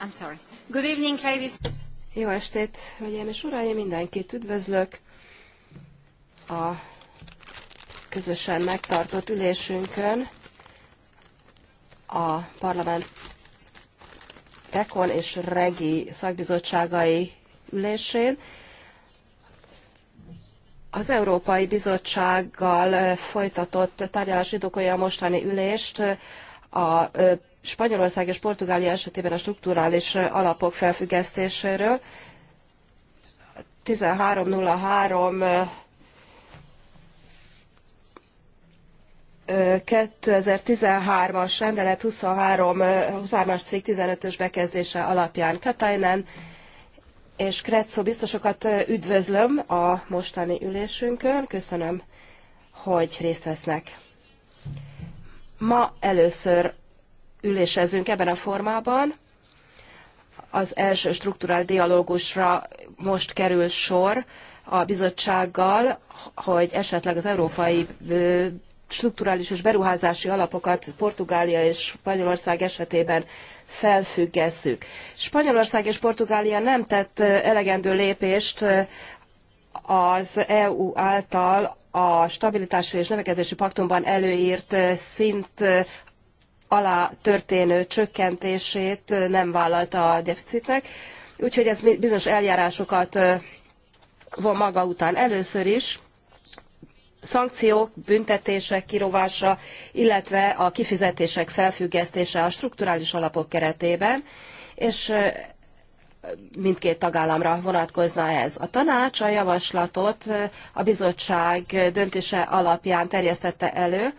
I'm sorry. Good evening, ladies. Jó estét, hölgyeim és uraim, mindenkit üdvözlök a közösen megtartott ülésünkön a parlament Tekon és Regi szakbizottságai ülésén. Az Európai Bizottsággal folytatott tárgyalási dokolja a mostani ülést a Spanyolország és Portugália esetében a strukturális alapok felfüggesztéséről. 1303 2013-as rendelet 23, 23-as cikk 15-ös bekezdése alapján Katainen és Kretszó biztosokat üdvözlöm a mostani ülésünkön. Köszönöm, hogy részt vesznek. Ma először ülésezünk ebben a formában. Az első struktúrál dialógusra most kerül sor a bizottsággal, hogy esetleg az európai strukturális és beruházási alapokat Portugália és Spanyolország esetében felfüggesszük. Spanyolország és Portugália nem tett elegendő lépést az EU által a stabilitási és növekedési paktumban előírt szint alá történő csökkentését nem vállalta a deficitnek, úgyhogy ez bizonyos eljárásokat von maga után először is, szankciók, büntetések kirovása, illetve a kifizetések felfüggesztése a strukturális alapok keretében, és mindkét tagállamra vonatkozna ez. A tanács a javaslatot a bizottság döntése alapján terjesztette elő,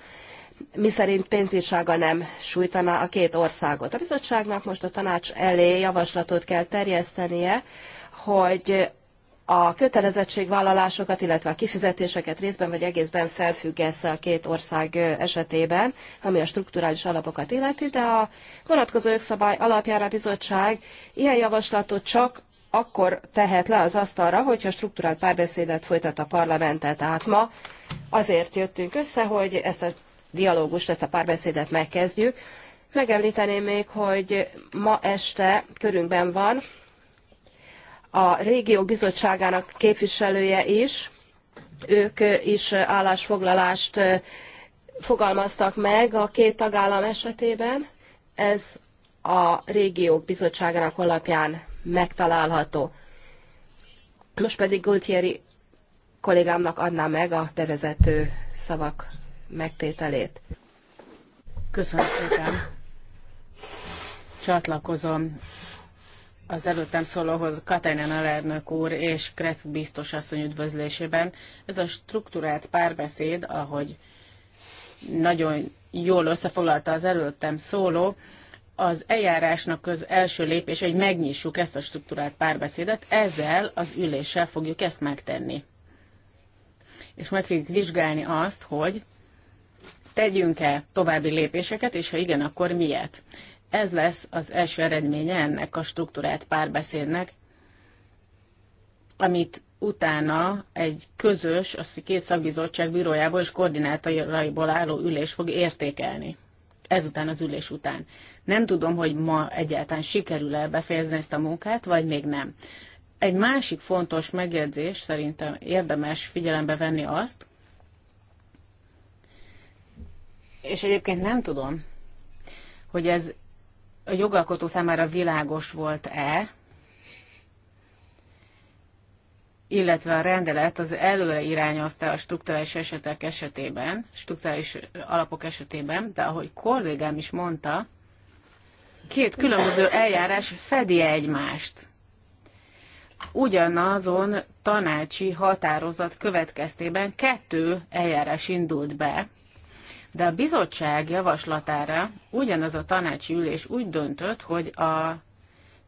miszerint pénzbírsága nem sújtaná a két országot. A bizottságnak most a tanács elé javaslatot kell terjesztenie, hogy a kötelezettségvállalásokat, illetve a kifizetéseket részben vagy egészben felfüggesse a két ország esetében, ami a strukturális alapokat illeti, de a vonatkozó jogszabály alapjára a bizottság ilyen javaslatot csak akkor tehet le az asztalra, hogyha strukturált párbeszédet folytat a parlamenttel. Tehát ma azért jöttünk össze, hogy ezt a dialógust, ezt a párbeszédet megkezdjük. Megemlíteném még, hogy ma este körünkben van a régiók bizottságának képviselője is, ők is állásfoglalást fogalmaztak meg a két tagállam esetében. Ez a régiók bizottságának honlapján megtalálható. Most pedig Gultieri kollégámnak adná meg a bevezető szavak megtételét. Köszönöm szépen. Csatlakozom az előttem szólóhoz Katajna Nalernök úr és Kretu biztos asszony üdvözlésében. Ez a struktúrált párbeszéd, ahogy nagyon jól összefoglalta az előttem szóló, az eljárásnak az első lépés, hogy megnyissuk ezt a struktúrált párbeszédet, ezzel az üléssel fogjuk ezt megtenni. És meg fogjuk vizsgálni azt, hogy tegyünk-e további lépéseket, és ha igen, akkor miért? Ez lesz az első eredménye ennek a struktúrált párbeszédnek, amit utána egy közös, azt két szakbizottság bírójából és koordinátoraiból álló ülés fog értékelni. Ezután az ülés után. Nem tudom, hogy ma egyáltalán sikerül-e befejezni ezt a munkát, vagy még nem. Egy másik fontos megjegyzés szerintem érdemes figyelembe venni azt, és egyébként nem tudom, hogy ez a jogalkotó számára világos volt-e, illetve a rendelet az előre irányozta a strukturális esetek esetében, strukturális alapok esetében, de ahogy kollégám is mondta, két különböző eljárás fedi egymást. Ugyanazon tanácsi határozat következtében kettő eljárás indult be, de a bizottság javaslatára ugyanaz a tanácsi ülés úgy döntött, hogy a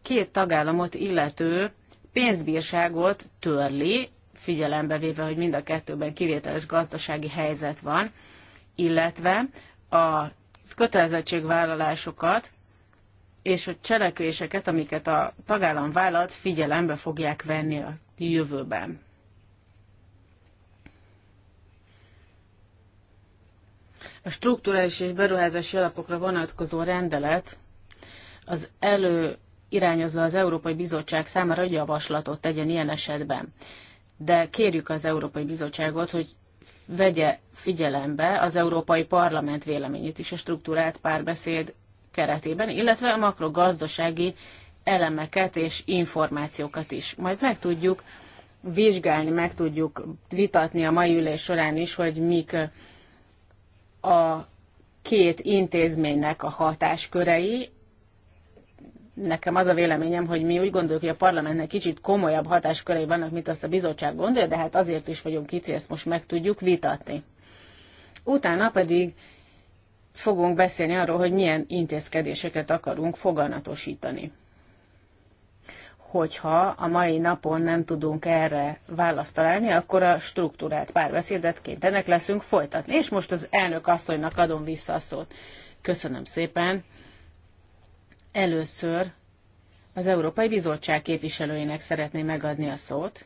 két tagállamot illető pénzbírságot törli, figyelembe véve, hogy mind a kettőben kivételes gazdasági helyzet van, illetve a kötelezettségvállalásokat és a cselekvéseket, amiket a tagállam vállalt, figyelembe fogják venni a jövőben. A strukturális és beruházási alapokra vonatkozó rendelet az elő irányozza az Európai Bizottság számára, hogy javaslatot tegyen ilyen esetben. De kérjük az Európai Bizottságot, hogy vegye figyelembe az Európai Parlament véleményét is a struktúrált párbeszéd keretében, illetve a makrogazdasági elemeket és információkat is. Majd meg tudjuk vizsgálni, meg tudjuk vitatni a mai ülés során is, hogy mik a két intézménynek a hatáskörei. Nekem az a véleményem, hogy mi úgy gondoljuk, hogy a parlamentnek kicsit komolyabb hatáskörei vannak, mint azt a bizottság gondolja, de hát azért is vagyunk itt, hogy ezt most meg tudjuk vitatni. Utána pedig fogunk beszélni arról, hogy milyen intézkedéseket akarunk foganatosítani hogyha a mai napon nem tudunk erre választ találni, akkor a struktúrált párbeszédet kénytelenek leszünk folytatni. És most az elnök asszonynak adom vissza a szót. Köszönöm szépen. Először az Európai Bizottság képviselőinek szeretné megadni a szót,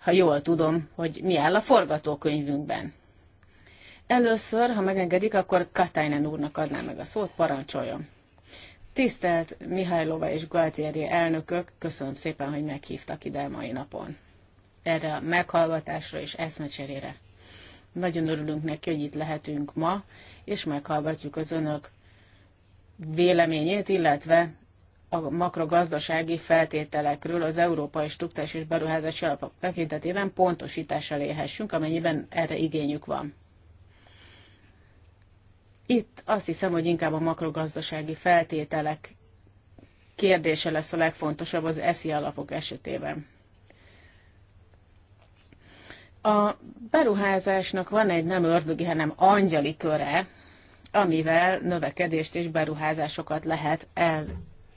ha jól tudom, hogy mi áll a forgatókönyvünkben. Először, ha megengedik, akkor Katainen úrnak adnám meg a szót, parancsoljon. Tisztelt Mihajlova és Galtieri elnökök, köszönöm szépen, hogy meghívtak ide a mai napon. Erre a meghallgatásra és eszmecserére. Nagyon örülünk neki, hogy itt lehetünk ma, és meghallgatjuk az önök véleményét, illetve a makrogazdasági feltételekről az Európai Struktúrás és Beruházási Alapok tekintetében pontosítással élhessünk, amennyiben erre igényük van. Itt azt hiszem, hogy inkább a makrogazdasági feltételek kérdése lesz a legfontosabb az eszi alapok esetében. A beruházásnak van egy nem ördögi, hanem angyali köre, amivel növekedést és beruházásokat lehet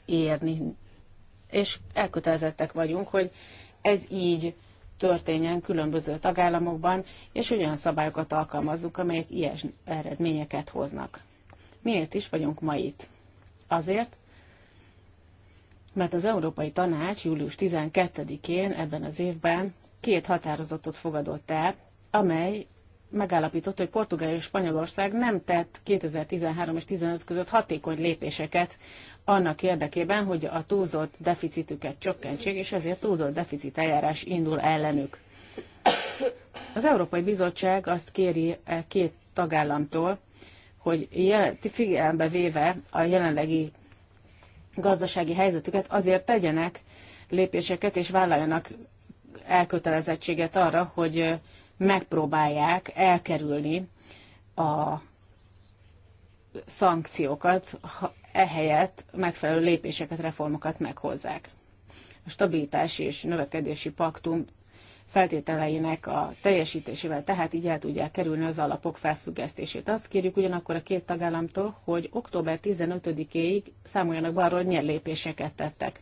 elérni. És elkötelezettek vagyunk, hogy ez így történjen különböző tagállamokban, és olyan szabályokat alkalmazzuk, amelyek ilyen eredményeket hoznak. Miért is vagyunk ma itt? Azért, mert az Európai Tanács július 12-én ebben az évben két határozatot fogadott el, amely megállapított, hogy Portugália és Spanyolország nem tett 2013 és 2015 között hatékony lépéseket annak érdekében, hogy a túlzott deficitüket csökkentsék, és ezért túlzott deficit eljárás indul ellenük. Az Európai Bizottság azt kéri e két tagállamtól, hogy figyelembe véve a jelenlegi gazdasági helyzetüket, azért tegyenek lépéseket és vállaljanak elkötelezettséget arra, hogy megpróbálják elkerülni a szankciókat, ha ehelyett megfelelő lépéseket, reformokat meghozzák. A stabilitási és növekedési paktum feltételeinek a teljesítésével, tehát így el tudják kerülni az alapok felfüggesztését. Azt kérjük ugyanakkor a két tagállamtól, hogy október 15-éig számoljanak be arról, hogy milyen lépéseket tettek.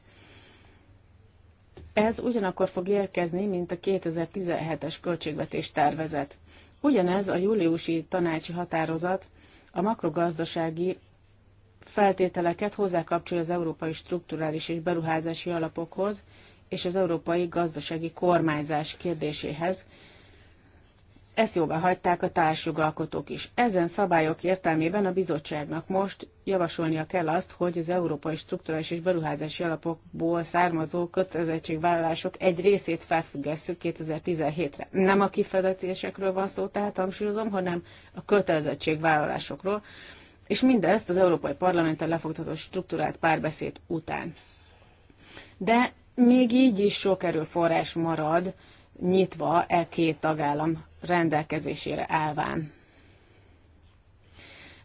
Ez ugyanakkor fog érkezni, mint a 2017-es költségvetés tervezet. Ugyanez a júliusi tanácsi határozat a makrogazdasági feltételeket hozzákapcsolja az európai strukturális és beruházási alapokhoz és az európai gazdasági kormányzás kérdéséhez, ezt jóvá hagyták a társjogalkotók is. Ezen szabályok értelmében a bizottságnak most javasolnia kell azt, hogy az európai struktúrás és beruházási alapokból származó kötelezettségvállalások egy részét felfüggesszük 2017-re. Nem a kifedetésekről van szó, tehát hangsúlyozom, hanem a kötelezettségvállalásokról, és mindezt az Európai Parlamenttel lefogtatott struktúrált párbeszéd után. De még így is sok erőforrás marad nyitva e két tagállam rendelkezésére állván.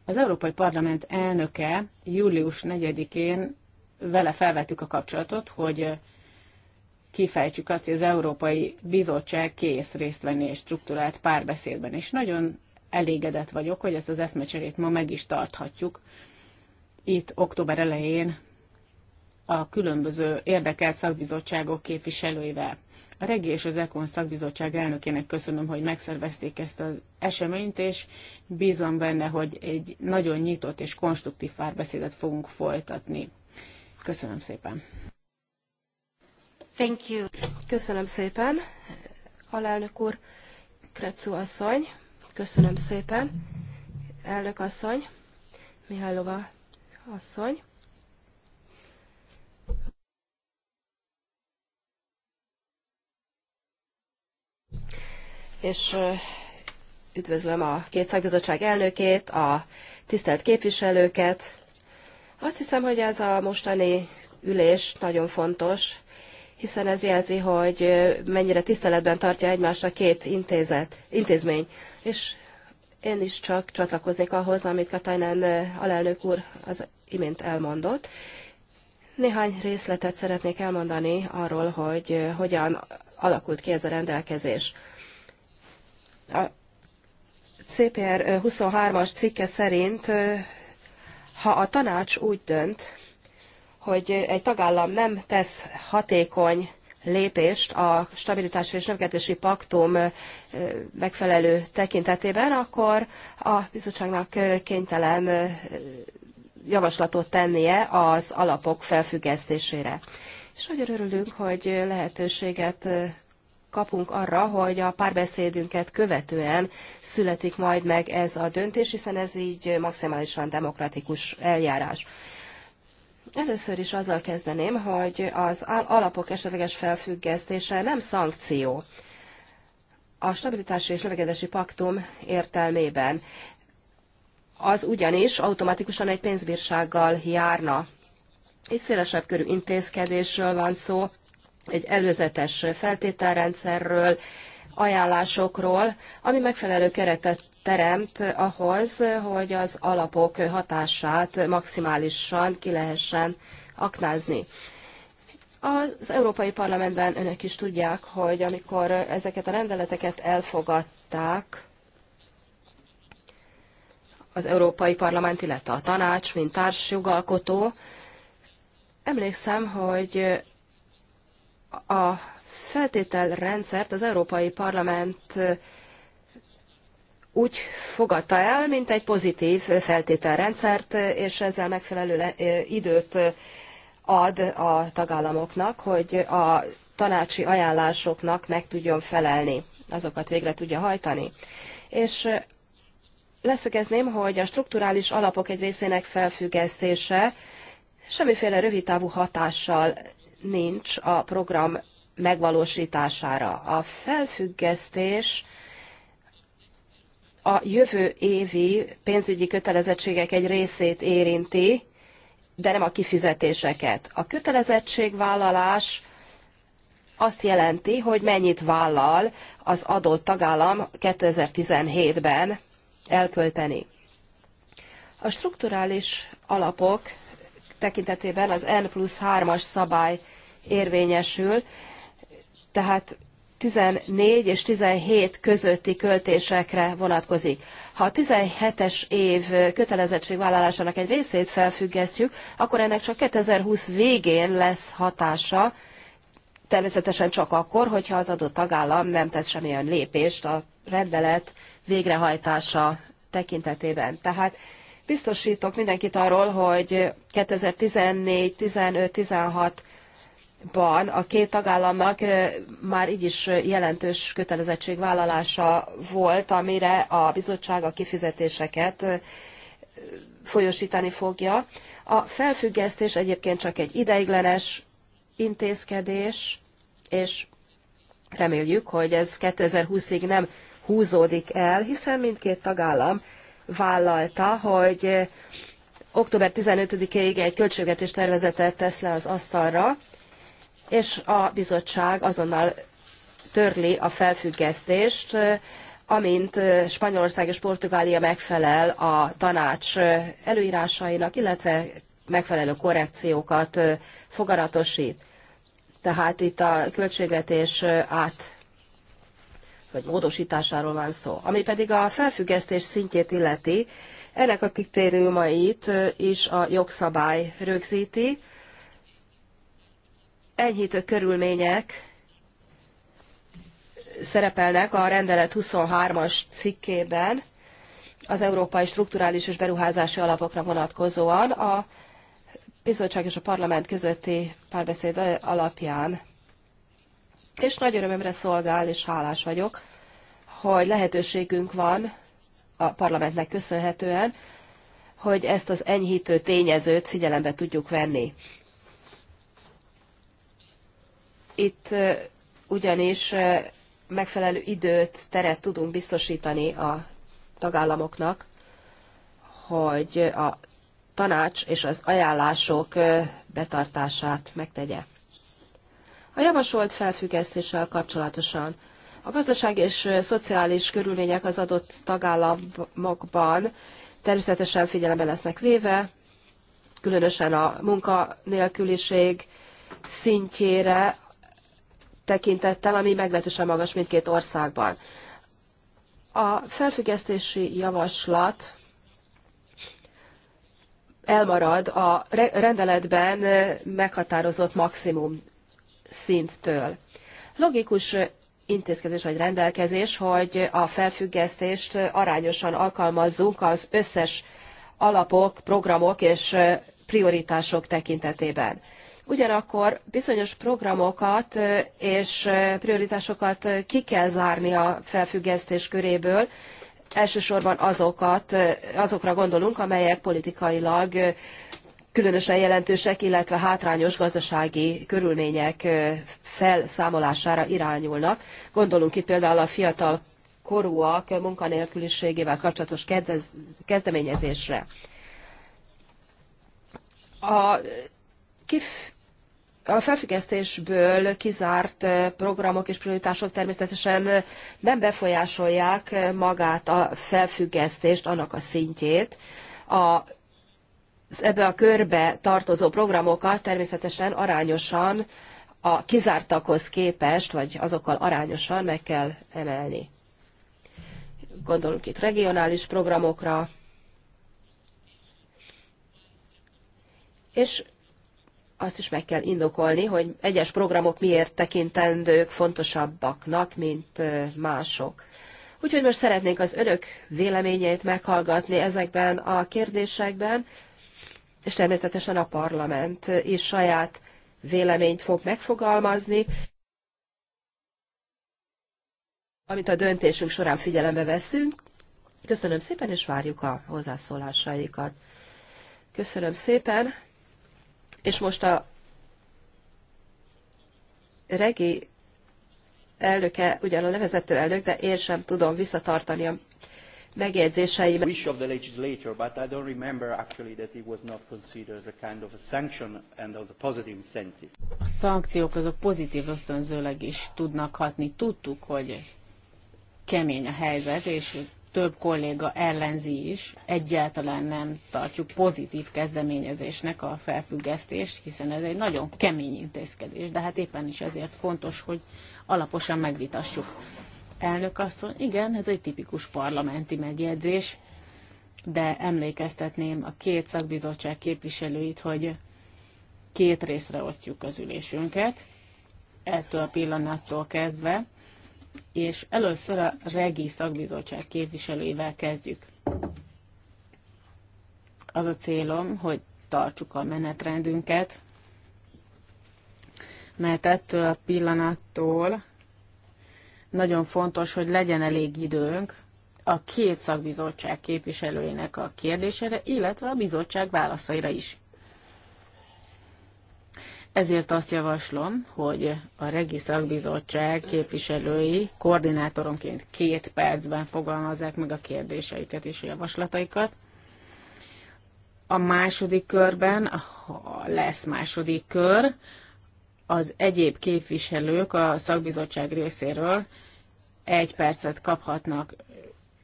Az Európai Parlament elnöke július 4-én vele felvettük a kapcsolatot, hogy kifejtsük azt, hogy az Európai Bizottság kész részt venni és struktúrált párbeszédben. És nagyon elégedett vagyok, hogy ezt az eszmecserét ma meg is tarthatjuk. Itt október elején a különböző érdekelt szakbizottságok képviselőivel. A Regi és az Ekon szakbizottság elnökének köszönöm, hogy megszervezték ezt az eseményt, és bízom benne, hogy egy nagyon nyitott és konstruktív párbeszédet fogunk folytatni. Köszönöm szépen. Thank you. Köszönöm szépen. Alelnök úr, Krecu asszony, köszönöm szépen. Elnök asszony, Mihálova asszony. és üdvözlöm a két szakbizottság elnökét, a tisztelt képviselőket. Azt hiszem, hogy ez a mostani ülés nagyon fontos, hiszen ez jelzi, hogy mennyire tiszteletben tartja egymást a két intézet, intézmény. És én is csak csatlakoznék ahhoz, amit Katajnán alelnök úr az imént elmondott. Néhány részletet szeretnék elmondani arról, hogy hogyan alakult ki ez a rendelkezés. A CPR 23-as cikke szerint, ha a tanács úgy dönt, hogy egy tagállam nem tesz hatékony lépést a stabilitási és növekedési paktum megfelelő tekintetében, akkor a bizottságnak kénytelen javaslatot tennie az alapok felfüggesztésére. És nagyon örülünk, hogy lehetőséget kapunk arra, hogy a párbeszédünket követően születik majd meg ez a döntés, hiszen ez így maximálisan demokratikus eljárás. Először is azzal kezdeném, hogy az alapok esetleges felfüggesztése nem szankció. A stabilitási és növekedési paktum értelmében az ugyanis automatikusan egy pénzbírsággal járna. Itt szélesebb körű intézkedésről van szó, egy előzetes feltételrendszerről, ajánlásokról, ami megfelelő keretet teremt ahhoz, hogy az alapok hatását maximálisan ki lehessen aknázni. Az Európai Parlamentben önök is tudják, hogy amikor ezeket a rendeleteket elfogadták, az Európai Parlament, illetve a tanács, mint társjogalkotó, emlékszem, hogy a feltételrendszert az Európai Parlament úgy fogadta el, mint egy pozitív feltételrendszert, és ezzel megfelelő időt ad a tagállamoknak, hogy a tanácsi ajánlásoknak meg tudjon felelni, azokat végre tudja hajtani. És leszögezném, hogy a strukturális alapok egy részének felfüggesztése semmiféle rövidtávú hatással nincs a program megvalósítására. A felfüggesztés a jövő évi pénzügyi kötelezettségek egy részét érinti, de nem a kifizetéseket. A kötelezettségvállalás azt jelenti, hogy mennyit vállal az adott tagállam 2017-ben elkölteni. A strukturális alapok tekintetében az N plusz 3-as szabály érvényesül, tehát 14 és 17 közötti költésekre vonatkozik. Ha a 17-es év kötelezettségvállalásának egy részét felfüggesztjük, akkor ennek csak 2020 végén lesz hatása, természetesen csak akkor, hogyha az adott tagállam nem tesz semmilyen lépést a rendelet végrehajtása tekintetében. Tehát biztosítok mindenkit arról, hogy 2014, 15, 16 ban a két tagállamnak már így is jelentős kötelezettségvállalása volt, amire a bizottság a kifizetéseket folyosítani fogja. A felfüggesztés egyébként csak egy ideiglenes intézkedés, és reméljük, hogy ez 2020-ig nem húzódik el, hiszen mindkét tagállam vállalta, hogy október 15-ig egy költségvetés tervezetet tesz le az asztalra, és a bizottság azonnal törli a felfüggesztést, amint Spanyolország és Portugália megfelel a tanács előírásainak, illetve megfelelő korrekciókat fogaratosít. Tehát itt a költségvetés át vagy módosításáról van szó. Ami pedig a felfüggesztés szintjét illeti, ennek a kritériumait is a jogszabály rögzíti, enyhítő körülmények szerepelnek a rendelet 23-as cikkében az Európai Strukturális és Beruházási Alapokra vonatkozóan a bizottság és a parlament közötti párbeszéd alapján. És nagy örömömre szolgál, és hálás vagyok, hogy lehetőségünk van a parlamentnek köszönhetően, hogy ezt az enyhítő tényezőt figyelembe tudjuk venni. Itt ugyanis megfelelő időt, teret tudunk biztosítani a tagállamoknak, hogy a tanács és az ajánlások betartását megtegye. A javasolt felfüggesztéssel kapcsolatosan a gazdasági és szociális körülmények az adott tagállamokban természetesen figyelembe lesznek véve, különösen a munkanélküliség szintjére, tekintettel, ami meglehetősen magas mindkét országban. A felfüggesztési javaslat elmarad a rendeletben meghatározott maximum szinttől. Logikus intézkedés vagy rendelkezés, hogy a felfüggesztést arányosan alkalmazzunk az összes alapok, programok és prioritások tekintetében. Ugyanakkor bizonyos programokat és prioritásokat ki kell zárni a felfüggesztés köréből, elsősorban azokat, azokra gondolunk, amelyek politikailag különösen jelentősek, illetve hátrányos gazdasági körülmények felszámolására irányulnak. Gondolunk itt például a fiatal korúak munkanélküliségével kapcsolatos kezdeményezésre. A kif a felfüggesztésből kizárt eh, programok és prioritások természetesen eh, nem befolyásolják eh, magát a felfüggesztést, annak a szintjét. A, ebbe a körbe tartozó programokat természetesen arányosan a kizártakhoz képest, vagy azokkal arányosan meg kell emelni. Gondolunk itt regionális programokra, és azt is meg kell indokolni, hogy egyes programok miért tekintendők fontosabbaknak, mint mások. Úgyhogy most szeretnénk az önök véleményeit meghallgatni ezekben a kérdésekben, és természetesen a parlament is saját véleményt fog megfogalmazni, amit a döntésünk során figyelembe veszünk. Köszönöm szépen, és várjuk a hozzászólásaikat. Köszönöm szépen. És most a regi elnöke ugyan a levezető elnök, de én sem tudom visszatartani a megjegyzéseimet. a szankciók az a pozitív ösztönzőleg is tudnak hatni. Tudtuk, hogy kemény a helyzet, és több kolléga ellenzi is, egyáltalán nem tartjuk pozitív kezdeményezésnek a felfüggesztést, hiszen ez egy nagyon kemény intézkedés, de hát éppen is ezért fontos, hogy alaposan megvitassuk. Elnök asszony, igen, ez egy tipikus parlamenti megjegyzés, de emlékeztetném a két szakbizottság képviselőit, hogy két részre osztjuk az ülésünket, ettől a pillanattól kezdve, és először a Regi Szakbizottság képviselőivel kezdjük. Az a célom, hogy tartsuk a menetrendünket, mert ettől a pillanattól nagyon fontos, hogy legyen elég időnk a két szakbizottság képviselőinek a kérdésére, illetve a bizottság válaszaira is. Ezért azt javaslom, hogy a Regi Szakbizottság képviselői koordinátoronként két percben fogalmazzák meg a kérdéseiket és a javaslataikat. A második körben, ha lesz második kör, az egyéb képviselők a szakbizottság részéről egy percet kaphatnak.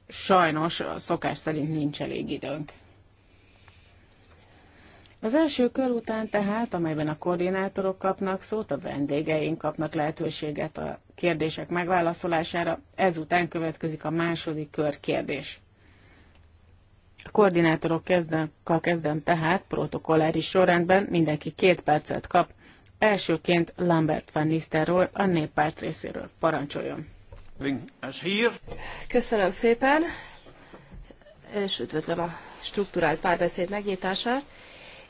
Sajnos szokás szerint nincs elég időnk. Az első kör után tehát, amelyben a koordinátorok kapnak szót, a vendégeink kapnak lehetőséget a kérdések megválaszolására, ezután következik a második kör kérdés. A koordinátorok kezdemkal kezdem tehát protokolláris sorrendben, mindenki két percet kap. Elsőként Lambert van Nisterról, a néppárt részéről. Parancsoljon! Köszönöm szépen, és üdvözlöm a struktúrált párbeszéd megnyitását.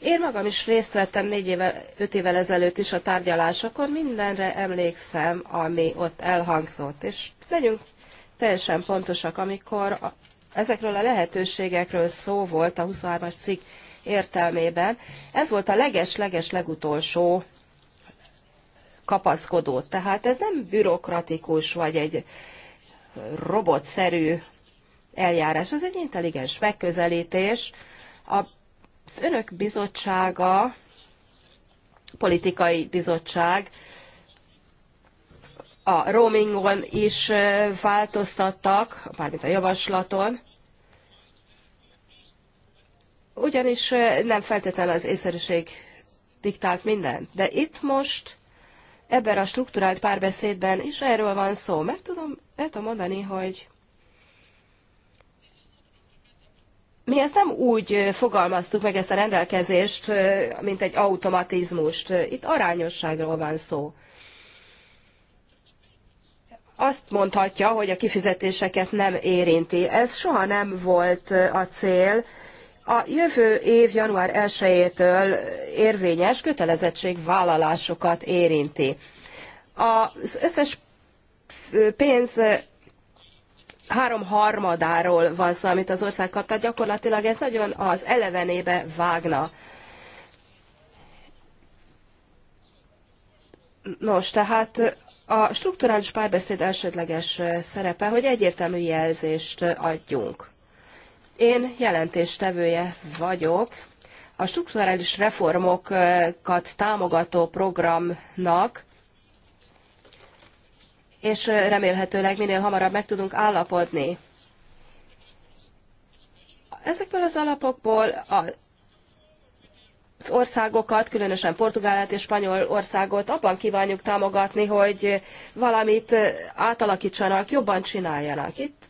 Én magam is részt vettem négy évvel, öt évvel ezelőtt is a tárgyalásokon, mindenre emlékszem, ami ott elhangzott, és legyünk teljesen pontosak, amikor a, ezekről a lehetőségekről szó volt a 23-as cikk értelmében. Ez volt a leges-leges legutolsó kapaszkodó. Tehát ez nem bürokratikus, vagy egy robotszerű eljárás. Ez egy intelligens megközelítés. A az önök bizottsága, politikai bizottság, a roamingon is változtattak, mármint a javaslaton, ugyanis nem feltétlenül az észszerűség diktált mindent. De itt most ebben a strukturált párbeszédben is erről van szó. Meg tudom, meg tudom mondani, hogy mi ezt nem úgy fogalmaztuk meg ezt a rendelkezést, mint egy automatizmust. Itt arányosságról van szó. Azt mondhatja, hogy a kifizetéseket nem érinti. Ez soha nem volt a cél. A jövő év január 1-től érvényes kötelezettségvállalásokat érinti. Az összes pénz háromharmadáról van szó, amit az ország kap, tehát gyakorlatilag ez nagyon az elevenébe vágna. Nos, tehát a strukturális párbeszéd elsődleges szerepe, hogy egyértelmű jelzést adjunk. Én jelentéstevője vagyok a strukturális reformokat támogató programnak, és remélhetőleg minél hamarabb meg tudunk állapodni. Ezekből az alapokból a az országokat, különösen Portugáliát és Spanyolországot abban kívánjuk támogatni, hogy valamit átalakítsanak, jobban csináljanak. Itt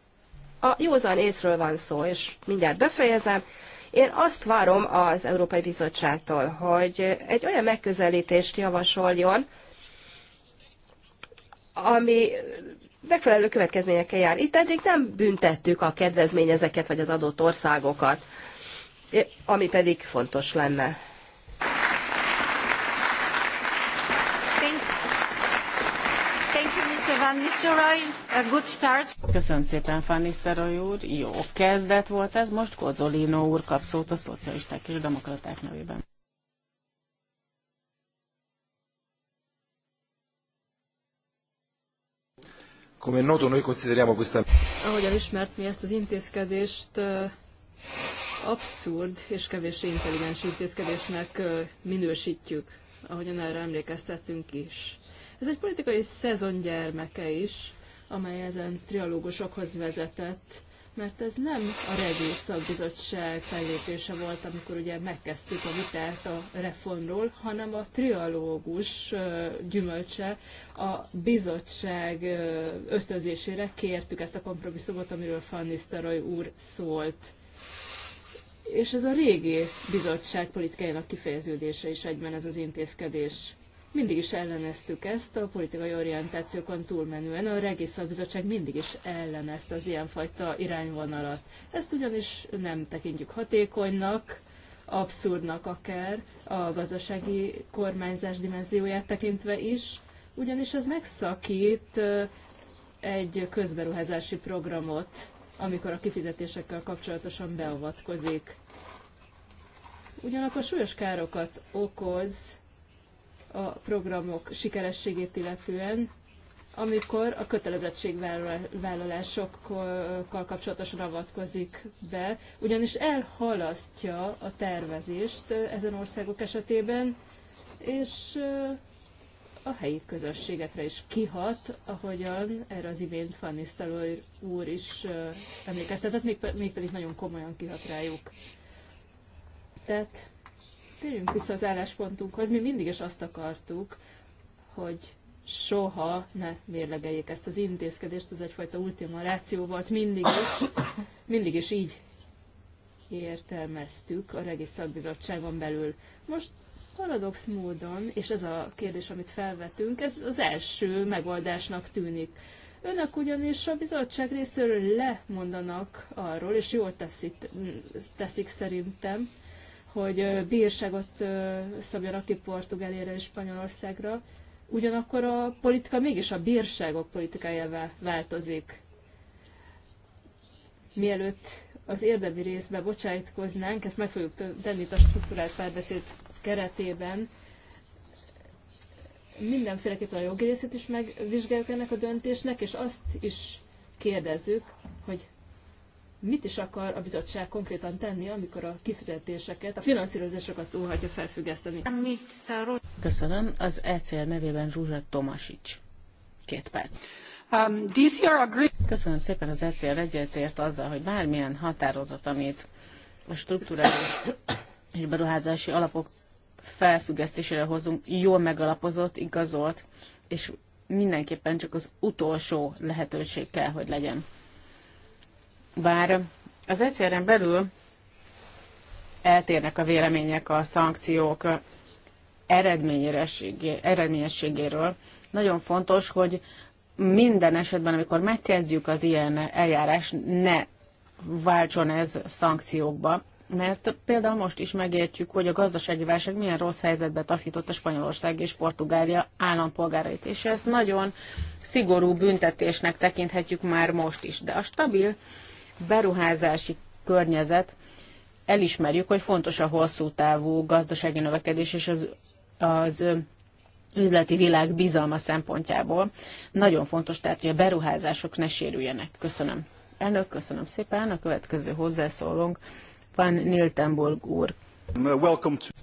a józan észről van szó, és mindjárt befejezem. Én azt várom az Európai Bizottságtól, hogy egy olyan megközelítést javasoljon, ami megfelelő következményekkel jár. Itt eddig nem büntettük a kedvezményezeket vagy az adott országokat, ami pedig fontos lenne. Köszönöm szépen, Van Nistelrooy úr. Jó kezdet volt ez. Most Kozolino úr kap szót a szocialisták és demokraták nevében. Come noto noi consideriamo questa... Ahogyan ismert, mi ezt az intézkedést abszurd és kevéssé intelligens intézkedésnek minősítjük, ahogyan erre emlékeztettünk is. Ez egy politikai szezon gyermeke is, amely ezen trialógusokhoz vezetett, mert ez nem a regi szakbizottság fellépése volt, amikor ugye megkezdtük a vitát a reformról, hanem a trialógus gyümölcse a bizottság ösztönzésére kértük ezt a kompromisszumot, amiről Fannisztaroy úr szólt. És ez a régi bizottság politikájának kifejeződése is egyben ez az intézkedés. Mindig is elleneztük ezt a politikai orientációkon túlmenően. A regiszakbizottság mindig is ellenezt az ilyenfajta irányvonalat. Ezt ugyanis nem tekintjük hatékonynak, abszurdnak akár a gazdasági kormányzás dimenzióját tekintve is, ugyanis ez megszakít egy közberuházási programot, amikor a kifizetésekkel kapcsolatosan beavatkozik. Ugyanakkor súlyos károkat okoz a programok sikerességét illetően, amikor a kötelezettségvállalásokkal kapcsolatosan avatkozik be, ugyanis elhalasztja a tervezést ezen országok esetében, és a helyi közösségekre is kihat, ahogyan erre az imént Van Stelor úr is emlékeztetett, mégpedig nagyon komolyan kihat rájuk. Tehát Térjünk vissza az álláspontunkhoz. Mi mindig is azt akartuk, hogy soha ne mérlegeljék ezt az intézkedést, az egyfajta ultima ráció volt, mindig is, mindig is így értelmeztük a Regis Szakbizottságon belül. Most paradox módon, és ez a kérdés, amit felvetünk, ez az első megoldásnak tűnik. Önök ugyanis a bizottság részéről lemondanak arról, és jól teszik, teszik szerintem, hogy bírságot szabjanak ki Portugáliára és Spanyolországra. Ugyanakkor a politika mégis a bírságok politikájává változik. Mielőtt az érdemi részbe bocsájtkoznánk, ezt meg fogjuk tenni a struktúrált párbeszéd keretében, mindenféleképpen a jogi részét is megvizsgáljuk ennek a döntésnek, és azt is kérdezzük, hogy mit is akar a bizottság konkrétan tenni, amikor a kifizetéseket, a finanszírozásokat óhatja felfüggeszteni. Köszönöm. Az ECR nevében Zsuzsa Tomasics. Két perc. Um, Köszönöm szépen, az ECR egyetért azzal, hogy bármilyen határozat, amit a strukturális és beruházási alapok felfüggesztésére hozunk, jól megalapozott, igazolt, és mindenképpen csak az utolsó lehetőség kell, hogy legyen. Bár az egyszerűen belül eltérnek a vélemények a szankciók eredményességéről. Nagyon fontos, hogy minden esetben, amikor megkezdjük az ilyen eljárás, ne váltson ez szankciókba. Mert például most is megértjük, hogy a gazdasági válság milyen rossz helyzetbe taszított a Spanyolország és Portugália állampolgárait, és ezt nagyon szigorú büntetésnek tekinthetjük már most is. De a stabil beruházási környezet, elismerjük, hogy fontos a hosszú távú gazdasági növekedés és az, az üzleti világ bizalma szempontjából. Nagyon fontos tehát, hogy a beruházások ne sérüljenek. Köszönöm. Elnök, köszönöm szépen. A következő hozzászólónk Van Niltenburg úr.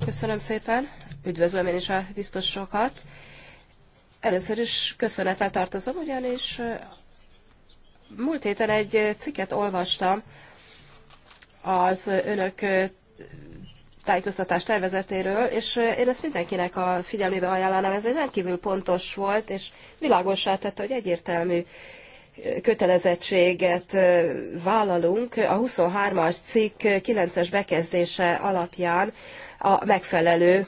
Köszönöm szépen. Üdvözlöm én is a biztosokat. Először is köszönetel tartozom, ugyanis múlt héten egy cikket olvastam az önök tájékoztatás tervezetéről, és én ezt mindenkinek a figyelmébe ajánlanám. Ez egy rendkívül pontos volt, és világosá tette, hogy egyértelmű kötelezettséget vállalunk a 23-as cikk 9-es bekezdése alapján a megfelelő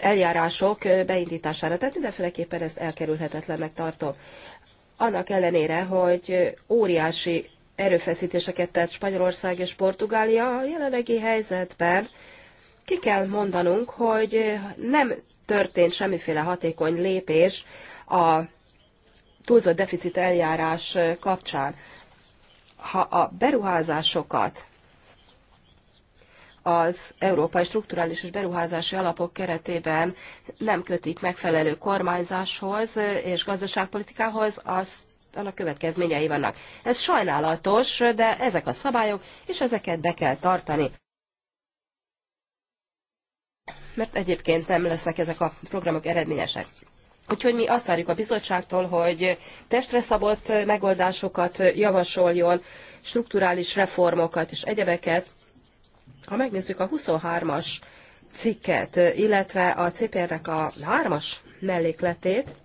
eljárások beindítására. Tehát mindenféleképpen ezt elkerülhetetlennek tartom annak ellenére, hogy óriási erőfeszítéseket tett Spanyolország és Portugália, a jelenlegi helyzetben ki kell mondanunk, hogy nem történt semmiféle hatékony lépés a túlzott deficit eljárás kapcsán. Ha a beruházásokat az Európai Strukturális és Beruházási Alapok keretében nem kötik megfelelő kormányzáshoz és gazdaságpolitikához, az annak következményei vannak. Ez sajnálatos, de ezek a szabályok, és ezeket be kell tartani. Mert egyébként nem lesznek ezek a programok eredményesek. Úgyhogy mi azt várjuk a bizottságtól, hogy testre szabott megoldásokat javasoljon, strukturális reformokat és egyebeket, ha megnézzük a 23-as cikket, illetve a CPR-nek a 3-as mellékletét,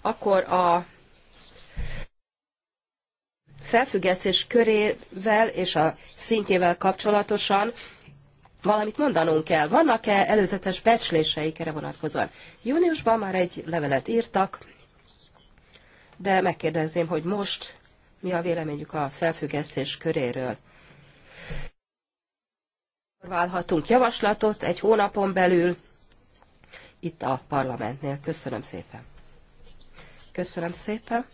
akkor a felfüggesztés körével és a szintjével kapcsolatosan valamit mondanunk kell. Vannak-e előzetes becsléseik erre vonatkozóan? Júniusban már egy levelet írtak, de megkérdezném, hogy most mi a véleményük a felfüggesztés köréről válhatunk javaslatot egy hónapon belül itt a parlamentnél. Köszönöm szépen. Köszönöm szépen.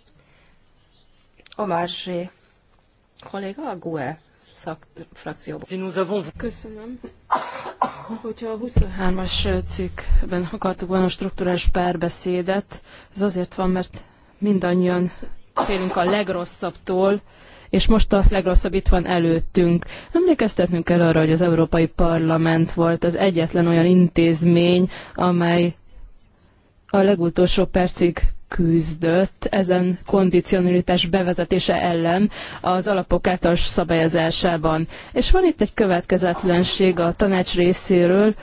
Omar G. kolléga a GUE szak, frakcióban. Köszönöm. Hogyha a 23-as cikkben akartuk volna a struktúrás párbeszédet, ez azért van, mert mindannyian félünk a legrosszabbtól, és most a legrosszabb itt van előttünk. Emlékeztetnünk kell arra, hogy az Európai Parlament volt az egyetlen olyan intézmény, amely a legutolsó percig küzdött ezen kondicionalitás bevezetése ellen az alapok által szabályozásában. És van itt egy következetlenség a tanács részéről,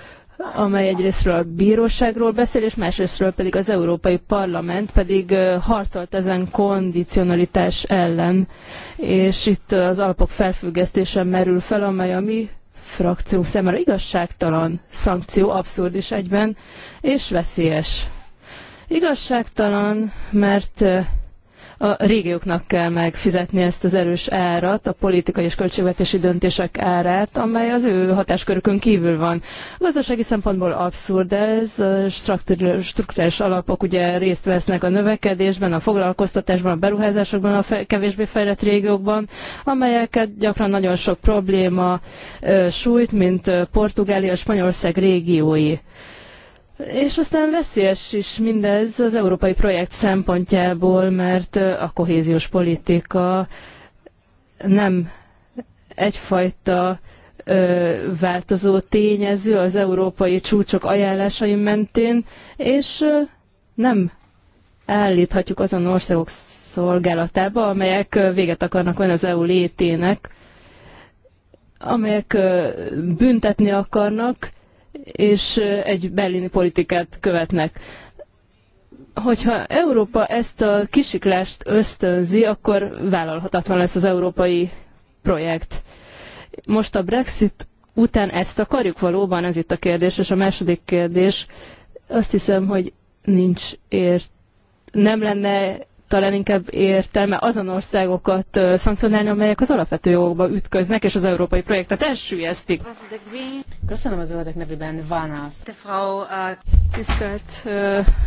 amely egyrésztről a bíróságról beszél, és másrésztről pedig az Európai Parlament pedig harcolt ezen kondicionalitás ellen. És itt az alapok felfüggesztése merül fel, amely a mi frakciónk számára igazságtalan szankció, abszurd is egyben, és veszélyes. Igazságtalan, mert a régióknak kell megfizetni ezt az erős árat, a politikai és költségvetési döntések árát, amely az ő hatáskörükön kívül van. A gazdasági szempontból abszurd ez, strukturális alapok ugye részt vesznek a növekedésben, a foglalkoztatásban, a beruházásokban, a kevésbé fejlett régiókban, amelyeket gyakran nagyon sok probléma sújt, mint Portugália, Spanyolország régiói. És aztán veszélyes is mindez az európai projekt szempontjából, mert a kohéziós politika nem egyfajta ö, változó tényező az európai csúcsok ajánlásai mentén, és ö, nem állíthatjuk azon országok szolgálatába, amelyek véget akarnak venni az EU létének, e amelyek büntetni akarnak, és egy berlini politikát követnek. Hogyha Európa ezt a kisiklást ösztönzi, akkor vállalhatatlan lesz az európai projekt. Most a Brexit után ezt akarjuk valóban, ez itt a kérdés, és a második kérdés, azt hiszem, hogy nincs ért. Nem lenne talán inkább értelme azon országokat szankcionálni, amelyek az alapvető jogokba ütköznek, és az európai projektet elsüllyesztik. Köszönöm az öldek nevében, Vánász. Tisztelt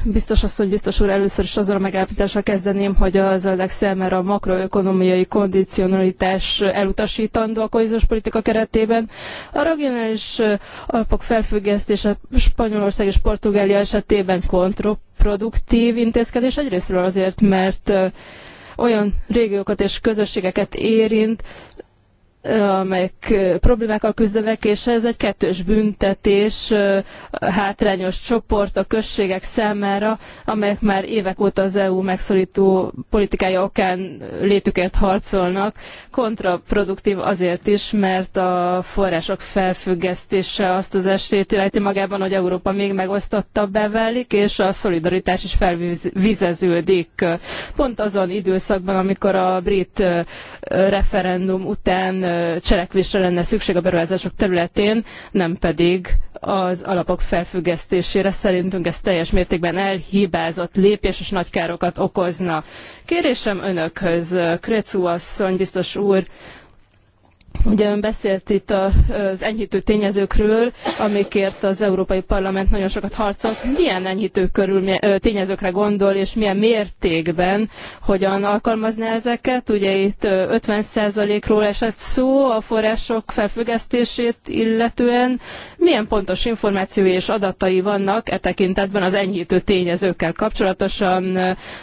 biztos asszony, biztos úr, először is azzal a megállapítással kezdeném, hogy az zöldek számára a makroökonomiai kondicionalitás elutasítandó a kohéziós politika keretében. A regionális alapok felfüggesztése Spanyolország és Portugália esetében kontro produktív intézkedés egyrésztről azért, mert mert olyan régiókat és közösségeket érint, amelyek problémákkal küzdenek, és ez egy kettős büntetés hátrányos csoport a községek számára, amelyek már évek óta az EU megszorító politikája okán létükért harcolnak. Kontraproduktív azért is, mert a források felfüggesztése azt az esélyt illeti magában, hogy Európa még megosztottabbá válik, és a szolidaritás is felvizeződik. Pont azon időszakban, amikor a brit referendum után cselekvésre lenne szükség a beruházások területén, nem pedig az alapok felfüggesztésére. Szerintünk ez teljes mértékben elhibázott lépés, és nagy károkat okozna. Kérésem önökhöz, Krecu asszony, biztos úr, Ugye ön beszélt itt az enyhítő tényezőkről, amikért az Európai Parlament nagyon sokat harcolt. Milyen enyhítő körül, tényezőkre gondol, és milyen mértékben hogyan alkalmazná ezeket? Ugye itt 50%-ról esett szó a források felfüggesztését illetően. Milyen pontos információi és adatai vannak e tekintetben az enyhítő tényezőkkel kapcsolatosan?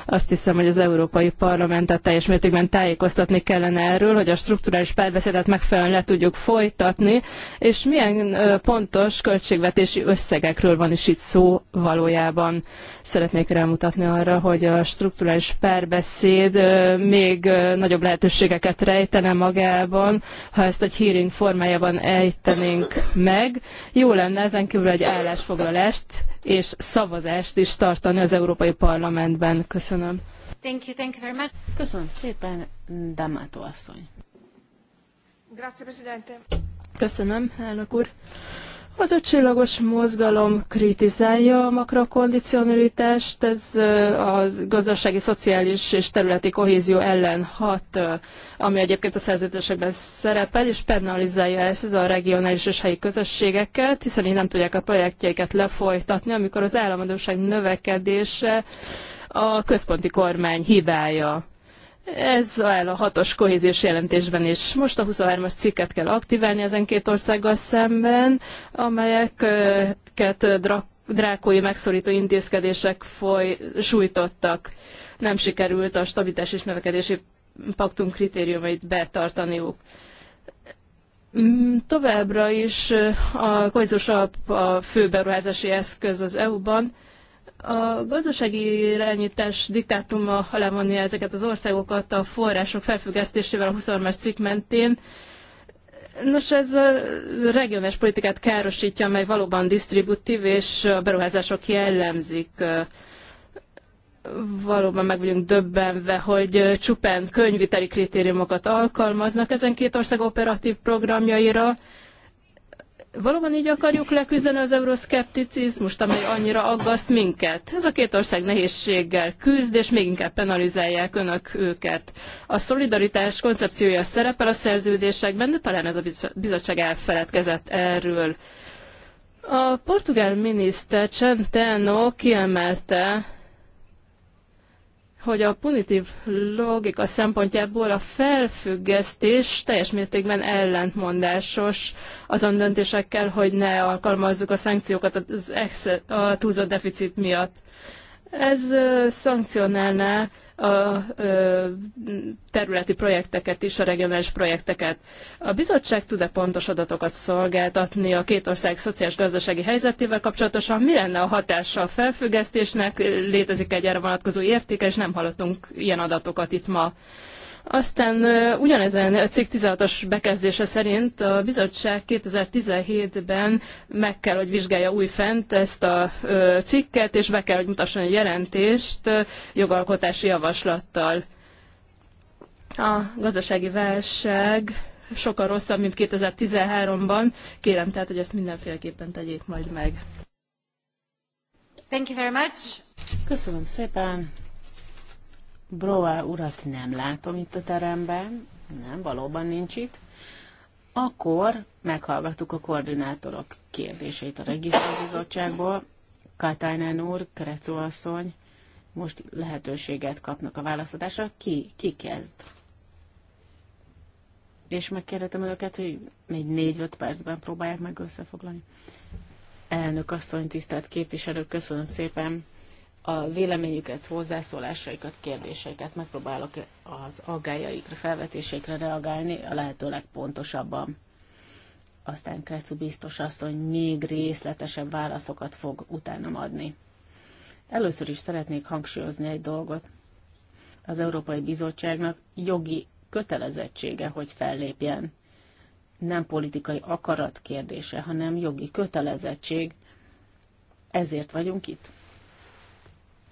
Azt hiszem, hogy az Európai Parlamentet teljes mértékben tájékoztatni kellene erről, hogy a strukturális párbeszédet meg megfelelően le tudjuk folytatni, és milyen pontos költségvetési összegekről van is itt szó valójában. Szeretnék rámutatni arra, hogy a strukturális párbeszéd még nagyobb lehetőségeket rejtene magában, ha ezt egy hearing formájában ejtenénk meg. Jó lenne ezen kívül egy állásfoglalást és szavazást is tartani az Európai Parlamentben. Köszönöm. Thank you, thank you Köszönöm szépen, Damato asszony. Köszönöm, elnök úr. Az ötcsillagos mozgalom kritizálja a makrokondicionalitást, ez a gazdasági, szociális és területi kohézió ellen hat, ami egyébként a szerződésekben szerepel, és penalizálja ezt ez a regionális és helyi közösségeket, hiszen így nem tudják a projektjeiket lefolytatni, amikor az államadóság növekedése a központi kormány hibája. Ez áll a hatos kohéziós jelentésben is. Most a 23-as cikket kell aktiválni ezen két országgal szemben, amelyeket drákói megszorító intézkedések foly, sújtottak. Nem sikerült a stabilitás és növekedési paktum kritériumait betartaniuk. Mm, továbbra is a kohéziós alap a fő beruházási eszköz az EU-ban, a gazdasági irányítás diktátuma alá vonja ezeket az országokat a források felfüggesztésével a 23 cikk mentén. Nos, ez a regionális politikát károsítja, amely valóban disztributív, és a beruházások jellemzik. Valóban meg vagyunk döbbenve, hogy csupán könyviteli kritériumokat alkalmaznak ezen két ország operatív programjaira, valóban így akarjuk leküzdeni az euroszkepticizmust, amely annyira aggaszt minket? Ez a két ország nehézséggel küzd, és még inkább penalizálják önök őket. A szolidaritás koncepciója szerepel a szerződésekben, de talán ez a bizottság elfeledkezett erről. A portugál miniszter Centeno kiemelte, hogy a punitív logika szempontjából a felfüggesztés teljes mértékben ellentmondásos azon döntésekkel, hogy ne alkalmazzuk a szankciókat az ex- a túlzott deficit miatt. Ez szankcionálná a területi projekteket is, a regionális projekteket. A bizottság tud-e pontos adatokat szolgáltatni a két ország szociális-gazdasági helyzetével kapcsolatosan? Mi lenne a hatása a felfüggesztésnek? Létezik egy erre vonatkozó értéke, és nem hallottunk ilyen adatokat itt ma. Aztán ugyanezen cikk 16-os bekezdése szerint a bizottság 2017-ben meg kell, hogy vizsgálja újfent ezt a cikket, és be kell, hogy mutasson egy jelentést jogalkotási javaslattal. A gazdasági válság sokkal rosszabb, mint 2013-ban. Kérem tehát, hogy ezt mindenféleképpen tegyék majd meg. Thank you very much. Köszönöm szépen. Broa urat nem látom itt a teremben, nem, valóban nincs itt, akkor meghallgattuk a koordinátorok kérdéseit a regisztrálbizottságból. Katajnán úr, Krecó asszony, most lehetőséget kapnak a választatásra. Ki, ki kezd? És megkérhetem önöket, hogy még négy-öt percben próbálják meg összefoglalni. Elnök asszony, tisztelt képviselők, köszönöm szépen a véleményüket, hozzászólásaikat, kérdéseiket, megpróbálok az aggájaikra, felvetésékre reagálni a lehető legpontosabban. Aztán Krecu biztos hogy még részletesebb válaszokat fog utána adni. Először is szeretnék hangsúlyozni egy dolgot. Az Európai Bizottságnak jogi kötelezettsége, hogy fellépjen. Nem politikai akarat kérdése, hanem jogi kötelezettség. Ezért vagyunk itt.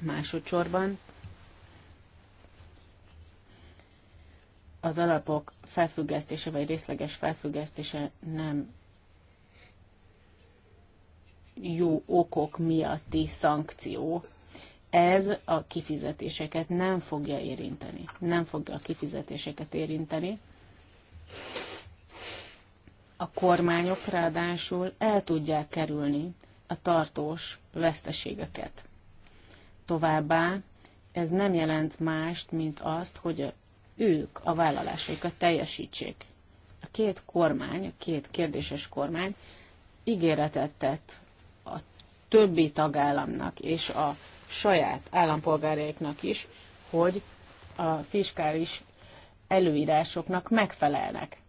Másodszorban az alapok felfüggesztése vagy részleges felfüggesztése nem jó okok miatti szankció, ez a kifizetéseket nem fogja érinteni. Nem fogja a kifizetéseket érinteni. A kormányok ráadásul el tudják kerülni a tartós veszteségeket. Továbbá ez nem jelent mást, mint azt, hogy ők a vállalásaikat teljesítsék. A két kormány, a két kérdéses kormány ígéretet tett a többi tagállamnak és a saját állampolgáraiknak is, hogy a fiskális előírásoknak megfelelnek.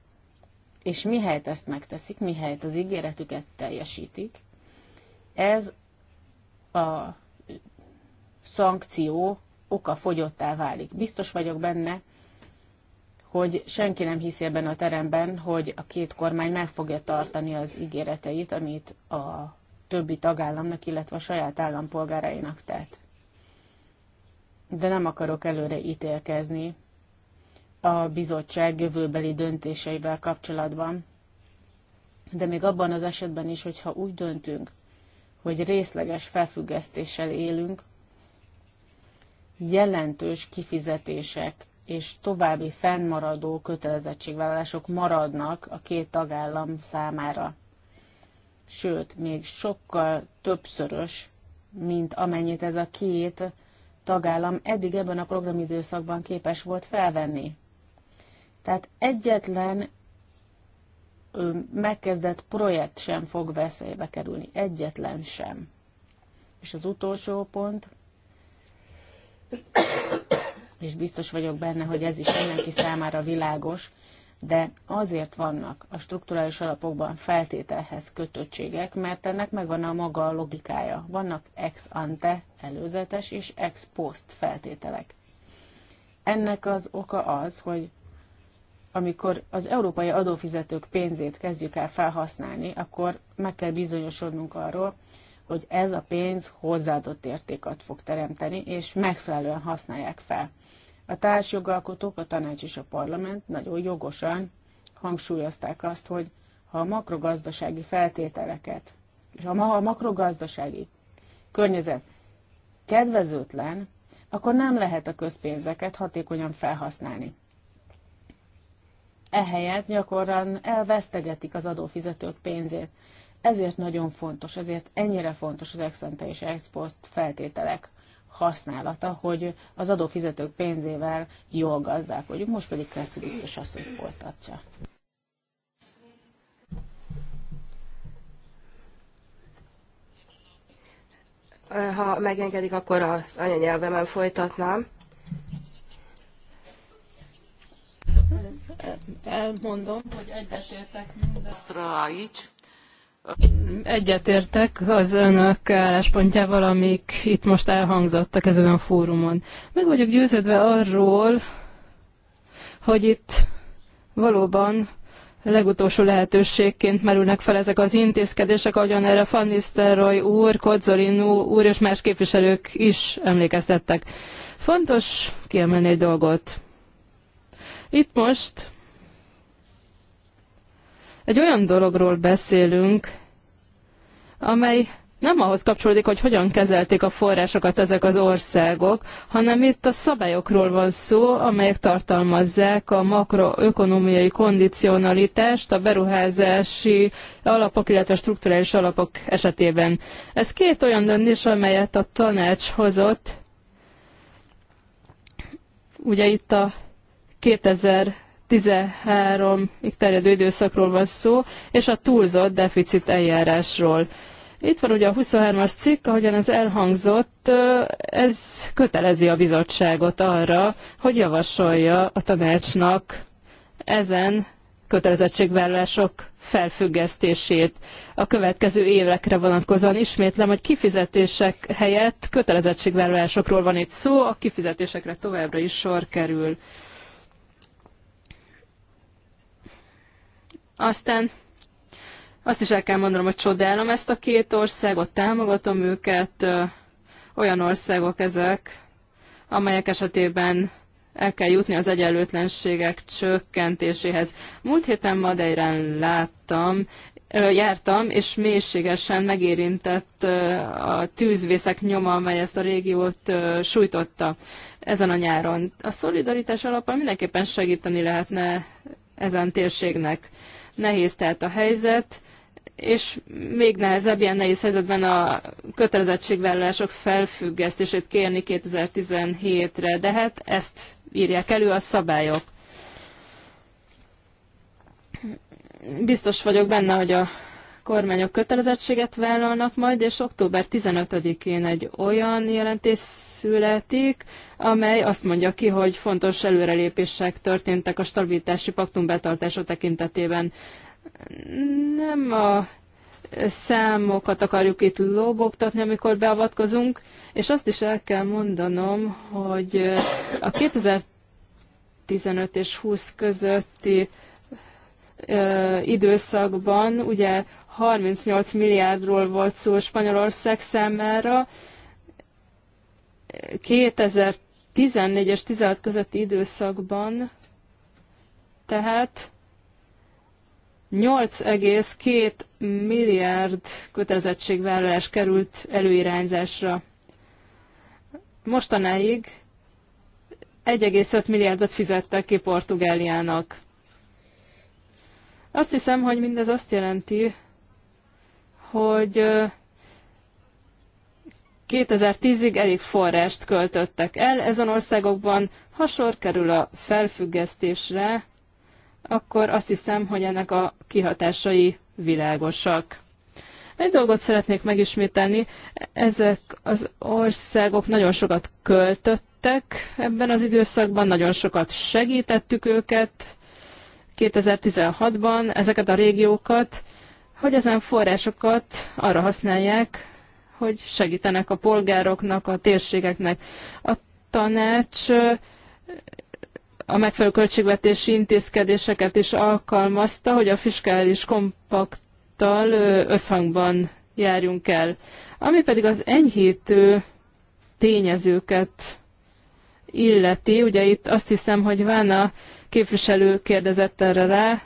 És mihelyt ezt megteszik, mihelyt az ígéretüket teljesítik, ez a szankció oka fogyottá válik. Biztos vagyok benne, hogy senki nem hiszi ebben a teremben, hogy a két kormány meg fogja tartani az ígéreteit, amit a többi tagállamnak, illetve a saját állampolgárainak tett. De nem akarok előre ítélkezni a bizottság jövőbeli döntéseivel kapcsolatban. De még abban az esetben is, hogyha úgy döntünk, hogy részleges felfüggesztéssel élünk, jelentős kifizetések és további fennmaradó kötelezettségvállalások maradnak a két tagállam számára. Sőt, még sokkal többszörös, mint amennyit ez a két tagállam eddig ebben a programidőszakban képes volt felvenni. Tehát egyetlen megkezdett projekt sem fog veszélybe kerülni, egyetlen sem. És az utolsó pont, és biztos vagyok benne, hogy ez is mindenki számára világos, de azért vannak a strukturális alapokban feltételhez kötöttségek, mert ennek megvan a maga a logikája. Vannak ex ante előzetes és ex post feltételek. Ennek az oka az, hogy amikor az európai adófizetők pénzét kezdjük el felhasználni, akkor meg kell bizonyosodnunk arról, hogy ez a pénz hozzáadott értéket fog teremteni, és megfelelően használják fel. A társjogalkotók, a tanács és a parlament nagyon jogosan hangsúlyozták azt, hogy ha a makrogazdasági feltételeket, és ha a makrogazdasági környezet kedvezőtlen, akkor nem lehet a közpénzeket hatékonyan felhasználni. Ehelyett gyakorlan elvesztegetik az adófizetők pénzét. Ezért nagyon fontos, ezért ennyire fontos az exante és export feltételek használata, hogy az adófizetők pénzével jól gazdálkodjunk. Most pedig Kreci biztos asszony folytatja. Ha megengedik, akkor az anyanyelvemen folytatnám. elmondom, hogy egyetértek mindazt. Egyetértek az önök álláspontjával, amik itt most elhangzottak ezen a fórumon. Meg vagyok győződve arról, hogy itt valóban legutolsó lehetőségként merülnek fel ezek az intézkedések, ahogyan erre Fannisteroy úr, Kodzolinu úr és más képviselők is emlékeztettek. Fontos kiemelni egy dolgot. Itt most egy olyan dologról beszélünk, amely nem ahhoz kapcsolódik, hogy hogyan kezelték a forrásokat ezek az országok, hanem itt a szabályokról van szó, amelyek tartalmazzák a makroökonomiai kondicionalitást a beruházási alapok, illetve strukturális alapok esetében. Ez két olyan döntés, amelyet a tanács hozott, ugye itt a 2000 13-ig terjedő időszakról van szó, és a túlzott deficit eljárásról. Itt van ugye a 23-as cikk, ahogyan ez elhangzott, ez kötelezi a bizottságot arra, hogy javasolja a tanácsnak ezen kötelezettségvállalások felfüggesztését a következő évekre vonatkozóan. Ismétlem, hogy kifizetések helyett kötelezettségvállalásokról van itt szó, a kifizetésekre továbbra is sor kerül. Aztán azt is el kell mondanom, hogy csodálom ezt a két országot, támogatom őket, olyan országok ezek, amelyek esetében el kell jutni az egyenlőtlenségek csökkentéséhez. Múlt héten Madeirán láttam, jártam, és mélységesen megérintett a tűzvészek nyoma, amely ezt a régiót sújtotta ezen a nyáron. A szolidaritás alapján mindenképpen segíteni lehetne ezen térségnek. Nehéz tehát a helyzet, és még nehezebb ilyen nehéz helyzetben a kötelezettségvállalások felfüggesztését kérni 2017-re, de hát ezt írják elő a szabályok. Biztos vagyok benne, hogy a kormányok kötelezettséget vállalnak majd, és október 15-én egy olyan jelentés születik, amely azt mondja ki, hogy fontos előrelépések történtek a stabilitási paktum betartása tekintetében. Nem a számokat akarjuk itt lóbogtatni, amikor beavatkozunk, és azt is el kell mondanom, hogy a 2015 és 20 közötti időszakban ugye 38 milliárdról volt szó Spanyolország számára. 2014 és 16 közötti időszakban tehát 8,2 milliárd kötelezettségvállalás került előirányzásra. Mostanáig 1,5 milliárdot fizettek ki Portugáliának. Azt hiszem, hogy mindez azt jelenti, hogy 2010-ig elég forrást költöttek el ezen országokban, ha sor kerül a felfüggesztésre, akkor azt hiszem, hogy ennek a kihatásai világosak. Egy dolgot szeretnék megismételni, ezek az országok nagyon sokat költöttek ebben az időszakban, nagyon sokat segítettük őket 2016-ban, ezeket a régiókat, hogy ezen forrásokat arra használják, hogy segítenek a polgároknak, a térségeknek. A tanács a megfelelő költségvetési intézkedéseket is alkalmazta, hogy a fiskális kompakttal összhangban járjunk el. Ami pedig az enyhítő tényezőket illeti, ugye itt azt hiszem, hogy Vána képviselő kérdezett erre rá,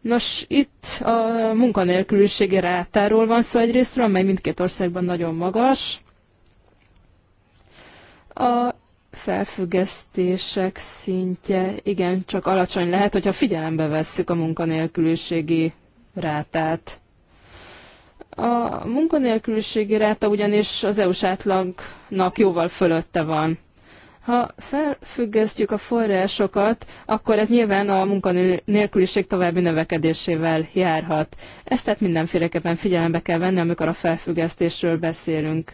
Nos, itt a munkanélküliségi rátáról van szó egyrésztről, amely mindkét országban nagyon magas. A felfüggesztések szintje igen csak alacsony lehet, hogyha figyelembe vesszük a munkanélküliségi rátát. A munkanélküliségi ráta ugyanis az EU-s átlagnak jóval fölötte van. Ha felfüggesztjük a forrásokat, akkor ez nyilván a munkanélküliség további növekedésével járhat. Ezt tehát mindenféleképpen figyelembe kell venni, amikor a felfüggesztésről beszélünk.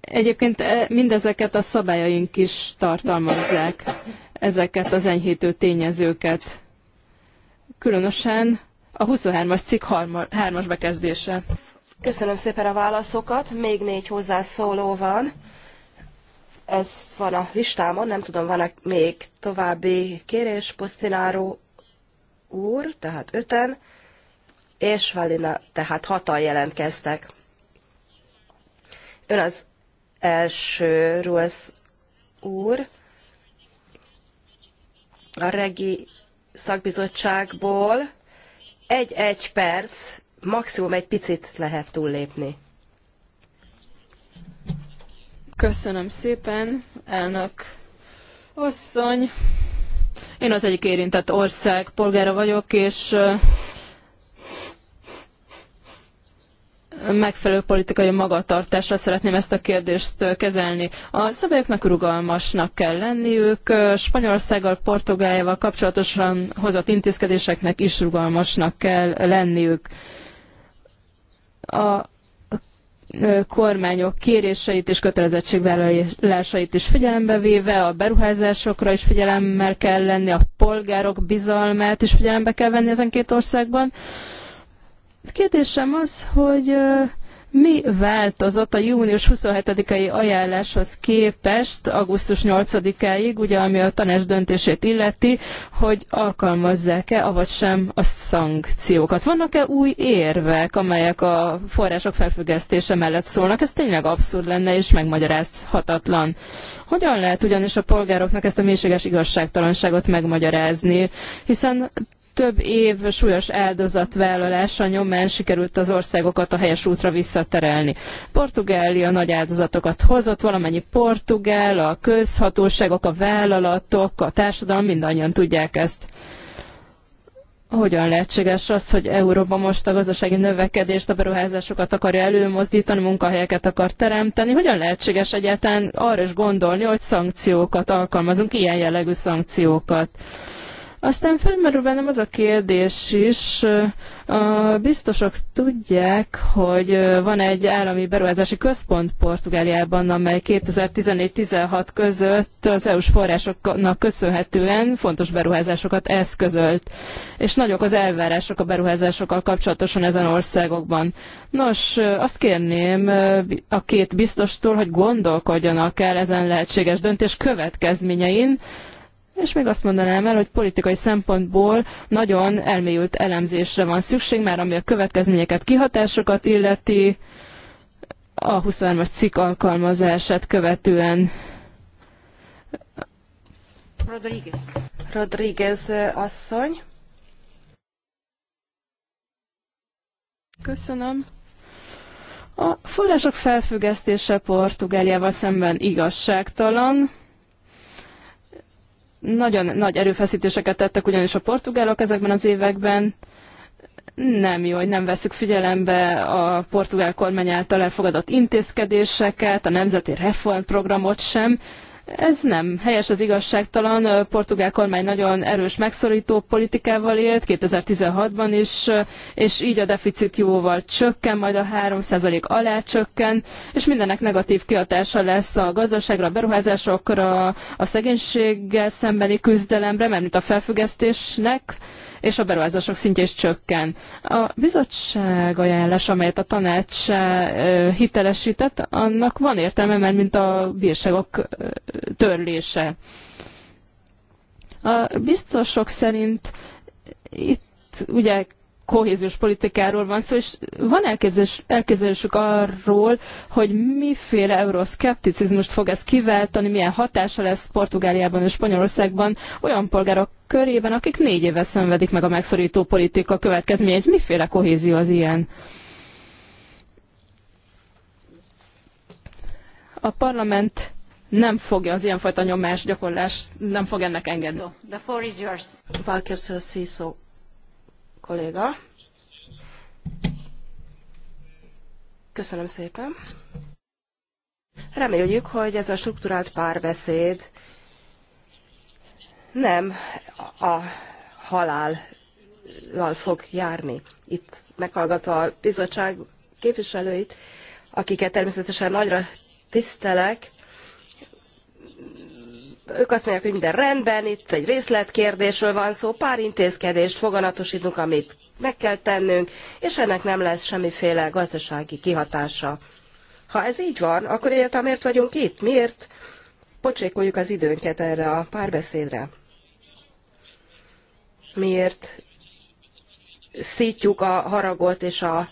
Egyébként e, mindezeket a szabályaink is tartalmazzák, ezeket az enyhítő tényezőket. Különösen a 23-as cikk 3-as bekezdése. Köszönöm szépen a válaszokat, még négy hozzászóló van ez van a listámon, nem tudom, van-e még további kérés, Posztináró úr, tehát öten, és Valina, tehát hatan jelentkeztek. Ön az első, Ruesz úr, a regi szakbizottságból egy-egy perc, maximum egy picit lehet túllépni. Köszönöm szépen, elnök asszony. Én az egyik érintett ország polgára vagyok, és megfelelő politikai magatartással szeretném ezt a kérdést kezelni. A szabályoknak rugalmasnak kell lenniük, Spanyolországgal, Portugáliával kapcsolatosan hozott intézkedéseknek is rugalmasnak kell lenniük. A kormányok kéréseit és kötelezettségvállalásait is figyelembe véve, a beruházásokra is figyelemmel kell lenni, a polgárok bizalmát is figyelembe kell venni ezen két országban. Kérdésem az, hogy mi változott a június 27-i ajánláshoz képest augusztus 8-áig, ugye ami a tanács döntését illeti, hogy alkalmazzák-e, avagy sem a szankciókat? Vannak-e új érvek, amelyek a források felfüggesztése mellett szólnak? Ez tényleg abszurd lenne és megmagyarázhatatlan. Hogyan lehet ugyanis a polgároknak ezt a mélységes igazságtalanságot megmagyarázni? Hiszen több év súlyos áldozatvállalása nyomán sikerült az országokat a helyes útra visszaterelni. Portugália nagy áldozatokat hozott, valamennyi portugál, a közhatóságok, a vállalatok, a társadalom mindannyian tudják ezt. Hogyan lehetséges az, hogy Európa most a gazdasági növekedést, a beruházásokat akarja előmozdítani, munkahelyeket akar teremteni? Hogyan lehetséges egyáltalán arra is gondolni, hogy szankciókat alkalmazunk, ilyen jellegű szankciókat? Aztán felmerül bennem az a kérdés is, a biztosok tudják, hogy van egy állami beruházási központ Portugáliában, amely 2014-16 között az EU-s forrásoknak köszönhetően fontos beruházásokat eszközölt, és nagyok az elvárások a beruházásokkal kapcsolatosan ezen országokban. Nos, azt kérném a két biztostól, hogy gondolkodjanak el ezen lehetséges döntés következményein, és még azt mondanám el, hogy politikai szempontból nagyon elmélyült elemzésre van szükség, már ami a következményeket, kihatásokat illeti, a 23-as cikk alkalmazását követően. Rodríguez. Rodríguez asszony. Köszönöm. A források felfüggesztése Portugáliával szemben igazságtalan. Nagyon nagy erőfeszítéseket tettek ugyanis a portugálok ezekben az években. Nem jó, hogy nem veszük figyelembe a portugál kormány által elfogadott intézkedéseket, a nemzeti reformprogramot sem. Ez nem helyes, az igazságtalan. A portugál kormány nagyon erős megszorító politikával élt 2016-ban is, és így a deficit jóval csökken, majd a 3% alá csökken, és mindennek negatív kihatása lesz a gazdaságra, a beruházásokra, a szegénységgel szembeni küzdelemre, mert a felfüggesztésnek, és a beruházások szintje is csökken. A bizottság ajánlás, amelyet a tanács hitelesített, annak van értelme, mert mint a bírságok törlése. A biztosok szerint itt ugye kohéziós politikáról van szó, és van elképzelés, elképzelésük arról, hogy miféle euroszkepticizmust fog ez kiváltani, milyen hatása lesz Portugáliában és Spanyolországban olyan polgárok körében, akik négy éve szenvedik meg a megszorító politika következményeit. Miféle kohézió az ilyen? A parlament nem fogja az ilyenfajta nyomás gyakorlás, nem fog ennek engedni. The floor is yours kolléga. Köszönöm szépen. Reméljük, hogy ez a struktúrált párbeszéd nem a halállal fog járni. Itt meghallgatva a bizottság képviselőit, akiket természetesen nagyra tisztelek, ők azt mondják, hogy minden rendben, itt egy részletkérdésről van szó, pár intézkedést foganatosítunk, amit meg kell tennünk, és ennek nem lesz semmiféle gazdasági kihatása. Ha ez így van, akkor értem, miért vagyunk itt? Miért pocsékoljuk az időnket erre a párbeszédre? Miért szítjuk a haragot és a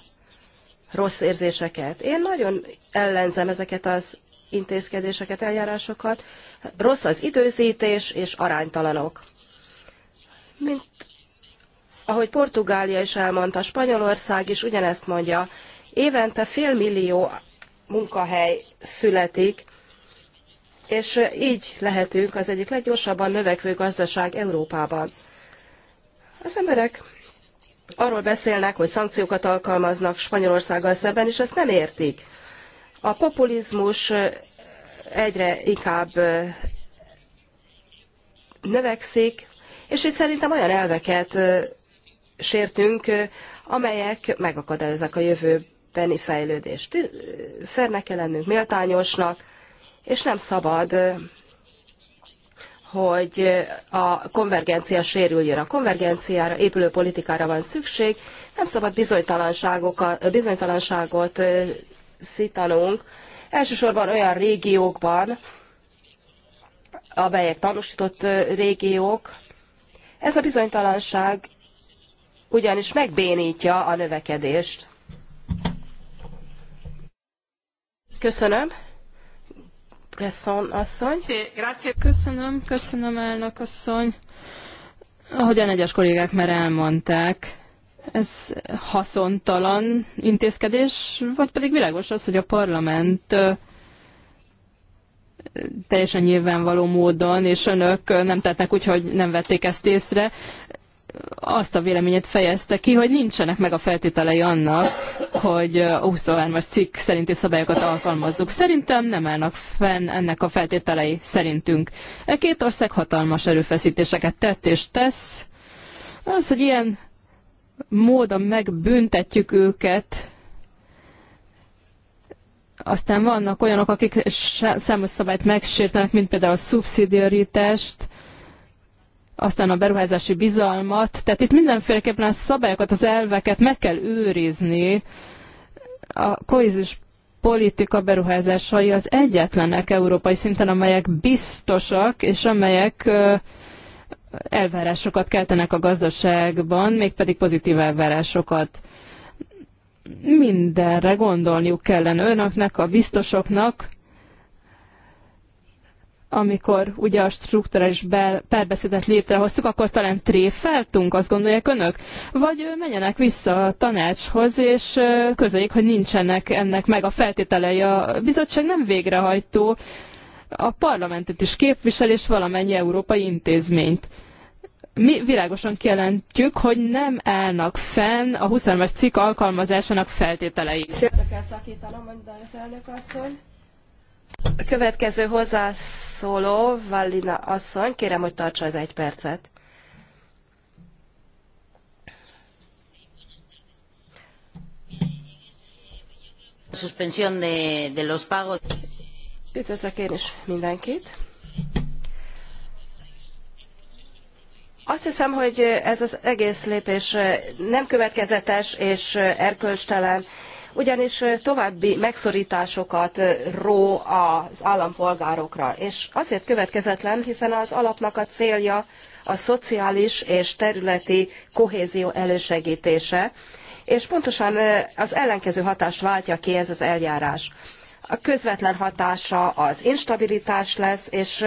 rossz érzéseket? Én nagyon ellenzem ezeket az intézkedéseket, eljárásokat. Rossz az időzítés és aránytalanok. Mint ahogy Portugália is elmondta, Spanyolország is ugyanezt mondja, évente fél millió munkahely születik, és így lehetünk az egyik leggyorsabban növekvő gazdaság Európában. Az emberek arról beszélnek, hogy szankciókat alkalmaznak Spanyolországgal szemben, és ezt nem értik. A populizmus egyre inkább növekszik, és itt szerintem olyan elveket sértünk, amelyek megakadályozzák a jövőbeni fejlődést. Fernek kell lennünk, méltányosnak, és nem szabad, hogy a konvergencia sérüljön. A konvergenciára, épülő politikára van szükség, nem szabad bizonytalanságot szítanunk, elsősorban olyan régiókban, amelyek tanúsított régiók. Ez a bizonytalanság ugyanis megbénítja a növekedést. Köszönöm. Bresson asszony. Köszönöm, köszönöm elnök asszony. Ahogyan egyes kollégák már elmondták, ez haszontalan intézkedés, vagy pedig világos az, hogy a parlament teljesen nyilvánvaló módon, és önök nem tettek úgy, hogy nem vették ezt észre, azt a véleményet fejezte ki, hogy nincsenek meg a feltételei annak, hogy a 23-as cikk szerinti szabályokat alkalmazzuk. Szerintem nem állnak fenn ennek a feltételei szerintünk. E két ország hatalmas erőfeszítéseket tett és tesz. Az, hogy ilyen módon megbüntetjük őket, aztán vannak olyanok, akik számos szabályt megsértenek, mint például a szubszidiaritást, aztán a beruházási bizalmat. Tehát itt mindenféleképpen a szabályokat, az elveket meg kell őrizni. A kohézus politika beruházásai az egyetlenek európai szinten, amelyek biztosak, és amelyek elvárásokat keltenek a gazdaságban, mégpedig pozitív elvárásokat. Mindenre gondolniuk kellene önöknek, a biztosoknak, amikor ugye a strukturális párbeszédet létrehoztuk, akkor talán tréfeltünk, azt gondolják önök? Vagy menjenek vissza a tanácshoz, és közöljék, hogy nincsenek ennek meg a feltételei. A bizottság nem végrehajtó, a parlamentet is képvisel, és valamennyi európai intézményt. Mi világosan kijelentjük, hogy nem állnak fenn a 23-as cikk alkalmazásának feltételei. A következő hozzászóló, Vallina asszony, kérem, hogy tartsa az egy percet. suspensión de, de los pagos. Üdvözlök én is mindenkit. Azt hiszem, hogy ez az egész lépés nem következetes és erkölcstelen, ugyanis további megszorításokat ró az állampolgárokra. És azért következetlen, hiszen az alapnak a célja a szociális és területi kohézió elősegítése, és pontosan az ellenkező hatást váltja ki ez az eljárás. A közvetlen hatása az instabilitás lesz, és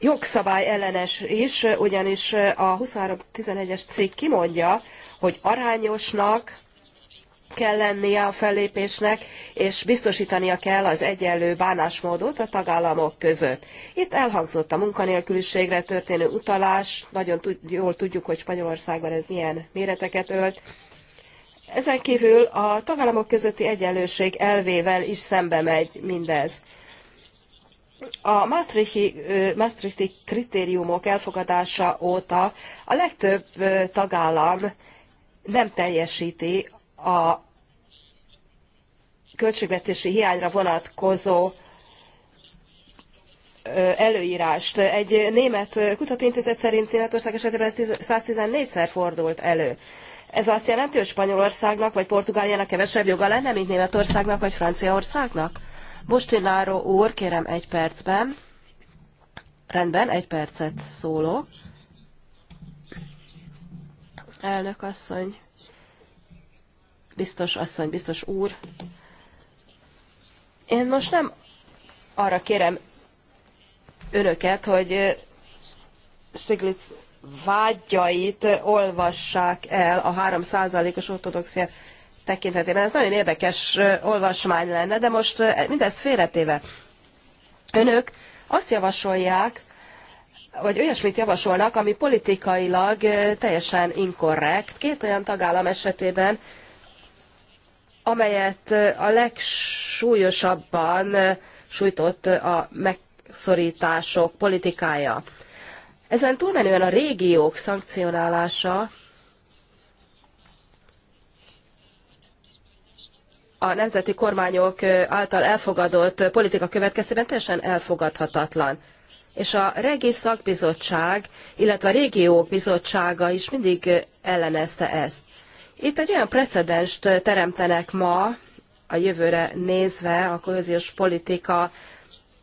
jogszabály ellenes is, ugyanis a 23.11-es cikk kimondja, hogy arányosnak kell lennie a fellépésnek, és biztosítania kell az egyenlő bánásmódot a tagállamok között. Itt elhangzott a munkanélküliségre történő utalás, nagyon jól tudjuk, hogy Spanyolországban ez milyen méreteket ölt, ezen kívül a tagállamok közötti egyenlőség elvével is szembe megy mindez. A Maastrichti, kritériumok elfogadása óta a legtöbb tagállam nem teljesíti a költségvetési hiányra vonatkozó előírást. Egy német kutatóintézet szerint Németország esetében ez 114-szer fordult elő. Ez azt jelenti, hogy Spanyolországnak vagy Portugáliának kevesebb joga lenne, mint Németországnak vagy Franciaországnak? Bostináró úr, kérem egy percben. Rendben, egy percet szólok. Elnök asszony, biztos asszony, biztos úr. Én most nem arra kérem önöket, hogy Stiglitz vágyait olvassák el a 3%-os ortodoxia tekintetében. Ez nagyon érdekes olvasmány lenne, de most mindezt félretéve. Önök azt javasolják, vagy olyasmit javasolnak, ami politikailag teljesen inkorrekt. Két olyan tagállam esetében, amelyet a legsúlyosabban sújtott a megszorítások politikája. Ezen túlmenően a régiók szankcionálása a nemzeti kormányok által elfogadott politika következtében teljesen elfogadhatatlan. És a Regi Szakbizottság, illetve a Régiók Bizottsága is mindig ellenezte ezt. Itt egy olyan precedenst teremtenek ma, a jövőre nézve a kohéziós politika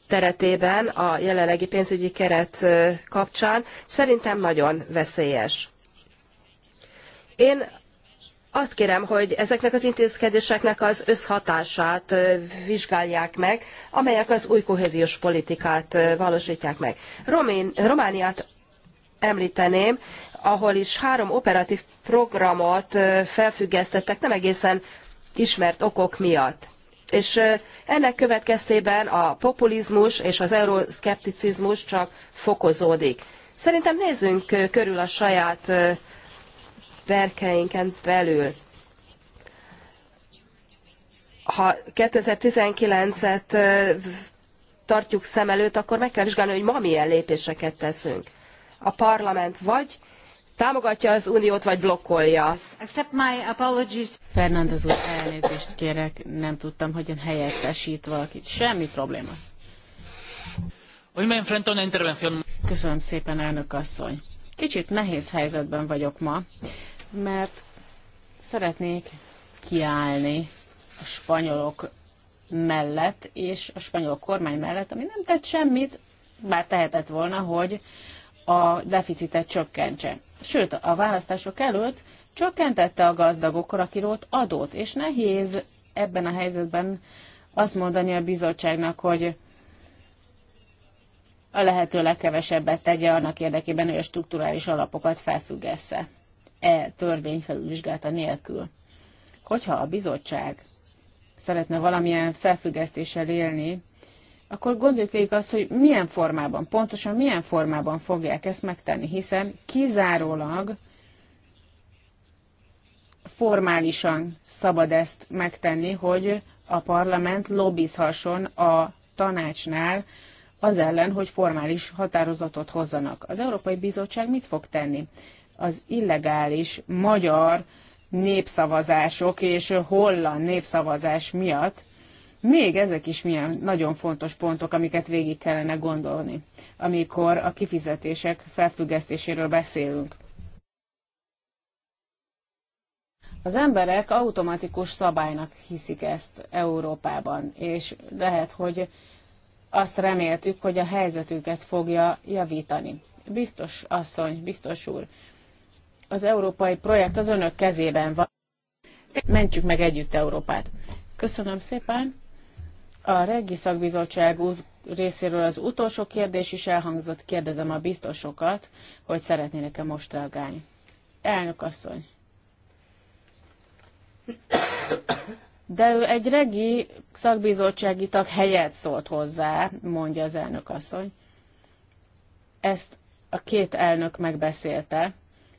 keretében, a jelenlegi pénzügyi keret kapcsán szerintem nagyon veszélyes. Én azt kérem, hogy ezeknek az intézkedéseknek az összhatását vizsgálják meg, amelyek az új kohéziós politikát valósítják meg. Romén, Romániát említeném, ahol is három operatív programot felfüggesztettek nem egészen ismert okok miatt. És ennek következtében a populizmus és az euroszkepticizmus csak fokozódik. Szerintem nézzünk körül a saját berkeinken belül. Ha 2019-et tartjuk szem előtt, akkor meg kell vizsgálni, hogy ma milyen lépéseket teszünk. A parlament vagy támogatja az uniót, vagy blokkolja. Accept my apologies. Fernández úr, elnézést kérek, nem tudtam, hogy ön helyettesít valakit. Semmi probléma. Hoy Köszönöm szépen, elnök asszony. Kicsit nehéz helyzetben vagyok ma, mert szeretnék kiállni a spanyolok mellett és a spanyol kormány mellett, ami nem tett semmit, bár tehetett volna, hogy a deficitet csökkentse sőt a választások előtt csökkentette a gazdagokra kirót adót, és nehéz ebben a helyzetben azt mondani a bizottságnak, hogy a lehető legkevesebbet tegye annak érdekében, hogy a strukturális alapokat felfüggesse e törvény felülvizsgálata nélkül. Hogyha a bizottság szeretne valamilyen felfüggesztéssel élni akkor gondoljuk végig azt, hogy milyen formában, pontosan milyen formában fogják ezt megtenni, hiszen kizárólag formálisan szabad ezt megtenni, hogy a parlament lobbizhasson a tanácsnál az ellen, hogy formális határozatot hozzanak. Az Európai Bizottság mit fog tenni? Az illegális magyar népszavazások és holland népszavazás miatt még ezek is milyen nagyon fontos pontok, amiket végig kellene gondolni, amikor a kifizetések felfüggesztéséről beszélünk. Az emberek automatikus szabálynak hiszik ezt Európában, és lehet, hogy azt reméltük, hogy a helyzetüket fogja javítani. Biztos asszony, biztos úr, az európai projekt az önök kezében van. Mentsük meg együtt Európát. Köszönöm szépen. A Regi Szakbizottság részéről az utolsó kérdés is elhangzott. Kérdezem a biztosokat, hogy szeretnének-e most reagálni. Elnök asszony. De ő egy regi szakbizottsági tag helyett szólt hozzá, mondja az elnök asszony. Ezt a két elnök megbeszélte,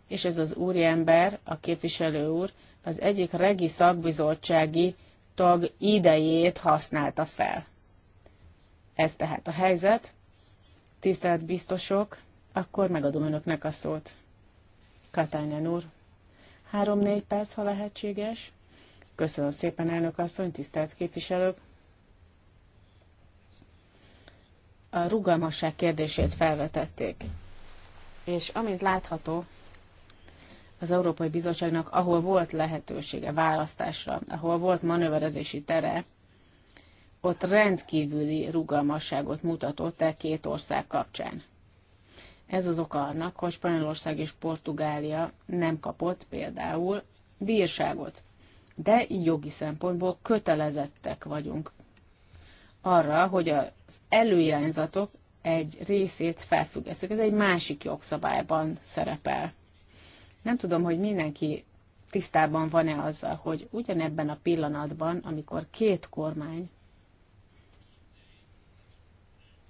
és ez az úriember, a képviselő úr, az egyik regi szakbizottsági tag idejét használta fel. Ez tehát a helyzet. Tisztelt biztosok, akkor megadom önöknek a szót. Katányan úr, három-négy perc, ha lehetséges. Köszönöm szépen, elnök asszony, tisztelt képviselők. A rugalmasság kérdését felvetették. És amint látható, az Európai Bizottságnak, ahol volt lehetősége választásra, ahol volt manőverezési tere, ott rendkívüli rugalmasságot mutatott el két ország kapcsán. Ez az oka annak, hogy Spanyolország és Portugália nem kapott például bírságot, de jogi szempontból kötelezettek vagyunk arra, hogy az előirányzatok egy részét felfüggesztjük. Ez egy másik jogszabályban szerepel. Nem tudom, hogy mindenki tisztában van-e azzal, hogy ugyanebben a pillanatban, amikor két kormány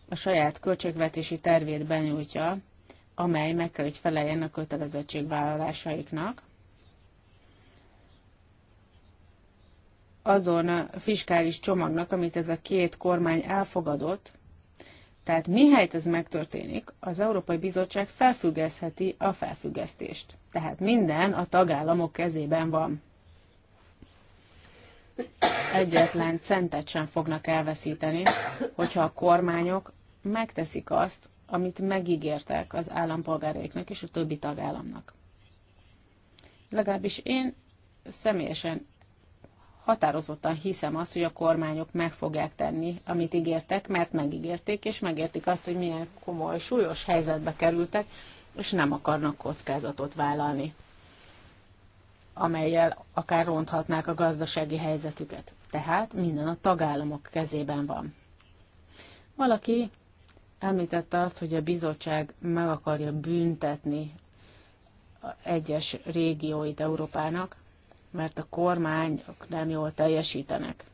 a saját költségvetési tervét benyújtja, amely meg kell, hogy feleljen a kötelezettségvállalásaiknak, azon fiskális csomagnak, amit ez a két kormány elfogadott, tehát mihelyt ez megtörténik, az Európai Bizottság felfüggesztheti a felfüggesztést. Tehát minden a tagállamok kezében van. Egyetlen centet sem fognak elveszíteni, hogyha a kormányok megteszik azt, amit megígértek az állampolgáraiknak és a többi tagállamnak. Legalábbis én személyesen határozottan hiszem azt, hogy a kormányok meg fogják tenni, amit ígértek, mert megígérték, és megértik azt, hogy milyen komoly, súlyos helyzetbe kerültek, és nem akarnak kockázatot vállalni, amelyel akár ronthatnák a gazdasági helyzetüket. Tehát minden a tagállamok kezében van. Valaki említette azt, hogy a bizottság meg akarja büntetni egyes régióit Európának mert a kormányok nem jól teljesítenek,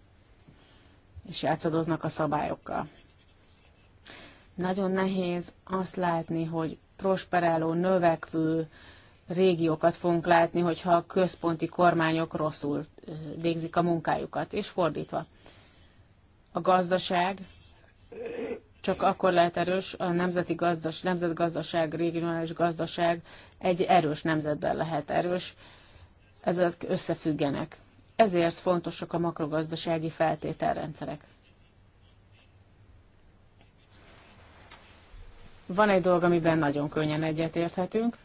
és játszadoznak a szabályokkal. Nagyon nehéz azt látni, hogy prosperáló, növekvő régiókat fogunk látni, hogyha a központi kormányok rosszul végzik a munkájukat, és fordítva. A gazdaság csak akkor lehet erős, a nemzeti gazdas, nemzetgazdaság, regionális gazdaság egy erős nemzetben lehet erős, ezek összefüggenek. Ezért fontosak a makrogazdasági feltételrendszerek. Van egy dolog, amiben nagyon könnyen egyetérthetünk.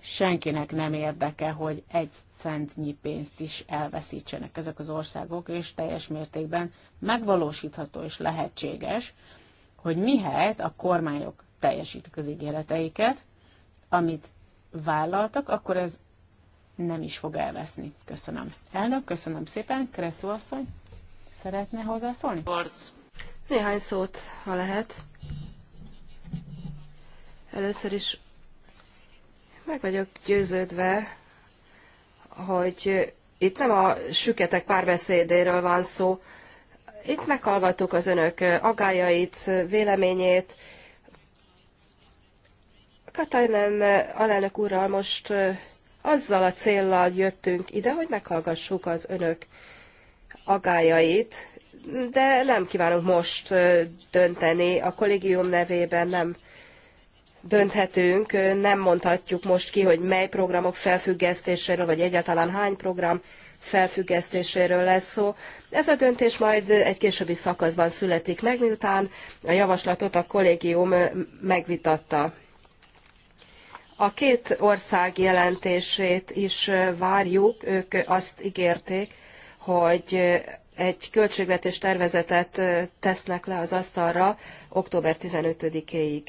Senkinek nem érdeke, hogy egy centnyi pénzt is elveszítsenek ezek az országok, és teljes mértékben megvalósítható és lehetséges, hogy mihelyt a kormányok teljesítik az ígéreteiket, amit vállaltak, akkor ez nem is fog elveszni. Köszönöm. Elnök, köszönöm szépen. Krecu asszony, szeretne hozzászólni? Barc. Néhány szót, ha lehet. Először is meg vagyok győződve, hogy itt nem a süketek párbeszédéről van szó. Itt meghallgattuk az önök agájait, véleményét, Katainen eh, alelnök úrral most eh, azzal a céllal jöttünk ide, hogy meghallgassuk az önök agájait, de nem kívánunk most eh, dönteni a kollégium nevében, nem dönthetünk, nem mondhatjuk most ki, hogy mely programok felfüggesztéséről, vagy egyáltalán hány program felfüggesztéséről lesz szó. Ez a döntés majd egy későbbi szakaszban születik meg, miután a javaslatot a kollégium megvitatta. A két ország jelentését is várjuk, ők azt ígérték, hogy egy költségvetés tervezetet tesznek le az asztalra október 15-éig.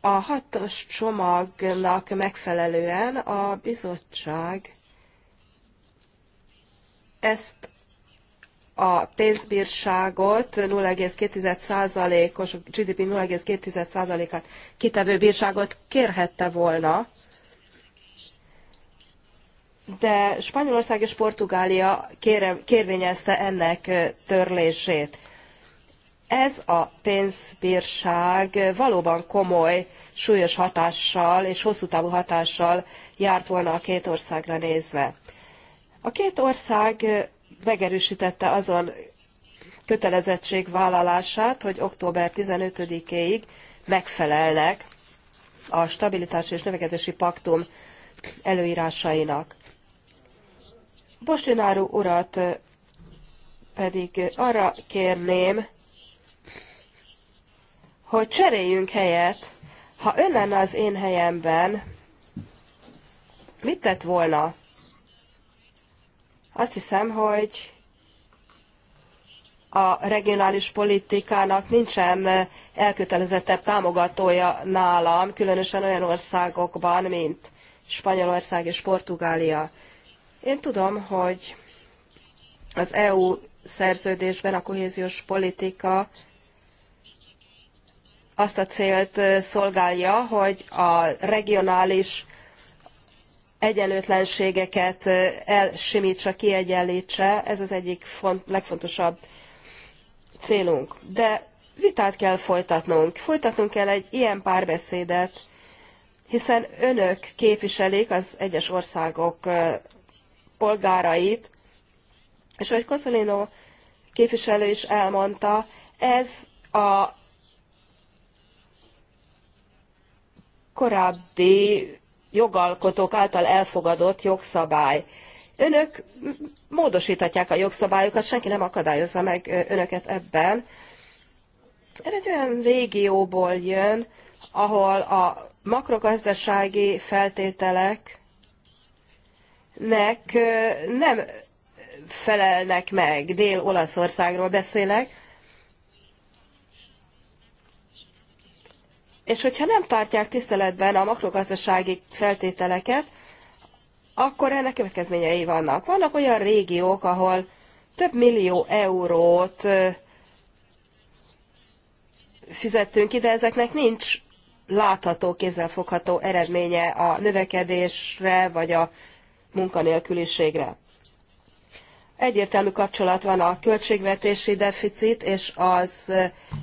A hatos csomagnak megfelelően a bizottság ezt a pénzbírságot 0,2%-os, GDP 0,2%-át kitevő bírságot kérhette volna, de Spanyolország és Portugália kére, kérvényezte ennek törlését. Ez a pénzbírság valóban komoly, súlyos hatással és hosszú távú hatással járt volna a két országra nézve. A két ország megerősítette azon kötelezettségvállalását, hogy október 15-éig megfelelnek a stabilitási és növekedési paktum előírásainak. Bostináru urat pedig arra kérném, hogy cseréljünk helyet. Ha ön lenne az én helyemben, mit tett volna? Azt hiszem, hogy a regionális politikának nincsen elkötelezettebb támogatója nálam, különösen olyan országokban, mint Spanyolország és Portugália. Én tudom, hogy az EU szerződésben a kohéziós politika azt a célt szolgálja, hogy a regionális egyenlőtlenségeket elsimtsa kiegyenltse ez az egyik font, legfontosabb célunk. De vitát kell folytatnunk. Folytatnunk kell egy ilyen párbeszédet, hiszen önök képviselik az egyes országok polgárait, és ahogy Kozolino képviselő is elmondta, ez a korábbi jogalkotók által elfogadott jogszabály. Önök módosíthatják a jogszabályokat, senki nem akadályozza meg önöket ebben. Ön egy olyan régióból jön, ahol a makrogazdasági feltételeknek nem felelnek meg. Dél-Olaszországról beszélek. És hogyha nem tartják tiszteletben a makrogazdasági feltételeket, akkor ennek következményei vannak. Vannak olyan régiók, ahol több millió eurót fizettünk ide, ezeknek nincs látható, kézzelfogható eredménye a növekedésre vagy a munkanélküliségre. Egyértelmű kapcsolat van a költségvetési deficit és az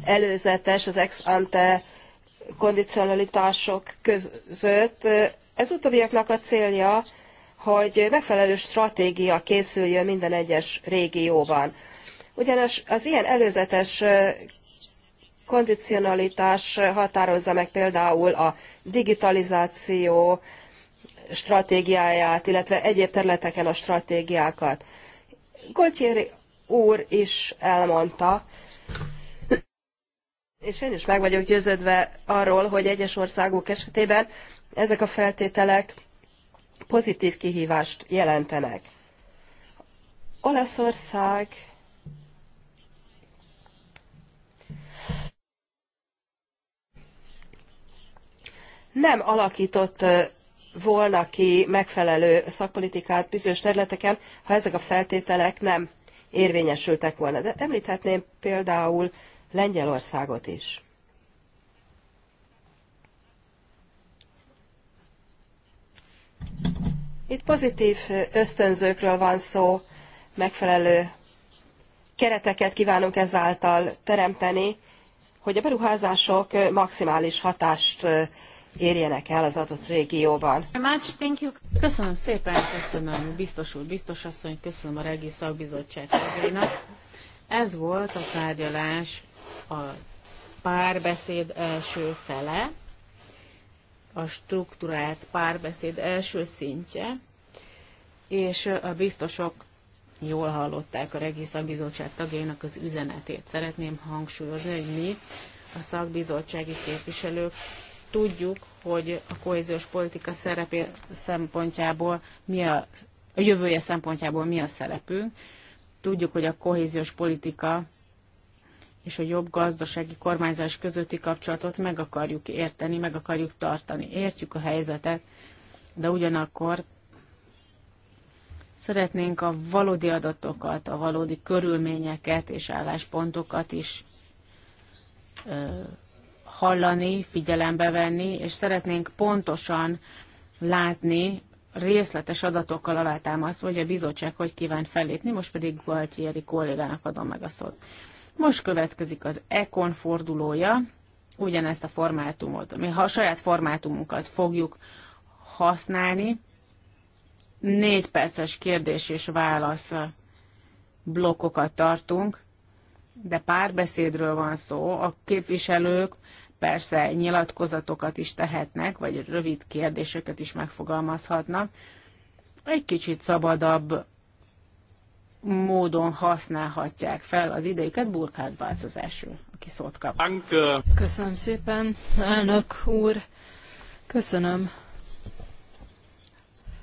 előzetes, az ex ante kondicionalitások között. Ez utóbbiaknak a célja, hogy megfelelő stratégia készüljön minden egyes régióban. Ugyanis az ilyen előzetes kondicionalitás határozza meg például a digitalizáció stratégiáját, illetve egyéb területeken a stratégiákat. Goltieri úr is elmondta, és én is meg vagyok győződve arról, hogy egyes országok esetében ezek a feltételek pozitív kihívást jelentenek. Olaszország nem alakított volna ki megfelelő szakpolitikát bizonyos területeken, ha ezek a feltételek nem érvényesültek volna. De említhetném például Lengyelországot is. Itt pozitív ösztönzőkről van szó, megfelelő kereteket kívánunk ezáltal teremteni, hogy a beruházások maximális hatást érjenek el az adott régióban. Köszönöm szépen, köszönöm biztos úr, biztos asszony, köszönöm a Regi Szakbizottság tagjainak. Ez volt a tárgyalás a párbeszéd első fele, a struktúrált párbeszéd első szintje, és a biztosok jól hallották a Regi Szakbizottság tagjainak az üzenetét. Szeretném hangsúlyozni, hogy mi, a szakbizottsági képviselők tudjuk, hogy a kohéziós politika szerepé szempontjából mi a, a jövője szempontjából mi a szerepünk. Tudjuk, hogy a kohéziós politika és a jobb gazdasági kormányzás közötti kapcsolatot meg akarjuk érteni, meg akarjuk tartani. Értjük a helyzetet, de ugyanakkor szeretnénk a valódi adatokat, a valódi körülményeket és álláspontokat is ö, hallani, figyelembe venni, és szeretnénk pontosan látni, részletes adatokkal alátámasztva, hogy a bizottság hogy kíván fellépni, most pedig Gualtieri kollégának adom meg a szót. Most következik az Econ fordulója, ugyanezt a formátumot, mi ha a saját formátumunkat fogjuk használni, négy perces kérdés és válasz blokkokat tartunk, de párbeszédről van szó, a képviselők persze nyilatkozatokat is tehetnek, vagy rövid kérdéseket is megfogalmazhatnak. Egy kicsit szabadabb módon használhatják fel az idejüket. Burkhard Bác az első, aki szót kap. Köszönöm szépen, elnök úr. Köszönöm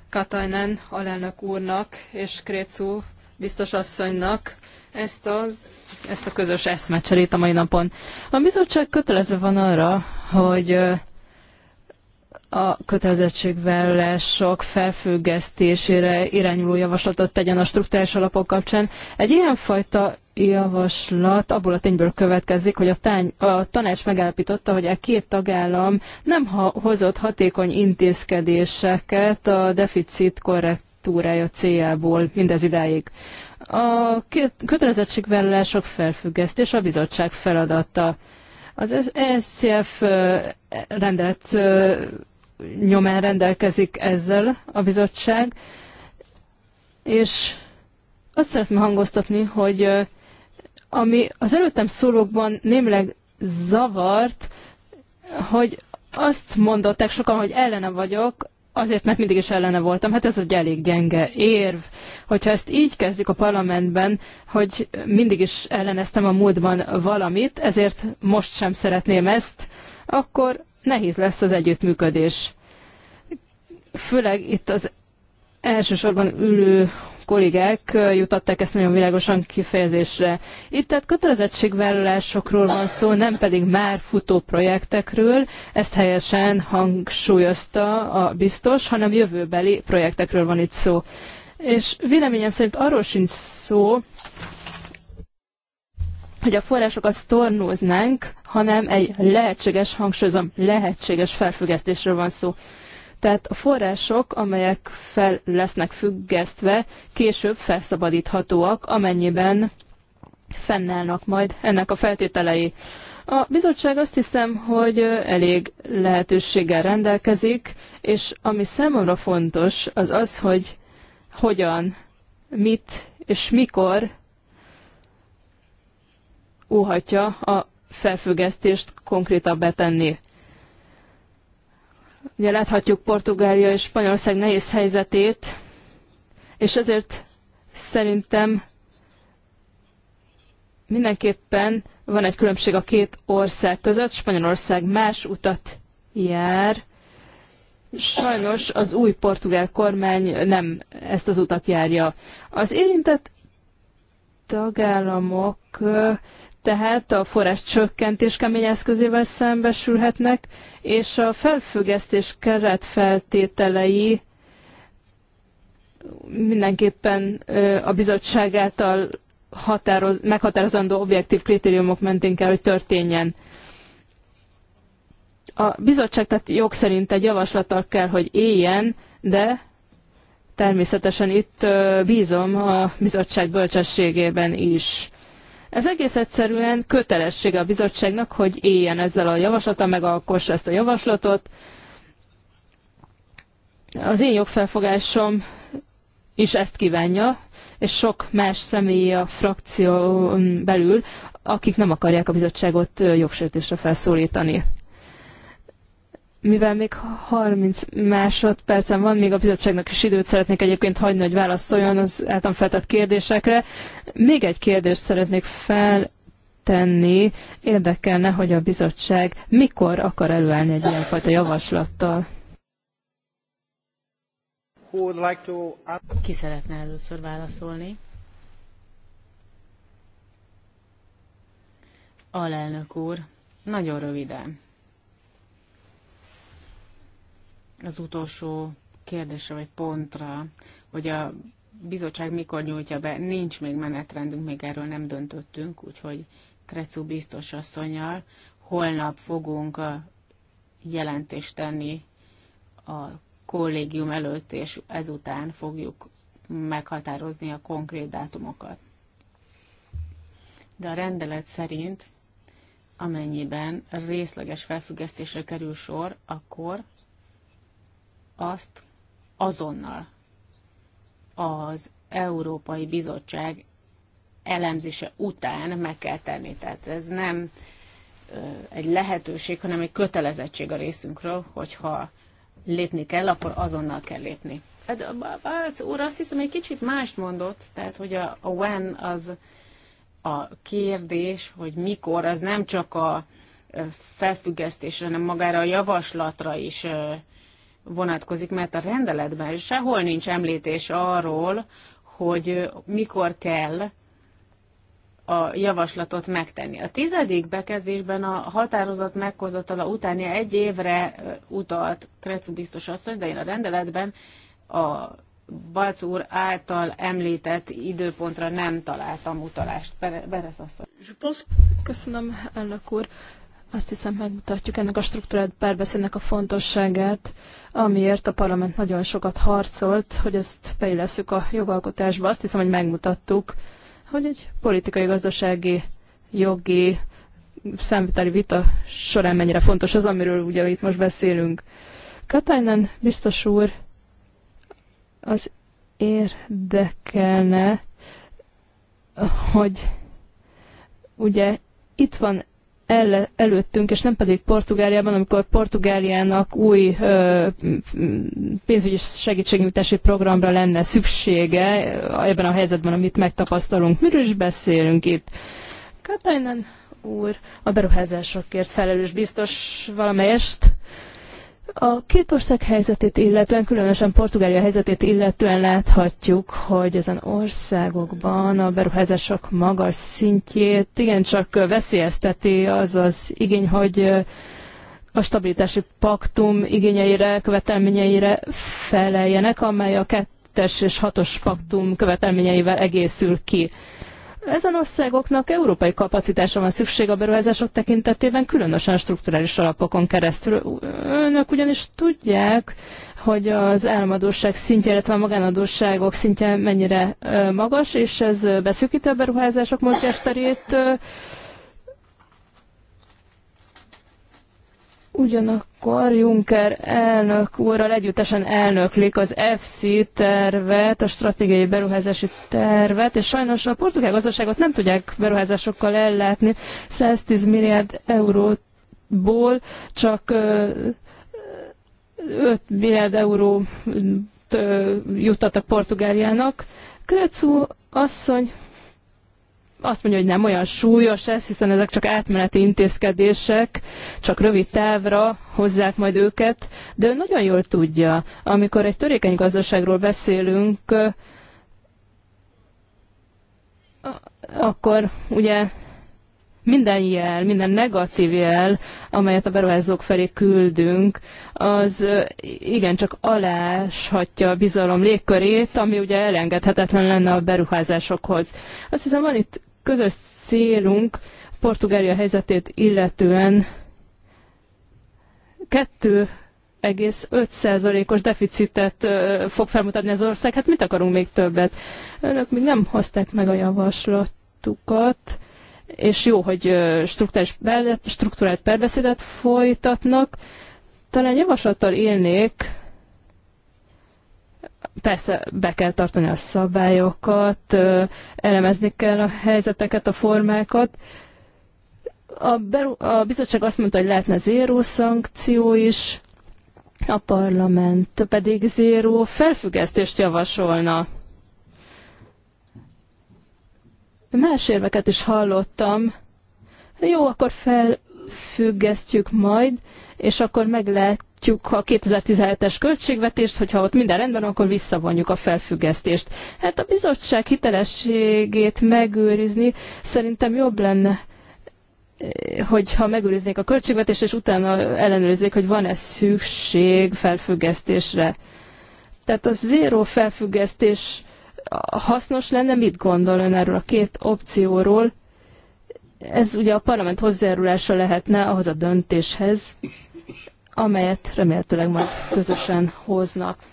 Katajnen alelnök úrnak és Krécu biztos asszonynak ezt, az, ezt a közös eszmecserét a mai napon. A bizottság kötelező van arra, hogy a kötelezettségvállalások felfüggesztésére irányuló javaslatot tegyen a struktúrás alapok kapcsán. Egy ilyenfajta javaslat abból a tényből következik, hogy a, tány, a tanács megállapította, hogy a e két tagállam nem ha, hozott hatékony intézkedéseket a deficit korrektúrája céljából mindez idáig. A kötelezettségvállalások felfüggesztés a bizottság feladata. Az ESCF rendelet nyomán rendelkezik ezzel a bizottság, és azt szeretném hangoztatni, hogy ami az előttem szólókban némileg zavart, hogy azt mondották sokan, hogy ellene vagyok, azért, mert mindig is ellene voltam. Hát ez egy elég gyenge érv. Hogyha ezt így kezdjük a parlamentben, hogy mindig is elleneztem a múltban valamit, ezért most sem szeretném ezt, akkor nehéz lesz az együttműködés. Főleg itt az elsősorban ülő kollégák jutatták ezt nagyon világosan kifejezésre. Itt tehát kötelezettségvállalásokról van szó, nem pedig már futó projektekről, ezt helyesen hangsúlyozta a biztos, hanem jövőbeli projektekről van itt szó. És véleményem szerint arról sincs szó, hogy a forrásokat sztornóznánk, hanem egy lehetséges, hangsúlyozom, lehetséges felfüggesztésről van szó. Tehát a források, amelyek fel lesznek függesztve, később felszabadíthatóak, amennyiben fennállnak majd ennek a feltételei. A bizottság azt hiszem, hogy elég lehetőséggel rendelkezik, és ami számomra fontos, az az, hogy hogyan, mit és mikor óhatja a felfüggesztést konkrétabbá tenni. Ugye láthatjuk Portugália és Spanyolország nehéz helyzetét, és ezért szerintem mindenképpen van egy különbség a két ország között. Spanyolország más utat jár. Sajnos az új portugál kormány nem ezt az utat járja. Az érintett tagállamok tehát a forrás csökkentés kemény eszközével szembesülhetnek, és a felfüggesztés keret feltételei mindenképpen a bizottság által határoz, meghatározandó objektív kritériumok mentén kell, hogy történjen. A bizottság tehát jog szerint egy javaslattal kell, hogy éljen, de természetesen itt bízom a bizottság bölcsességében is. Ez egész egyszerűen kötelessége a bizottságnak, hogy éljen ezzel a javaslata, megalkossa ezt a javaslatot. Az én jogfelfogásom is ezt kívánja, és sok más személy a frakción belül, akik nem akarják a bizottságot jogsértésre felszólítani mivel még 30 másodpercen van, még a bizottságnak is időt szeretnék egyébként hagyni, hogy válaszoljon az általam feltett kérdésekre. Még egy kérdést szeretnék feltenni. Érdekelne, hogy a bizottság mikor akar előállni egy ilyenfajta javaslattal? Ki szeretne először válaszolni? Alelnök úr, nagyon röviden. az utolsó kérdésre vagy pontra, hogy a bizottság mikor nyújtja be, nincs még menetrendünk, még erről nem döntöttünk, úgyhogy Krecu biztos asszonyal holnap fogunk jelentést tenni a kollégium előtt, és ezután fogjuk meghatározni a konkrét dátumokat. De a rendelet szerint, amennyiben részleges felfüggesztésre kerül sor, akkor azt azonnal az Európai Bizottság elemzése után meg kell tenni. Tehát ez nem egy lehetőség, hanem egy kötelezettség a részünkről, hogyha lépni kell, akkor azonnal kell lépni. Hát Balc úr azt hiszem egy kicsit mást mondott, tehát hogy a, a when az a kérdés, hogy mikor, az nem csak a felfüggesztésre, hanem magára a javaslatra is vonatkozik, mert a rendeletben sehol nincs említés arról, hogy mikor kell a javaslatot megtenni. A tizedik bekezdésben a határozat meghozatala utáni egy évre utalt Krecu biztos asszony, de én a rendeletben a Balc úr által említett időpontra nem találtam utalást. Beres asszony. Köszönöm, elnök úr. Azt hiszem, megmutatjuk ennek a struktúrált párbeszédnek a fontosságát, amiért a parlament nagyon sokat harcolt, hogy ezt beilleszük a jogalkotásba. Azt hiszem, hogy megmutattuk, hogy egy politikai, gazdasági, jogi, számviteli vita során mennyire fontos az, amiről ugye itt most beszélünk. Katainen biztos úr az érdekelne, hogy ugye itt van el, előttünk, és nem pedig Portugáliában, amikor Portugáliának új ö, pénzügyi segítségnyújtási programra lenne szüksége ebben a helyzetben, amit megtapasztalunk. Miről is beszélünk itt? Katainen úr, a beruházásokért felelős biztos valamelyest a két ország helyzetét illetően, különösen Portugália helyzetét illetően láthatjuk, hogy ezen országokban a beruházások magas szintjét igencsak veszélyezteti az az igény, hogy a stabilitási paktum igényeire, követelményeire feleljenek, amely a kettes és hatos paktum követelményeivel egészül ki. Ezen országoknak európai kapacitásra van szükség a beruházások tekintetében, különösen a strukturális alapokon keresztül. Önök ugyanis tudják, hogy az államadóság szintje, illetve a magánadóságok szintje mennyire magas, és ez beszűkíti a beruházások mozgásterét. Ugyanakkor Juncker elnök úrral együttesen elnöklik az FC tervet, a stratégiai beruházási tervet, és sajnos a portugál gazdaságot nem tudják beruházásokkal ellátni. 110 milliárd euróból csak 5 milliárd eurót juttattak Portugáliának. Krecu asszony azt mondja, hogy nem olyan súlyos ez, hiszen ezek csak átmeneti intézkedések, csak rövid távra hozzák majd őket, de ő nagyon jól tudja, amikor egy törékeny gazdaságról beszélünk, akkor ugye minden jel, minden negatív jel, amelyet a beruházók felé küldünk, az igencsak aláshatja a bizalom légkörét, ami ugye elengedhetetlen lenne a beruházásokhoz. Azt hiszem van itt közös célunk Portugália helyzetét illetően 2,5%-os deficitet fog felmutatni az ország. Hát mit akarunk még többet? Önök még nem hozták meg a javaslatukat, és jó, hogy struktúrált perbeszédet folytatnak. Talán javaslattal élnék, Persze be kell tartani a szabályokat, elemezni kell a helyzeteket, a formákat. A, beru- a bizottság azt mondta, hogy lehetne zéró szankció is, a parlament pedig zéró felfüggesztést javasolna. Más érveket is hallottam. Jó, akkor felfüggesztjük majd, és akkor meg lehet támogatjuk a 2017-es költségvetést, hogyha ott minden rendben, akkor visszavonjuk a felfüggesztést. Hát a bizottság hitelességét megőrizni szerintem jobb lenne eh, hogyha megőriznék a költségvetést, és utána ellenőrizzék, hogy van-e szükség felfüggesztésre. Tehát a zéró felfüggesztés hasznos lenne, mit gondol ön erről a két opcióról? Ez ugye a parlament hozzájárulása lehetne ahhoz a döntéshez, amelyet remélhetőleg majd közösen hoznak.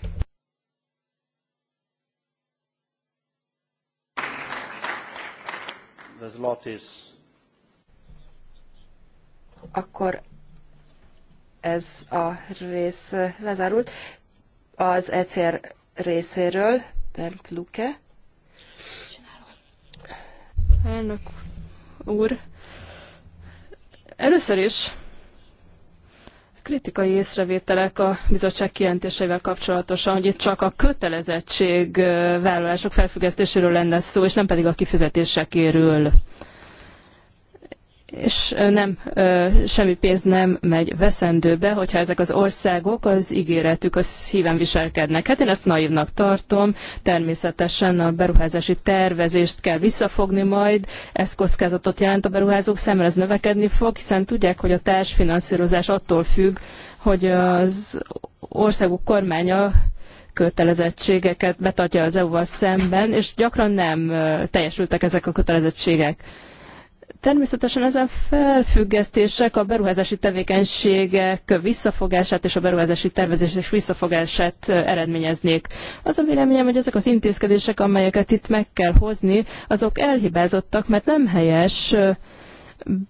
Akkor ez a rész lezárult. Az ECR részéről Bernd Luke. Elnök úr, először is kritikai észrevételek a bizottság kijelentéseivel kapcsolatosan, hogy itt csak a kötelezettségvállalások felfüggesztéséről lenne szó, és nem pedig a kifizetések kifizetésekéről és nem, semmi pénz nem megy veszendőbe, hogyha ezek az országok az ígéretük, az híven viselkednek. Hát én ezt naívnak tartom, természetesen a beruházási tervezést kell visszafogni majd, ez kockázatot jelent a beruházók szemre, ez növekedni fog, hiszen tudják, hogy a társfinanszírozás attól függ, hogy az országok kormánya kötelezettségeket betartja az EU-val szemben, és gyakran nem teljesültek ezek a kötelezettségek. Természetesen ezen felfüggesztések a beruházási tevékenységek visszafogását és a beruházási tervezés visszafogását eh, eredményeznék. Az a véleményem, hogy ezek az intézkedések, amelyeket itt meg kell hozni, azok elhibázottak, mert nem helyes eh,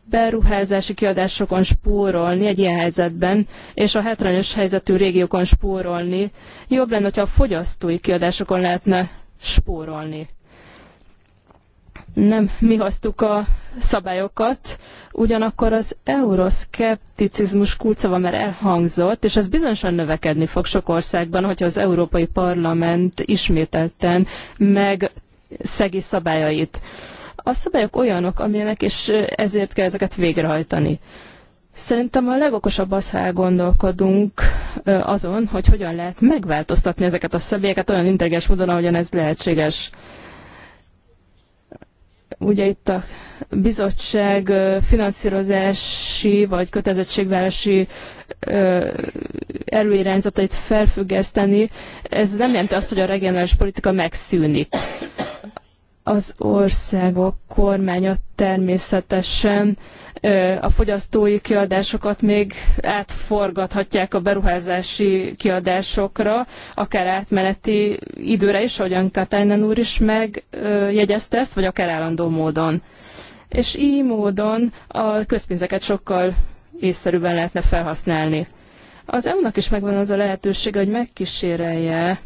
beruházási kiadásokon spórolni egy ilyen helyzetben, és a hátrányos helyzetű régiókon spórolni. Jobb lenne, hogyha a fogyasztói kiadásokon lehetne spórolni nem mi hoztuk a szabályokat, ugyanakkor az euroszkepticizmus kulca már elhangzott, és ez bizonyosan növekedni fog sok országban, hogyha az Európai Parlament ismételten meg szegi szabályait. A szabályok olyanok, amilyenek, és ezért kell ezeket végrehajtani. Szerintem a legokosabb az, ha elgondolkodunk azon, hogy hogyan lehet megváltoztatni ezeket a szabályokat olyan intelligens módon, ahogyan ez lehetséges. Ugye itt a bizottság finanszírozási vagy kötelezettségvárosi előirányzatait felfüggeszteni, ez nem jelenti azt, hogy a regionális politika megszűnik az országok kormánya természetesen a fogyasztói kiadásokat még átforgathatják a beruházási kiadásokra, akár átmeneti időre is, ahogyan Katainen úr is megjegyezte ezt, vagy akár állandó módon. És így módon a közpénzeket sokkal észszerűbben lehetne felhasználni. Az EU-nak is megvan az a lehetőség, hogy megkísérelje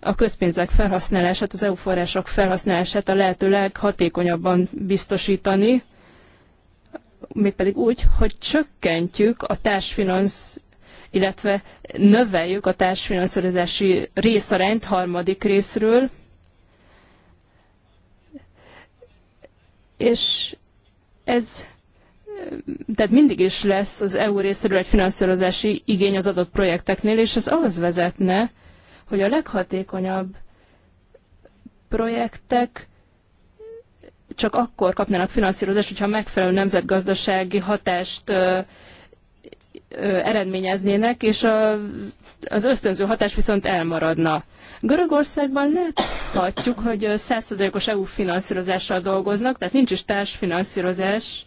a közpénzek felhasználását, az EU források felhasználását a lehető leghatékonyabban biztosítani, mégpedig úgy, hogy csökkentjük a társfinansz, illetve növeljük a társfinanszírozási részarányt harmadik részről, és ez tehát mindig is lesz az EU részéről egy finanszírozási igény az adott projekteknél, és ez ahhoz vezetne, hogy a leghatékonyabb projektek csak akkor kapnának finanszírozást, hogyha megfelelő nemzetgazdasági hatást ö, ö, eredményeznének, és a, az ösztönző hatás viszont elmaradna. Görögországban láthatjuk, hogy 100%-os EU finanszírozással dolgoznak, tehát nincs is társfinanszírozás,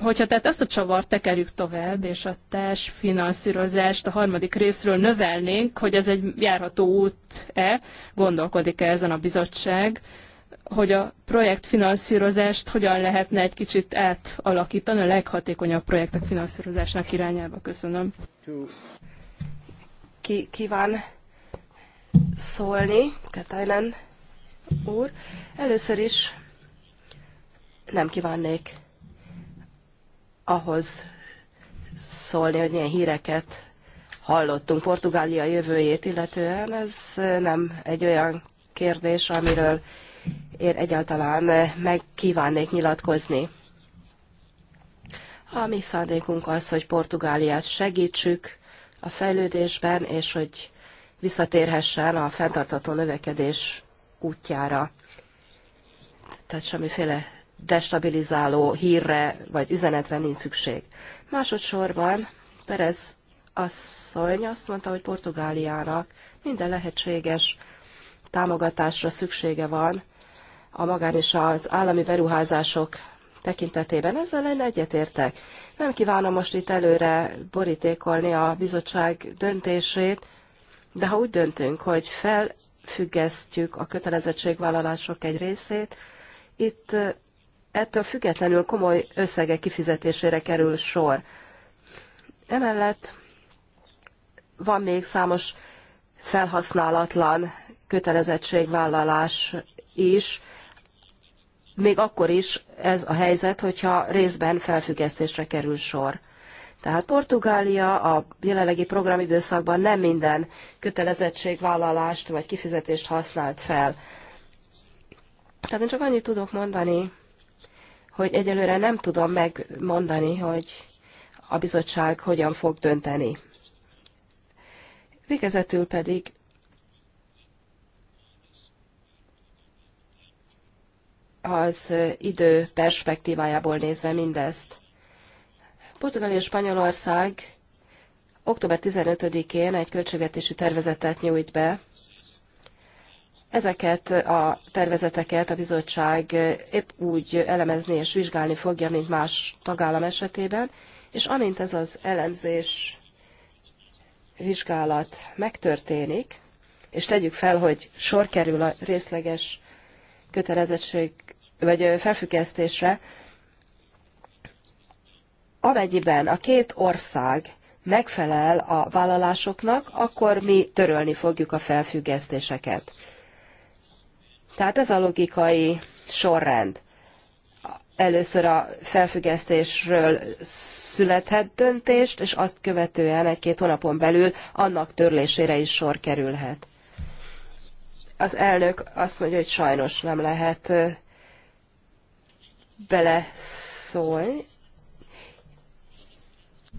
Hogyha tehát ezt a csavart tekerjük tovább, és a társfinanszírozást a harmadik részről növelnénk, hogy ez egy járható út-e, gondolkodik-e ezen a bizottság, hogy a projektfinanszírozást hogyan lehetne egy kicsit átalakítani a leghatékonyabb projektek finanszírozásnak irányába. Köszönöm. Ki kíván szólni, Katajlen úr? Először is nem kívánnék ahhoz szólni, hogy milyen híreket hallottunk Portugália jövőjét, illetően ez nem egy olyan kérdés, amiről én egyáltalán meg kívánnék nyilatkozni. A mi szándékunk az, hogy Portugáliát segítsük a fejlődésben, és hogy visszatérhessen a fenntartató növekedés útjára. Tehát semmiféle destabilizáló hírre vagy üzenetre nincs szükség. Másodszorban Perez asszony azt mondta, hogy Portugáliának minden lehetséges támogatásra szüksége van a magán és az állami beruházások tekintetében. Ezzel én egyetértek. Nem kívánom most itt előre borítékolni a bizottság döntését, de ha úgy döntünk, hogy felfüggesztjük a kötelezettségvállalások egy részét, itt ettől függetlenül komoly összegek kifizetésére kerül sor. Emellett van még számos felhasználatlan kötelezettségvállalás is, még akkor is ez a helyzet, hogyha részben felfüggesztésre kerül sor. Tehát Portugália a jelenlegi programidőszakban nem minden kötelezettségvállalást vagy kifizetést használt fel. Tehát én csak annyit tudok mondani, hogy egyelőre nem tudom megmondani, hogy a bizottság hogyan fog dönteni. Végezetül pedig az idő perspektívájából nézve mindezt. Portugália és Spanyolország október 15-én egy költségvetési tervezetet nyújt be, Ezeket a tervezeteket a bizottság épp úgy elemezni és vizsgálni fogja, mint más tagállam esetében, és amint ez az elemzés vizsgálat megtörténik, és tegyük fel, hogy sor kerül a részleges kötelezettség vagy felfüggesztésre, amennyiben a két ország megfelel a vállalásoknak, akkor mi törölni fogjuk a felfüggesztéseket. Tehát ez a logikai sorrend. Először a felfüggesztésről születhet döntést, és azt követően egy-két hónapon belül annak törlésére is sor kerülhet. Az elnök azt mondja, hogy sajnos nem lehet beleszólni.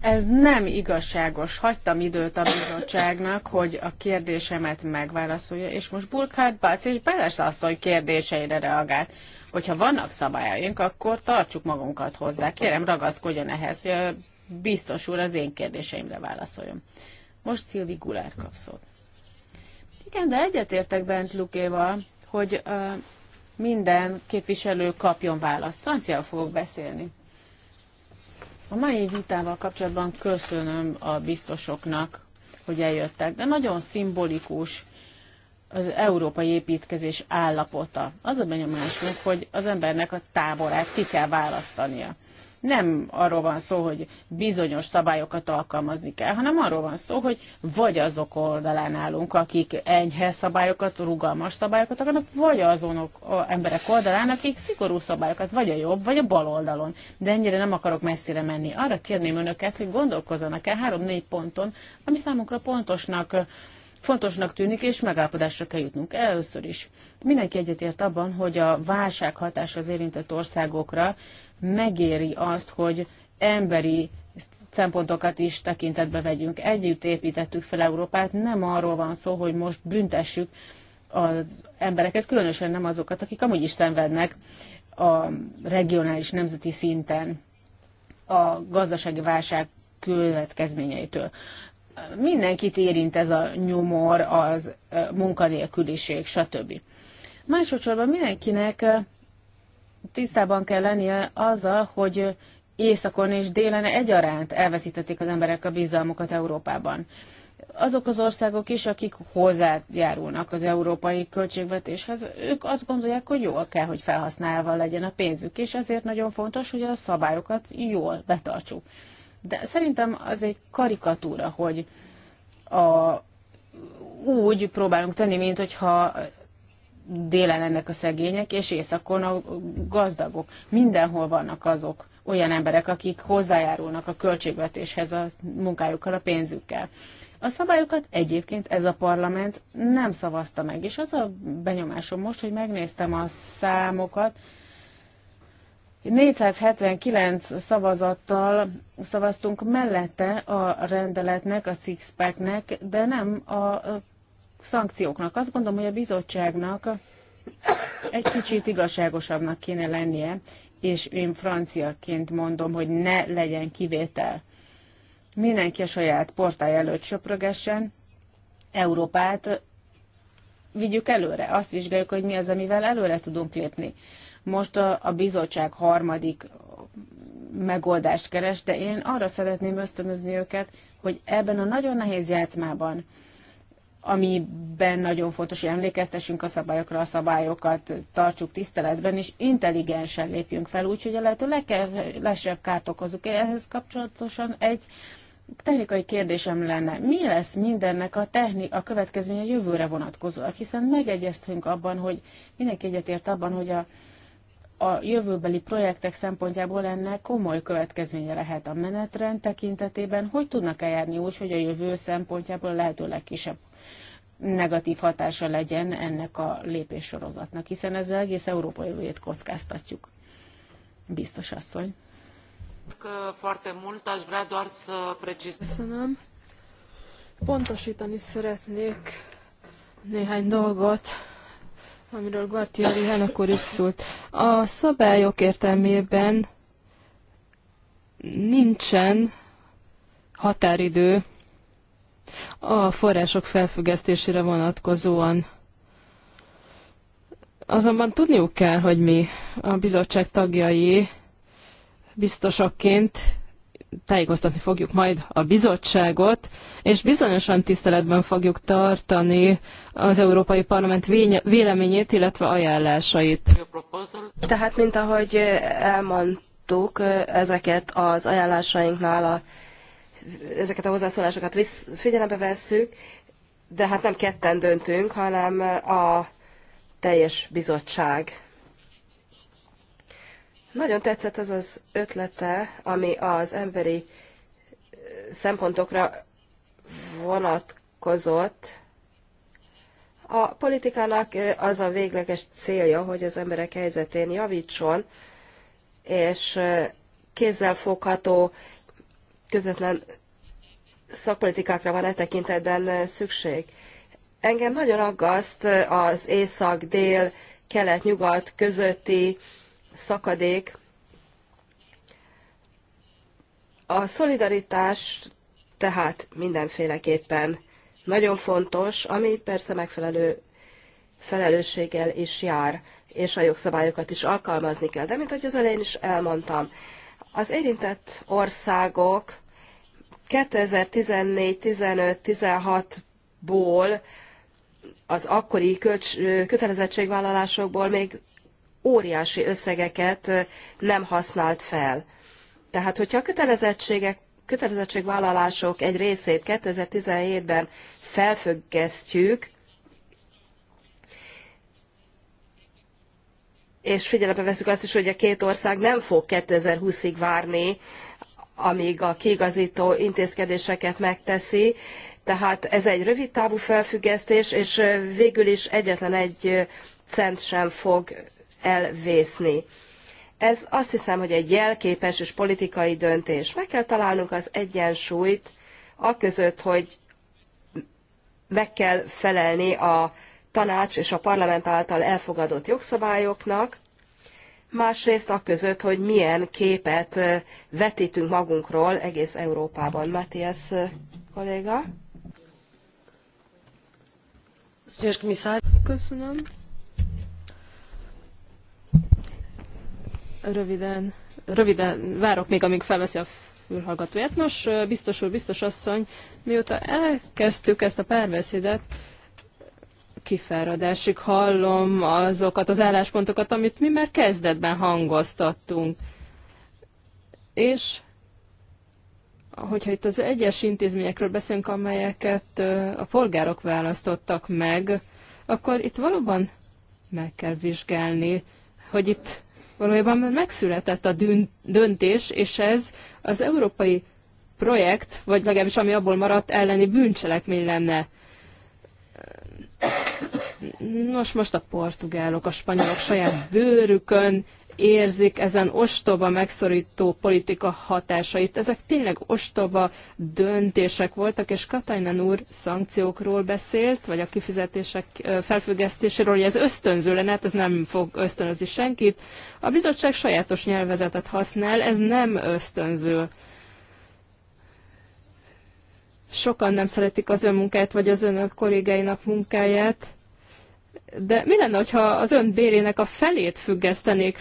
Ez nem igazságos. Hagytam időt a bizottságnak, hogy a kérdésemet megválaszolja, és most Burkhard Bác és Beres asszony kérdéseire reagált. Hogyha vannak szabályaink, akkor tartsuk magunkat hozzá. Kérem, ragaszkodjon ehhez, hogy a biztos úr az én kérdéseimre válaszoljon. Most Szilvi Gulár kap szót. Igen, de egyetértek Bent Lukéval, hogy uh, minden képviselő kapjon választ. Francia fogok beszélni. A mai vitával kapcsolatban köszönöm a biztosoknak, hogy eljöttek, de nagyon szimbolikus az európai építkezés állapota. Az a benyomásunk, hogy az embernek a táborát ki kell választania nem arról van szó, hogy bizonyos szabályokat alkalmazni kell, hanem arról van szó, hogy vagy azok oldalán állunk, akik enyhe szabályokat, rugalmas szabályokat akarnak, vagy azonok emberek oldalán, akik szigorú szabályokat, vagy a jobb, vagy a bal oldalon. De ennyire nem akarok messzire menni. Arra kérném önöket, hogy gondolkozzanak el három-négy ponton, ami számunkra pontosnak fontosnak tűnik, és megállapodásra kell jutnunk. Először is mindenki egyetért abban, hogy a válság hatása az érintett országokra megéri azt, hogy emberi szempontokat is tekintetbe vegyünk. Együtt építettük fel Európát, nem arról van szó, hogy most büntessük az embereket, különösen nem azokat, akik amúgy is szenvednek a regionális, nemzeti szinten a gazdasági válság következményeitől. Mindenkit érint ez a nyomor, az eh, munkanélküliség, stb. Másodszorban mindenkinek eh, tisztában kell lennie azzal, hogy északon és délen egyaránt elveszítették az emberek a bizalmukat Európában. Azok az országok is, akik hozzájárulnak az európai költségvetéshez, ők azt gondolják, hogy jól kell, hogy felhasználva legyen a pénzük, és ezért nagyon fontos, hogy a szabályokat jól betartsuk. De szerintem az egy karikatúra, hogy a, úgy próbálunk tenni, mint hogyha délen ennek a szegények, és északon a gazdagok. Mindenhol vannak azok olyan emberek, akik hozzájárulnak a költségvetéshez a munkájukkal, a pénzükkel. A szabályokat egyébként ez a parlament nem szavazta meg, és az a benyomásom most, hogy megnéztem a számokat, 479 szavazattal szavaztunk mellette a rendeletnek, a sixpacknek, de nem a szankcióknak. Azt gondolom, hogy a bizottságnak egy kicsit igazságosabbnak kéne lennie, és én franciaként mondom, hogy ne legyen kivétel. Mindenki a saját portája előtt söprögessen, Európát vigyük előre, azt vizsgáljuk, hogy mi az, amivel előre tudunk lépni. Most a, a bizottság harmadik megoldást keres, de én arra szeretném ösztönözni őket, hogy ebben a nagyon nehéz játszmában, amiben nagyon fontos, hogy emlékeztessünk a szabályokra, a szabályokat tartsuk tiszteletben, és intelligensen lépjünk fel, úgyhogy a lehető legkevesebb kárt okozunk. Ehhez kapcsolatosan egy technikai kérdésem lenne. Mi lesz mindennek a, techni- a következménye jövőre vonatkozóak? Hiszen megegyeztünk abban, hogy mindenki egyetért abban, hogy a, a jövőbeli projektek szempontjából ennek komoly következménye lehet a menetrend tekintetében. Hogy tudnak eljárni úgy, hogy a jövő szempontjából a lehető legkisebb negatív hatása legyen ennek a lépéssorozatnak, hiszen ezzel egész Európa jövőjét kockáztatjuk. Biztos asszony. Köszönöm. Pontosítani szeretnék néhány dolgot, amiről Gartieri Hán úr is szólt. A szabályok értelmében nincsen határidő a források felfüggesztésére vonatkozóan. Azonban tudniuk kell, hogy mi a bizottság tagjai biztosokként tájékoztatni fogjuk majd a bizottságot, és bizonyosan tiszteletben fogjuk tartani az Európai Parlament véleményét, illetve ajánlásait. Tehát, mint ahogy elmondtuk, ezeket az ajánlásainknál a ezeket a hozzászólásokat visz, figyelembe vesszük, de hát nem ketten döntünk, hanem a teljes bizottság. Nagyon tetszett az az ötlete, ami az emberi szempontokra vonatkozott. A politikának az a végleges célja, hogy az emberek helyzetén javítson, és kézzelfogható közvetlen szakpolitikákra van e tekintetben szükség. Engem nagyon aggaszt az észak-dél, kelet-nyugat közötti szakadék. A szolidaritás tehát mindenféleképpen nagyon fontos, ami persze megfelelő felelősséggel is jár, és a jogszabályokat is alkalmazni kell. De mint ahogy az elején is elmondtam, az érintett országok 2014-15-16-ból az akkori kötelezettségvállalásokból még óriási összegeket nem használt fel. Tehát, hogyha a kötelezettségek, kötelezettségvállalások egy részét 2017-ben felfüggesztjük, és figyelembe veszük azt is, hogy a két ország nem fog 2020-ig várni amíg a kiigazító intézkedéseket megteszi. Tehát ez egy rövid távú felfüggesztés, és végül is egyetlen egy cent sem fog elvészni. Ez azt hiszem, hogy egy jelképes és politikai döntés. Meg kell találnunk az egyensúlyt, aközött, hogy meg kell felelni a tanács és a parlament által elfogadott jogszabályoknak, másrészt a között, hogy milyen képet vetítünk magunkról egész Európában. Matthias kolléga. Köszönöm. Röviden, röviden várok még, amíg felveszi a fülhallgatóját. Nos, biztos úr, biztos asszony, mióta elkezdtük ezt a párbeszédet, kifáradásig hallom azokat az álláspontokat, amit mi már kezdetben hangoztattunk. És hogyha itt az egyes intézményekről beszélünk, amelyeket a polgárok választottak meg, akkor itt valóban meg kell vizsgálni, hogy itt valójában megszületett a döntés, és ez az európai projekt, vagy legalábbis ami abból maradt, elleni bűncselekmény lenne. Nos, most a portugálok, a spanyolok saját bőrükön érzik ezen ostoba megszorító politika hatásait. Ezek tényleg ostoba döntések voltak, és Katajnen úr szankciókról beszélt, vagy a kifizetések felfüggesztéséről, hogy ez ösztönző lenne, hát ez nem fog ösztönözni senkit. A bizottság sajátos nyelvezetet használ, ez nem ösztönző. Sokan nem szeretik az ön munkáját, vagy az önök kollégáinak munkáját. De mi lenne, ha az ön bérének a felét függesztenék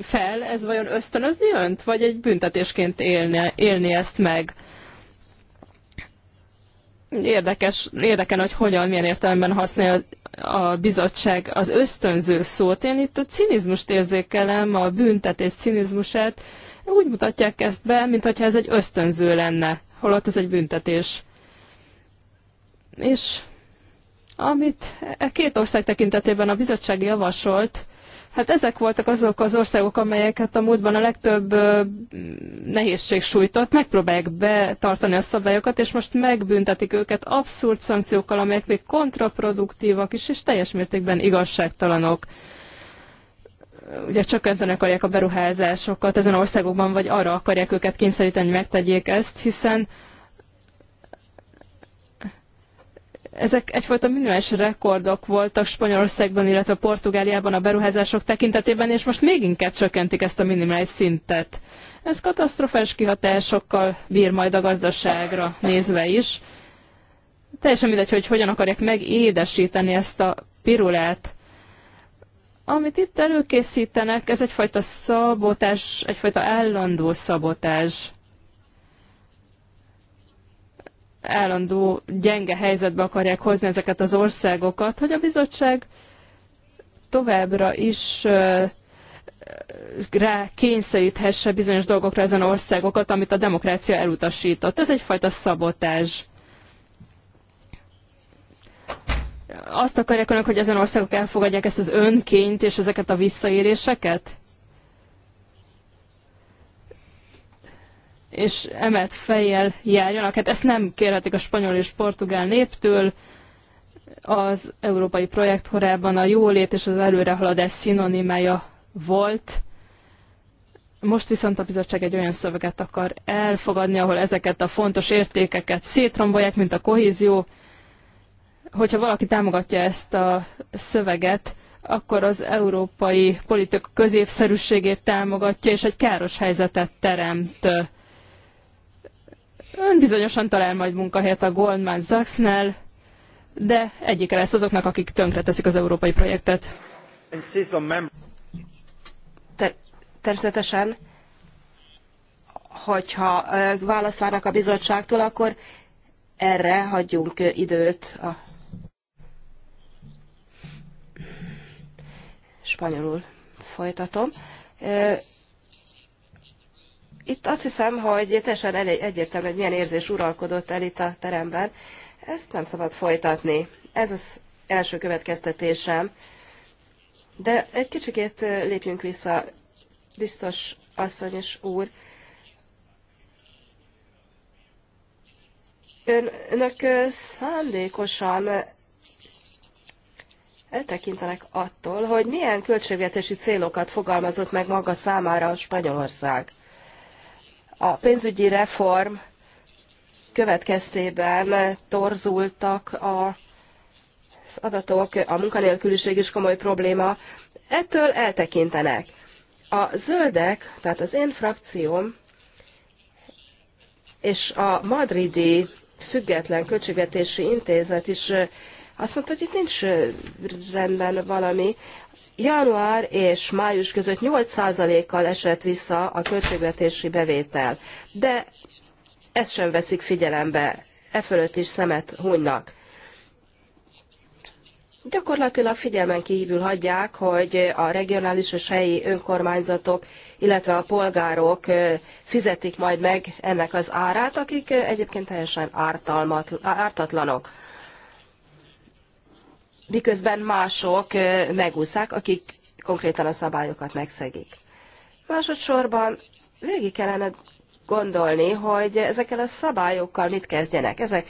fel? Ez vajon ösztönözni önt, vagy egy büntetésként élni, élni ezt meg? Érdekes, érdekel, hogy hogyan, milyen értelemben használja a bizottság az ösztönző szót. Én itt a cinizmust érzékelem, a büntetés cinizmusát. Úgy mutatják ezt be, mintha ez egy ösztönző lenne, holott ez egy büntetés. És amit e két ország tekintetében a bizottság javasolt, hát ezek voltak azok az országok, amelyeket a múltban a legtöbb nehézség sújtott, megpróbálják betartani a szabályokat, és most megbüntetik őket abszurd szankciókkal, amelyek még kontraproduktívak is, és teljes mértékben igazságtalanok ugye csökkenteni akarják a beruházásokat ezen országokban, vagy arra akarják őket kényszeríteni, hogy megtegyék ezt, hiszen ezek egyfajta minimális rekordok voltak Spanyolországban, illetve Portugáliában a beruházások tekintetében, és most még inkább csökkentik ezt a minimális szintet. Ez katasztrofális kihatásokkal bír majd a gazdaságra nézve is. Teljesen mindegy, hogy hogyan akarják megédesíteni ezt a pirulát. Amit itt előkészítenek, ez egyfajta szabotás, egyfajta állandó szabotás állandó gyenge helyzetbe akarják hozni ezeket az országokat, hogy a bizottság továbbra is rá kényszeríthesse bizonyos dolgokra ezen országokat, amit a demokrácia elutasított. Ez egyfajta szabotás. Azt akarják önök, hogy ezen országok elfogadják ezt az önként és ezeket a visszaéléseket? és emelt fejjel járjanak. Hát ezt nem kérhetik a spanyol és portugál néptől. Az európai projekt korábban a jólét és az előrehaladás szinonimája volt. Most viszont a bizottság egy olyan szöveget akar elfogadni, ahol ezeket a fontos értékeket szétrombolják, mint a kohézió. Hogyha valaki támogatja ezt a szöveget, akkor az európai politika középszerűségét támogatja, és egy káros helyzetet teremt Ön bizonyosan talál majd munkahelyet a Goldman Sachsnál, de egyike lesz azoknak, akik tönkreteszik az európai projektet. Ter természetesen, hogyha választ várnak a bizottságtól, akkor erre hagyjunk időt a spanyolul folytatom. Itt azt hiszem, hogy teljesen egyértelmű, hogy milyen érzés uralkodott el itt a teremben. Ezt nem szabad folytatni. Ez az első következtetésem. De egy kicsikét lépjünk vissza, biztos asszony és úr. önök szándékosan eltekintenek attól, hogy milyen költségvetési célokat fogalmazott meg maga számára a Spanyolország a pénzügyi reform következtében torzultak a az adatok, a munkanélküliség is komoly probléma, ettől eltekintenek. A zöldek, tehát az én frakcióm és a madridi független költségvetési intézet is azt mondta, hogy itt nincs rendben valami. Január és május között 8%-kal esett vissza a költségvetési bevétel, de ezt sem veszik figyelembe, e fölött is szemet hunynak. Gyakorlatilag figyelmen kívül hagyják, hogy a regionális és helyi önkormányzatok, illetve a polgárok fizetik majd meg ennek az árát, akik egyébként teljesen ártatlanok miközben mások megúszák, akik konkrétan a szabályokat megszegik. Másodszorban végig kellene gondolni, hogy ezekkel a szabályokkal mit kezdjenek. Ezek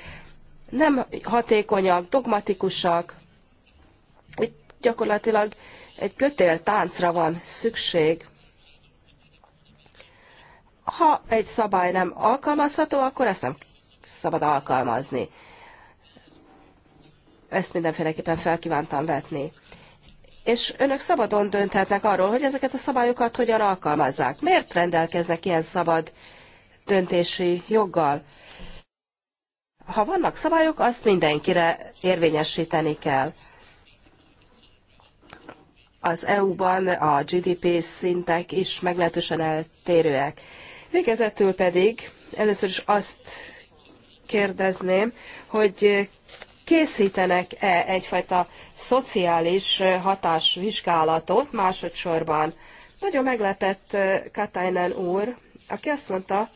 nem hatékonyak, dogmatikusak. Itt gyakorlatilag egy kötél táncra van szükség. Ha egy szabály nem alkalmazható, akkor ezt nem szabad alkalmazni. Ezt mindenféleképpen felkívántam vetni. És önök szabadon dönthetnek arról, hogy ezeket a szabályokat hogyan alkalmazzák. Miért rendelkeznek ilyen szabad döntési joggal? Ha vannak szabályok, azt mindenkire érvényesíteni kell az EU-ban a GDP szintek is meglehetősen eltérőek. Végezetül pedig először is azt kérdezném, hogy készítenek-e egyfajta szociális hatásvizsgálatot másodszorban. Nagyon meglepett Katainen úr, aki azt mondta,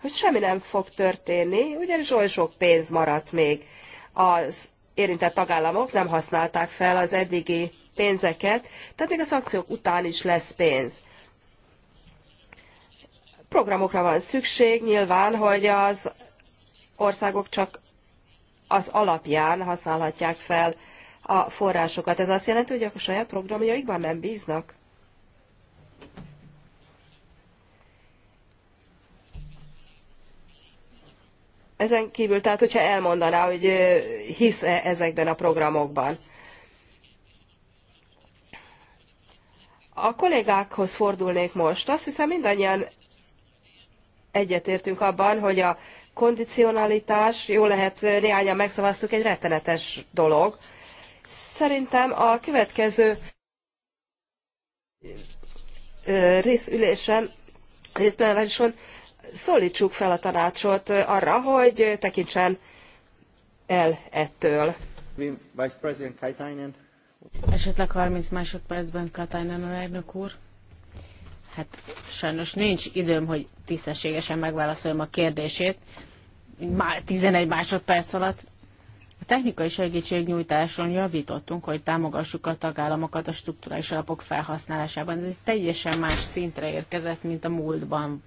hogy semmi nem fog történni, ugyanis oly sok pénz maradt még. Az érintett tagállamok nem használták fel az eddigi pénzeket, tehát még a szankciók után is lesz pénz. Programokra van szükség, nyilván, hogy az országok csak az alapján használhatják fel a forrásokat. Ez azt jelenti, hogy a saját programjaikban nem bíznak? Ezen kívül, tehát hogyha elmondaná, hogy hisz -e ezekben a programokban. A kollégákhoz fordulnék most. Azt hiszem mindannyian egyetértünk abban, hogy a kondicionalitás, jó lehet néhányan megszavaztuk, egy rettenetes dolog. Szerintem a következő részülésen, részben szólítsuk fel a tanácsot arra, hogy tekintsen el ettől. Vice President Kaitainen. Esetleg 30 másodpercben Katainen elnök úr. Hát sajnos nincs időm, hogy tisztességesen megválaszoljam a kérdését, 11 másodperc alatt. A technikai segítségnyújtáson javítottunk, hogy támogassuk a tagállamokat a struktúrális alapok felhasználásában. Ez egy teljesen más szintre érkezett, mint a múltban.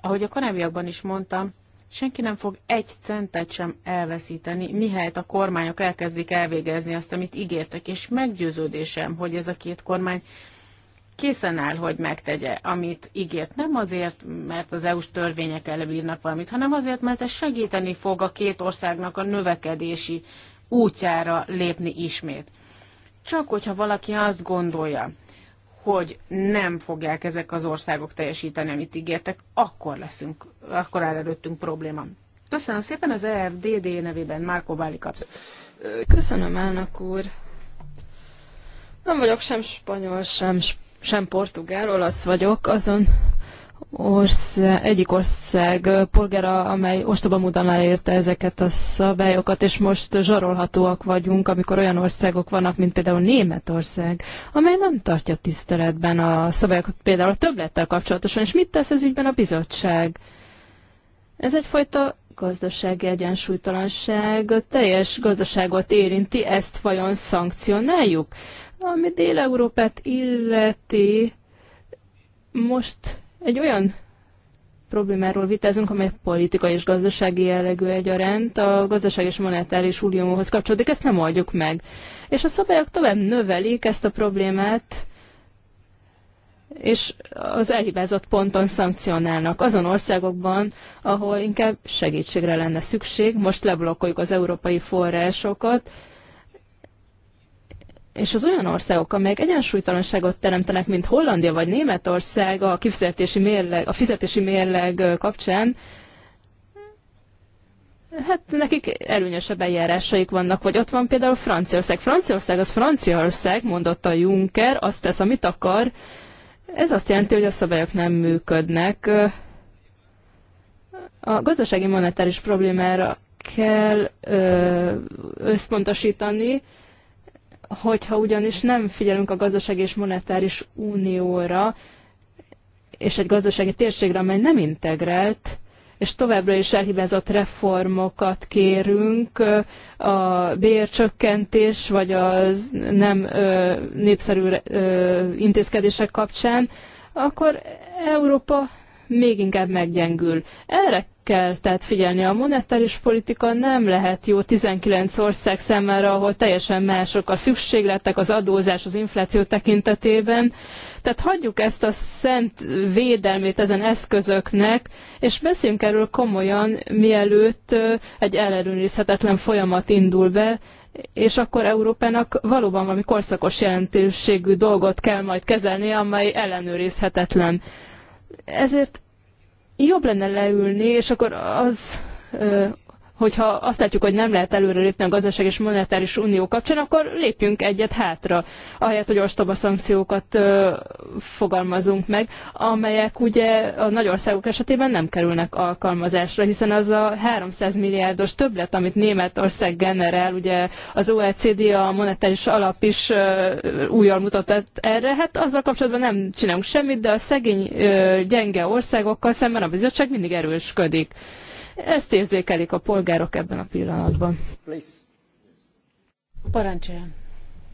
Ahogy a korábbiakban is mondtam, senki nem fog egy centet sem elveszíteni, mihelyt a kormányok elkezdik elvégezni azt, amit ígértek, és meggyőződésem, hogy ez a két kormány készen áll, hogy megtegye, amit ígért. Nem azért, mert az EU-s törvények elbírnak valamit, hanem azért, mert ez segíteni fog a két országnak a növekedési útjára lépni ismét. Csak hogyha valaki azt gondolja, hogy nem fogják ezek az országok teljesíteni, amit ígértek, akkor leszünk, akkor áll előttünk probléma. Köszönöm szépen az ERDD nevében, Márko Báli kapsz. Köszönöm, elnök úr. Nem vagyok sem spanyol, sem spanyol sem portugál, olasz vagyok, azon ország, egyik ország polgára, amely ostoba módon elérte ezeket a szabályokat, és most zsarolhatóak vagyunk, amikor olyan országok vannak, mint például Németország, amely nem tartja tiszteletben a szabályokat, például a többlettel kapcsolatosan, és mit tesz ez ügyben a bizottság? Ez egyfajta gazdasági egyensúlytalanság teljes gazdaságot érinti, ezt vajon szankcionáljuk? Ami Dél-Európát illeti, most egy olyan problémáról vitázunk, amely politikai és gazdasági jellegű egyaránt, a gazdaság és monetáris unióhoz kapcsolódik, ezt nem oldjuk meg. És a szabályok tovább növelik ezt a problémát, és az elhibázott ponton szankcionálnak. Azon országokban, ahol inkább segítségre lenne szükség, most leblokkoljuk az európai forrásokat, és az olyan országok, amelyek egyensúlytalanságot teremtenek, mint Hollandia vagy Németország a, kifizetési mérleg, a fizetési mérleg kapcsán, Hát nekik előnyösebb eljárásaik vannak, vagy ott van például Franciaország. Franciaország az Franciaország, mondotta Juncker, azt tesz, amit akar, ez azt jelenti, hogy a szabályok nem működnek. A gazdasági monetáris problémára kell összpontosítani, hogyha ugyanis nem figyelünk a gazdasági és monetáris unióra, és egy gazdasági térségre, amely nem integrált, és továbbra is elhibázott reformokat kérünk, a bércsökkentés, vagy az nem népszerű intézkedések kapcsán, akkor Európa még inkább meggyengül. Erre kell tehát figyelni. A monetáris politika nem lehet jó 19 ország számára, ahol teljesen mások a szükségletek, az adózás, az infláció tekintetében. Tehát hagyjuk ezt a szent védelmét ezen eszközöknek, és beszéljünk erről komolyan, mielőtt egy ellenőrizhetetlen folyamat indul be, és akkor Európának valóban valami korszakos jelentőségű dolgot kell majd kezelnie, amely ellenőrizhetetlen. Ezért jobb lenne leülni, és akkor az hogyha azt látjuk, hogy nem lehet előrelépni a gazdaság és monetáris unió kapcsán, akkor lépjünk egyet hátra, ahelyett, hogy ostoba szankciókat ö, fogalmazunk meg, amelyek ugye a nagy országok esetében nem kerülnek alkalmazásra, hiszen az a 300 milliárdos többlet, amit Németország generál, ugye az OECD, a monetáris alap is újjal mutatott erre, hát azzal kapcsolatban nem csinálunk semmit, de a szegény, ö, gyenge országokkal szemben a bizottság mindig erősködik. Ezt érzékelik a polgárok ebben a pillanatban. Parancsoljon!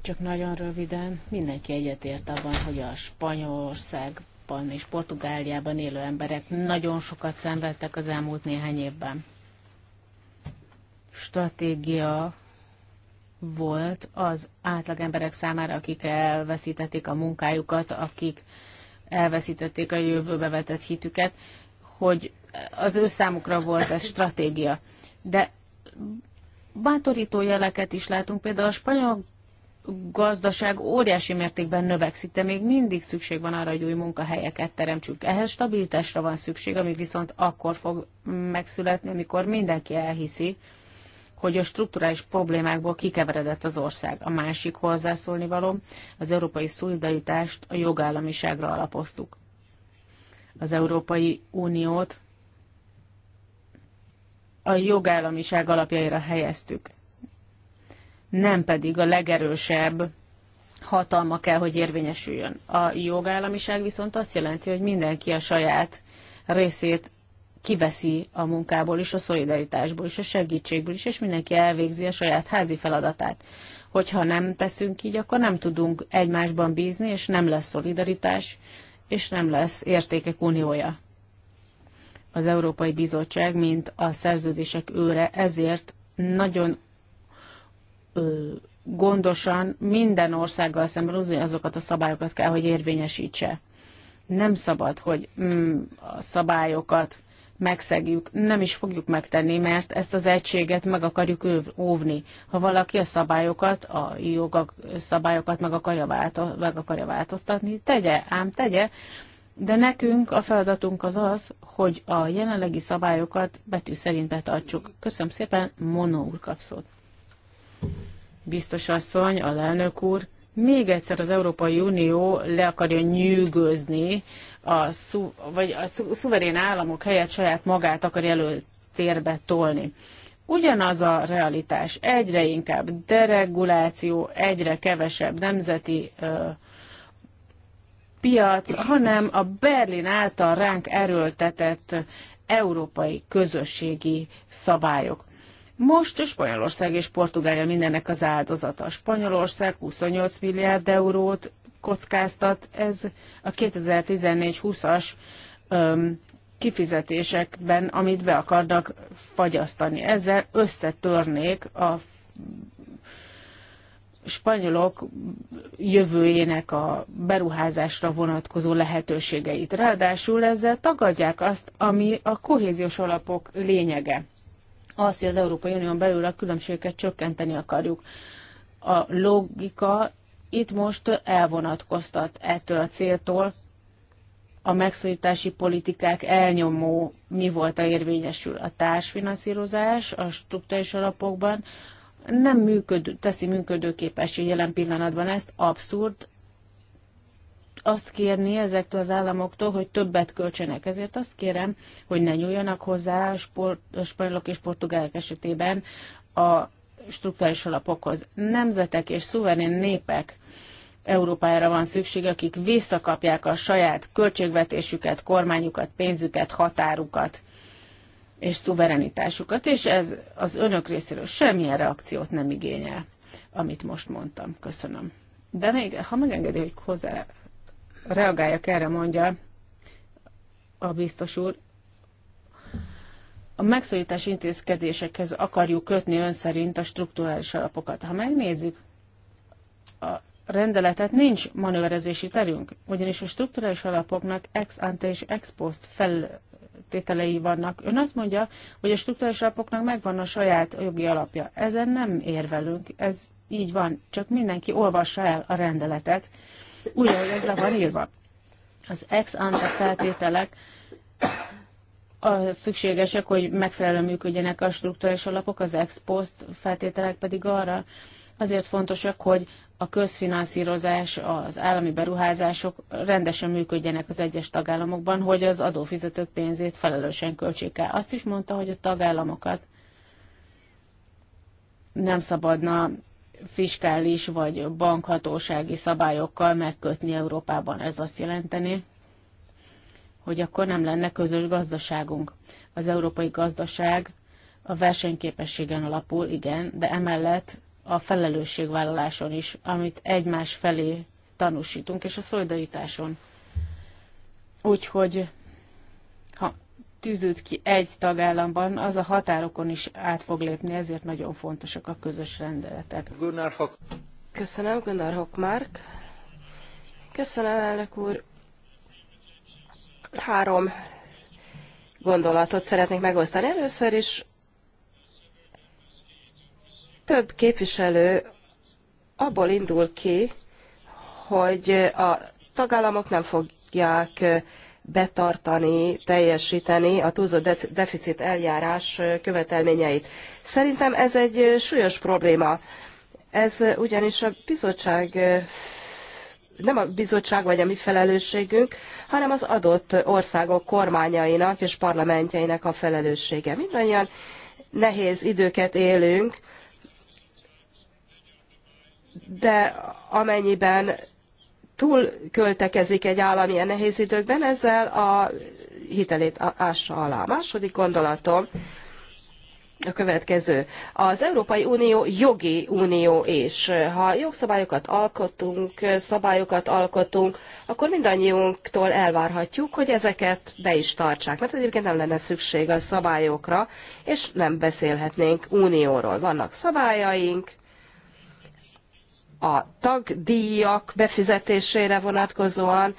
Csak nagyon röviden, mindenki egyetért abban, hogy a Spanyolországban és Portugáliában élő emberek nagyon sokat szenvedtek az elmúlt néhány évben. Stratégia volt az átlag emberek számára, akik elveszítették a munkájukat, akik elveszítették a jövőbe vetett hitüket, hogy az ő számukra volt ez stratégia. De bátorító jeleket is látunk, például a spanyol gazdaság óriási mértékben növekszik, de még mindig szükség van arra, hogy új munkahelyeket teremtsük. Ehhez stabilitásra van szükség, ami viszont akkor fog megszületni, amikor mindenki elhiszi, hogy a strukturális problémákból kikeveredett az ország. A másik hozzászólni való, az európai szolidaritást a jogállamiságra alapoztuk. Az Európai Uniót a jogállamiság alapjaira helyeztük. Nem pedig a legerősebb hatalma kell, hogy érvényesüljön. A jogállamiság viszont azt jelenti, hogy mindenki a saját részét kiveszi a munkából is, a szolidaritásból is, a segítségből is, és mindenki elvégzi a saját házi feladatát. Hogyha nem teszünk így, akkor nem tudunk egymásban bízni, és nem lesz szolidaritás, és nem lesz értékek uniója az Európai Bizottság, mint a szerződések őre, ezért nagyon ö, gondosan minden országgal szemben azokat a szabályokat kell, hogy érvényesítse. Nem szabad, hogy mm, a szabályokat megszegjük, nem is fogjuk megtenni, mert ezt az egységet meg akarjuk óvni. Ha valaki a szabályokat, a jogok szabályokat meg akarja, válto- meg akarja változtatni, tegye, ám tegye, de nekünk a feladatunk az az, hogy a jelenlegi szabályokat betű szerint betartsuk. Köszönöm szépen, Mono úr kapszott. Biztos asszony, lelnök úr, még egyszer az Európai Unió le akarja nyűgözni, a szu, vagy a szu, szuverén államok helyett saját magát akar előtérbe tolni. Ugyanaz a realitás, egyre inkább dereguláció, egyre kevesebb nemzeti ö, piac, hanem a Berlin által ránk erőltetett európai közösségi szabályok. Most Spanyolország és Portugália mindennek az áldozata. Spanyolország 28 milliárd eurót kockáztat, ez a 2014-20-as kifizetésekben, amit be akarnak fagyasztani. Ezzel összetörnék a spanyolok jövőjének a beruházásra vonatkozó lehetőségeit. Ráadásul ezzel tagadják azt, ami a kohéziós alapok lényege. Az, hogy az Európai Unión belül a különbségeket csökkenteni akarjuk. A logika itt most elvonatkoztat ettől a céltól, a megszorítási politikák elnyomó mi volt a érvényesül a társfinanszírozás a struktúrális alapokban, nem működő, teszi működőképessé jelen pillanatban ezt, abszurd azt kérni ezektől az államoktól, hogy többet költsenek. Ezért azt kérem, hogy ne nyúljanak hozzá a, sport, a spanyolok és portugálok esetében a struktúrális alapokhoz. Nemzetek és szuverén népek Európára van szükség, akik visszakapják a saját költségvetésüket, kormányukat, pénzüket, határukat és szuverenitásukat, és ez az önök részéről semmilyen reakciót nem igényel, amit most mondtam. Köszönöm. De még, ha megengedi, hogy hozzá reagáljak erre, mondja a biztos úr, a megszólítás intézkedésekhez akarjuk kötni ön szerint a strukturális alapokat. Ha megnézzük, a rendeletet nincs manőverezési terünk, ugyanis a strukturális alapoknak ex ante és ex post fel tételei vannak. Ön azt mondja, hogy a struktúrális alapoknak megvan a saját jogi alapja. Ezen nem érvelünk, ez így van, csak mindenki olvassa el a rendeletet, úgy, ahogy ez le van írva. Az ex ante feltételek a szükségesek, hogy megfelelően működjenek a struktúrális alapok, az ex post feltételek pedig arra azért fontosak, hogy a közfinanszírozás, az állami beruházások rendesen működjenek az egyes tagállamokban, hogy az adófizetők pénzét felelősen költsék el. Azt is mondta, hogy a tagállamokat nem szabadna fiskális vagy bankhatósági szabályokkal megkötni Európában. Ez azt jelenteni, hogy akkor nem lenne közös gazdaságunk. Az európai gazdaság a versenyképességen alapul, igen, de emellett a felelősségvállaláson is, amit egymás felé tanúsítunk, és a szolidaritáson. Úgyhogy ha tűzült ki egy tagállamban, az a határokon is át fog lépni, ezért nagyon fontosak a közös rendeletek. Gunnar Hock. Köszönöm, Gunnar Hockmark. Köszönöm, elnök úr. Három gondolatot szeretnék megosztani. Először is több képviselő abból indul ki, hogy a tagállamok nem fogják betartani, teljesíteni a túlzott deficit eljárás követelményeit. Szerintem ez egy súlyos probléma. Ez ugyanis a bizottság nem a bizottság vagy a mi felelősségünk, hanem az adott országok kormányainak és parlamentjeinek a felelőssége. Mindannyian nehéz időket élünk, de amennyiben túl költekezik egy állam ilyen nehéz időkben, ezzel a hitelét ássa alá. A második gondolatom a következő. Az Európai Unió jogi unió és ha jogszabályokat alkotunk, szabályokat alkotunk, akkor mindannyiunktól elvárhatjuk, hogy ezeket be is tartsák, mert egyébként nem lenne szükség a szabályokra, és nem beszélhetnénk unióról. Vannak szabályaink, a tagdíjak befizetésére vonatkozóan,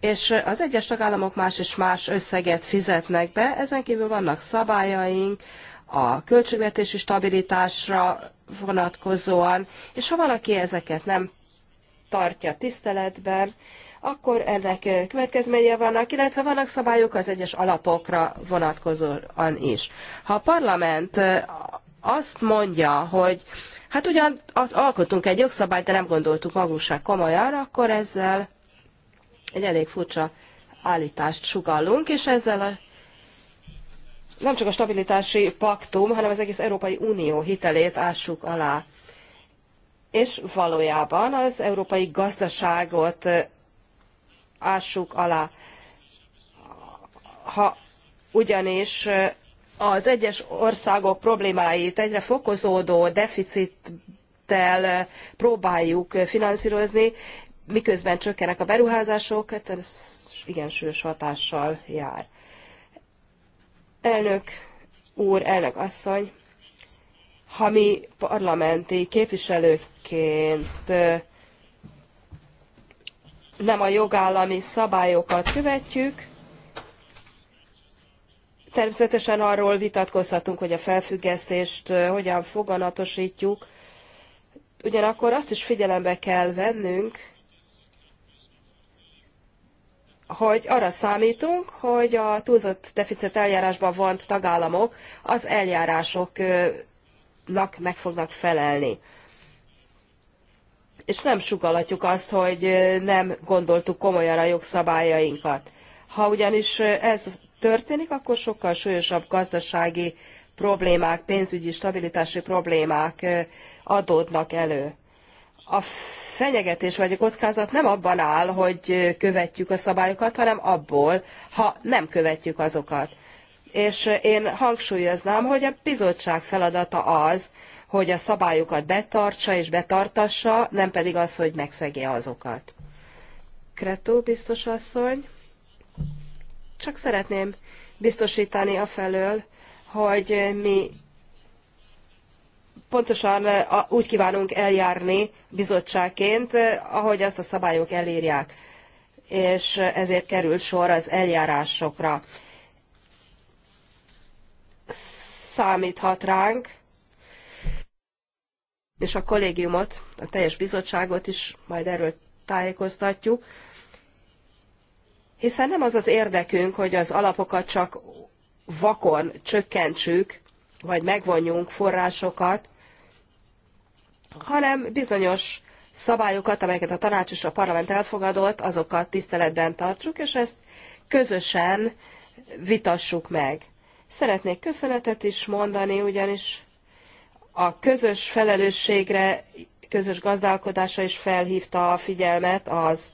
és az egyes tagállamok más és más összeget fizetnek be, ezen kívül vannak szabályaink a költségvetési stabilitásra vonatkozóan, és ha valaki ezeket nem tartja tiszteletben, akkor ennek következménye vannak, illetve vannak szabályok az egyes alapokra vonatkozóan is. Ha a parlament azt mondja, hogy Hát ugyan alkottunk egy jogszabályt, de nem gondoltuk magunkság komolyan, akkor ezzel egy elég furcsa állítást sugallunk, és ezzel a, nem csak a stabilitási paktum, hanem az egész Európai Unió hitelét ássuk alá. És valójában az európai gazdaságot ássuk alá. Ha ugyanis az egyes országok problémáit egyre fokozódó deficittel eh, próbáljuk eh, finanszírozni, miközben csökkenek a beruházások, hát ez igen sős hatással jár. Elnök úr, elnök asszony, ha mi parlamenti képviselőként eh, nem a jogállami szabályokat követjük, Természetesen arról vitatkozhatunk, hogy a felfüggesztést hogyan foganatosítjuk, ugyanakkor azt is figyelembe kell vennünk, hogy arra számítunk, hogy a túlzott deficit eljárásban vont tagállamok az eljárásoknak meg fognak felelni. És nem sugalatjuk azt, hogy nem gondoltuk komolyan a jogszabályainkat. Ha ugyanis ez történik, akkor sokkal súlyosabb gazdasági problémák, pénzügyi stabilitási problémák adódnak elő. A fenyegetés vagy a kockázat nem abban áll, hogy követjük a szabályokat, hanem abból, ha nem követjük azokat. És én hangsúlyoznám, hogy a bizottság feladata az, hogy a szabályokat betartsa és betartassa, nem pedig az, hogy megszegje azokat. Kretó biztos asszony. Csak szeretném biztosítani a felől, hogy mi pontosan eh, úgy kívánunk eljárni bizottságként, eh, ahogy azt a szabályok elírják, és eh, ezért kerül sor az eljárásokra. Számíthat ránk, és a kollégiumot, a teljes bizottságot is majd erről tájékoztatjuk. Hiszen nem az az érdekünk, hogy az alapokat csak vakon csökkentsük, vagy megvonjunk forrásokat, hanem bizonyos szabályokat, amelyeket a tanács és a parlament elfogadott, azokat tiszteletben tartsuk, és ezt közösen vitassuk meg. Szeretnék köszönetet is mondani, ugyanis a közös felelősségre, közös gazdálkodásra is felhívta a figyelmet az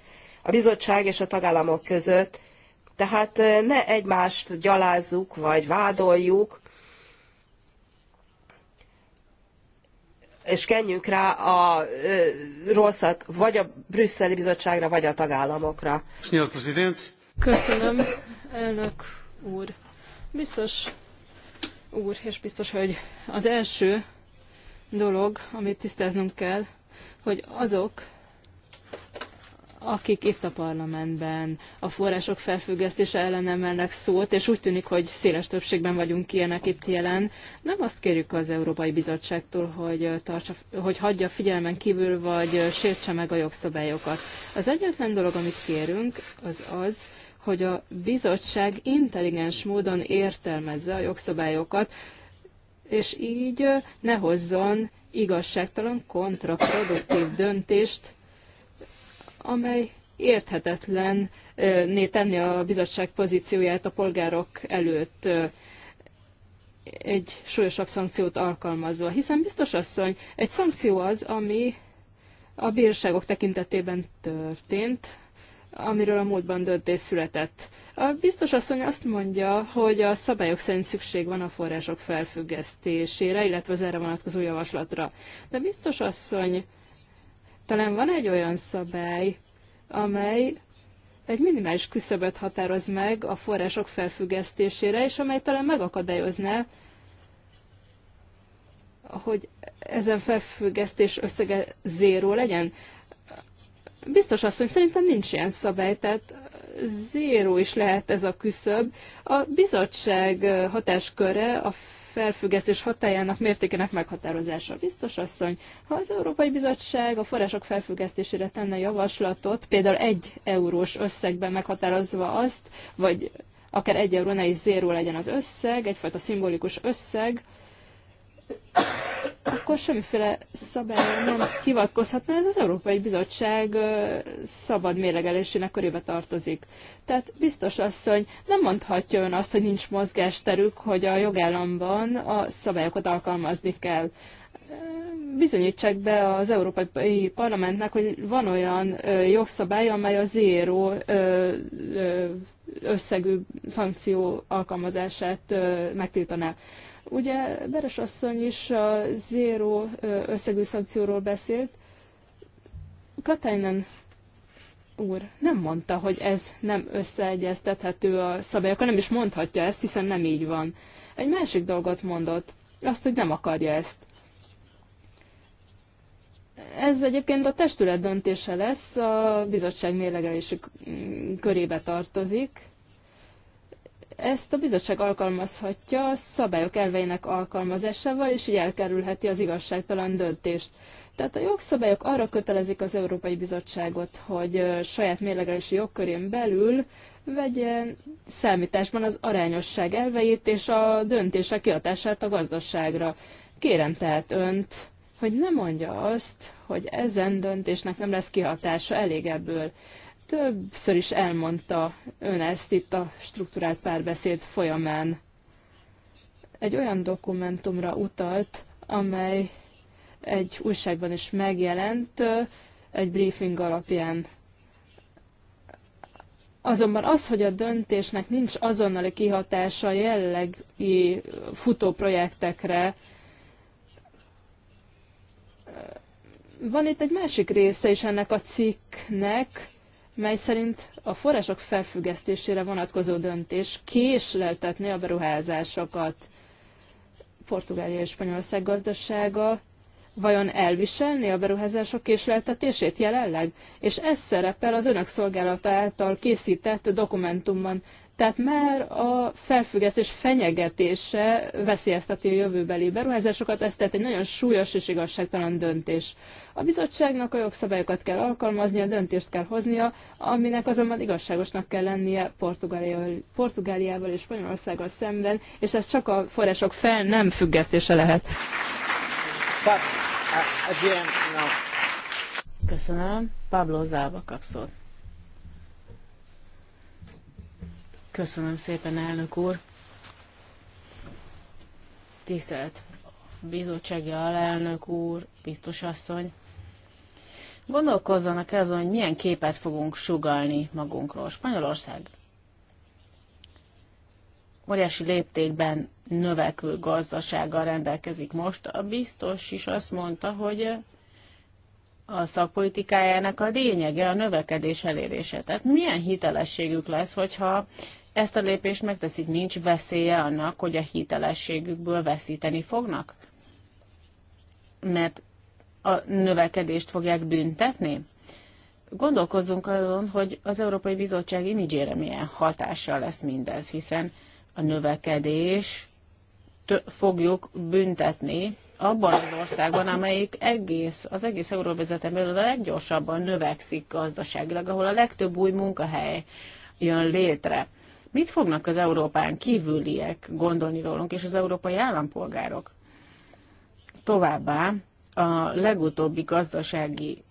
a bizottság és a tagállamok között. Tehát ne egymást gyalázzuk vagy vádoljuk, és kenjünk rá a rosszat vagy a brüsszeli bizottságra, vagy a tagállamokra. Köszönöm, elnök úr. Biztos úr, és biztos, hogy az első dolog, amit tisztáznunk kell, hogy azok, akik itt a parlamentben a források felfüggesztése ellen emelnek szót, és úgy tűnik, hogy széles többségben vagyunk ilyenek itt jelen. Nem azt kérjük az Európai Bizottságtól, hogy, tartsa, hogy hagyja figyelmen kívül, vagy sértse meg a jogszabályokat. Az egyetlen dolog, amit kérünk, az az, hogy a bizottság intelligens módon értelmezze a jogszabályokat, és így ne hozzon igazságtalan, kontraproduktív döntést amely érthetetlen né tenni a bizottság pozícióját a polgárok előtt egy súlyosabb szankciót alkalmazva. Hiszen biztos asszony, egy szankció az, ami a bírságok tekintetében történt, amiről a múltban döntés született. A biztos asszony azt mondja, hogy a szabályok szerint szükség van a források felfüggesztésére, illetve az erre vonatkozó javaslatra. De biztos asszony, talán van egy olyan szabály, amely egy minimális küszöböt határoz meg a források felfüggesztésére, és amely talán megakadályozná, hogy ezen felfüggesztés összege zéró legyen. Biztos azt, hogy szerintem nincs ilyen szabály, tehát zéró is lehet ez a küszöb. A bizottság hatásköre a felfüggesztés hatájának mértékének meghatározása. Biztos asszony, ha az Európai Bizottság a források felfüggesztésére tenne javaslatot, például egy eurós összegben meghatározva azt, vagy akár egy euró, ne is zéró legyen az összeg, egyfajta szimbolikus összeg, akkor semmiféle szabályra nem mert ez az Európai Bizottság szabad mérlegelésének körébe tartozik. Tehát biztos asszony, nem mondhatja ön azt, hogy nincs mozgásterük, hogy a jogállamban a szabályokat alkalmazni kell. Bizonyítsák be az Európai Parlamentnek, hogy van olyan jogszabály, amely a zéró összegű szankció alkalmazását megtiltaná. Ugye Beres asszony is a zéró összegű szankcióról beszélt. Katainen úr nem mondta, hogy ez nem összeegyeztethető a szabályokkal, nem is mondhatja ezt, hiszen nem így van. Egy másik dolgot mondott, azt, hogy nem akarja ezt. Ez egyébként a testület döntése lesz, a bizottság mérlegelési körébe tartozik, ezt a bizottság alkalmazhatja a szabályok elveinek alkalmazásával, és így elkerülheti az igazságtalan döntést. Tehát a jogszabályok arra kötelezik az Európai Bizottságot, hogy saját mérlegelési jogkörén belül vegye számításban az arányosság elveit és a döntések kiadását a gazdaságra. Kérem tehát önt, hogy ne mondja azt, hogy ezen döntésnek nem lesz kihatása elég ebből. Többször is elmondta ön ezt itt a struktúrált párbeszéd folyamán. Egy olyan dokumentumra utalt, amely egy újságban is megjelent, egy briefing alapján. Azonban az, hogy a döntésnek nincs azonnali kihatása jellegi futóprojektekre, van itt egy másik része is ennek a cikknek, mely szerint a források felfüggesztésére vonatkozó döntés késleltetné a beruházásokat. Portugália és Spanyolország gazdasága vajon elviselni a beruházások késleltetését jelenleg? És ez szerepel az önök szolgálata által készített dokumentumban. Tehát már a felfüggesztés fenyegetése veszélyezteti a jövőbeli beruházásokat, ez tehát egy nagyon súlyos és igazságtalan döntés. A bizottságnak a jogszabályokat kell alkalmaznia, döntést kell hoznia, aminek azonban igazságosnak kell lennie Portugáliával, Portugáliával és Spanyolországgal szemben, és ez csak a források fel nem függesztése lehet. Uh, Köszönöm. Pablo Zába kapszott. Köszönöm szépen, elnök úr. Tisztelt bizottsági alelnök úr, biztos asszony. Gondolkozzanak el azon, hogy milyen képet fogunk sugalni magunkról. Spanyolország óriási léptékben növekvő gazdasággal rendelkezik most. A biztos is azt mondta, hogy a szakpolitikájának a lényege a növekedés elérése. Tehát milyen hitelességük lesz, hogyha ezt a lépést megteszik, nincs veszélye annak, hogy a hitelességükből veszíteni fognak? Mert a növekedést fogják büntetni? Gondolkozzunk arról, hogy az Európai Bizottság imidzsére milyen hatással lesz mindez, hiszen a növekedés fogjuk büntetni abban az országban, amelyik egész, az egész Euróvezetem belül a leggyorsabban növekszik gazdaságilag, ahol a legtöbb új munkahely jön létre. Mit fognak az Európán kívüliek gondolni rólunk, és az európai állampolgárok? Továbbá a legutóbbi gazdasági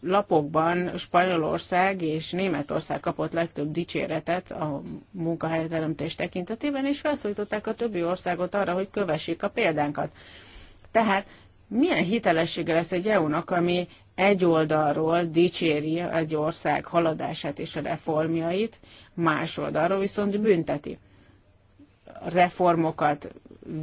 lapokban Spanyolország és Németország kapott legtöbb dicséretet a munkahelyteremtés tekintetében, és felszólították a többi országot arra, hogy kövessék a példánkat. Tehát milyen hitelessége lesz egy EU-nak, ami egy oldalról dicséri egy ország haladását és a reformjait, más oldalról viszont bünteti. Reformokat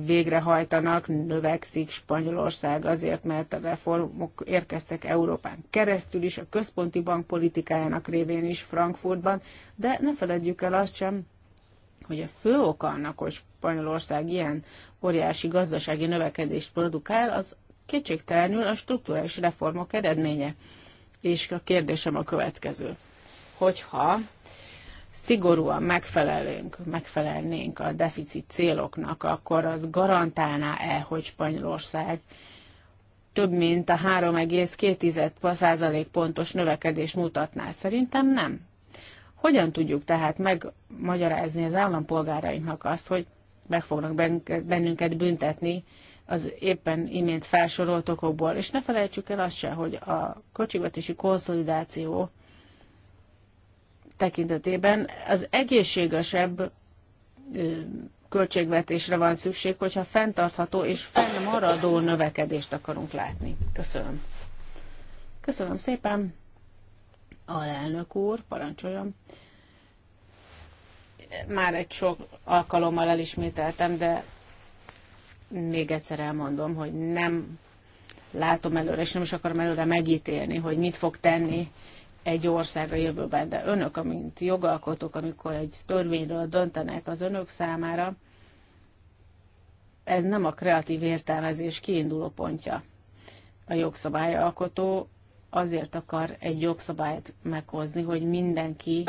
végrehajtanak, növekszik Spanyolország azért, mert a reformok érkeztek Európán keresztül is, a központi bank politikájának révén is Frankfurtban, de ne feledjük el azt sem, hogy a fő oka annak, hogy Spanyolország ilyen óriási gazdasági növekedést produkál, az kétségtelenül a struktúrális reformok eredménye. És a kérdésem a következő. Hogyha szigorúan megfelelünk, megfelelnénk a deficit céloknak, akkor az garantálná-e, hogy Spanyolország több mint a 3,2 pontos növekedés mutatná? Szerintem nem. Hogyan tudjuk tehát megmagyarázni az állampolgárainknak azt, hogy meg fognak bennünket büntetni az éppen imént felsorolt okokból. És ne felejtsük el azt se, hogy a költségvetési konszolidáció tekintetében az egészségesebb költségvetésre van szükség, hogyha fenntartható és fennmaradó növekedést akarunk látni. Köszönöm. Köszönöm szépen. Alelnök úr, parancsoljon. Már egy sok alkalommal elismételtem, de még egyszer elmondom, hogy nem látom előre, és nem is akarom előre megítélni, hogy mit fog tenni egy ország a jövőben, de önök, amint jogalkotók, amikor egy törvényről döntenek az önök számára, ez nem a kreatív értelmezés kiinduló pontja. A jogszabályalkotó azért akar egy jogszabályt meghozni, hogy mindenki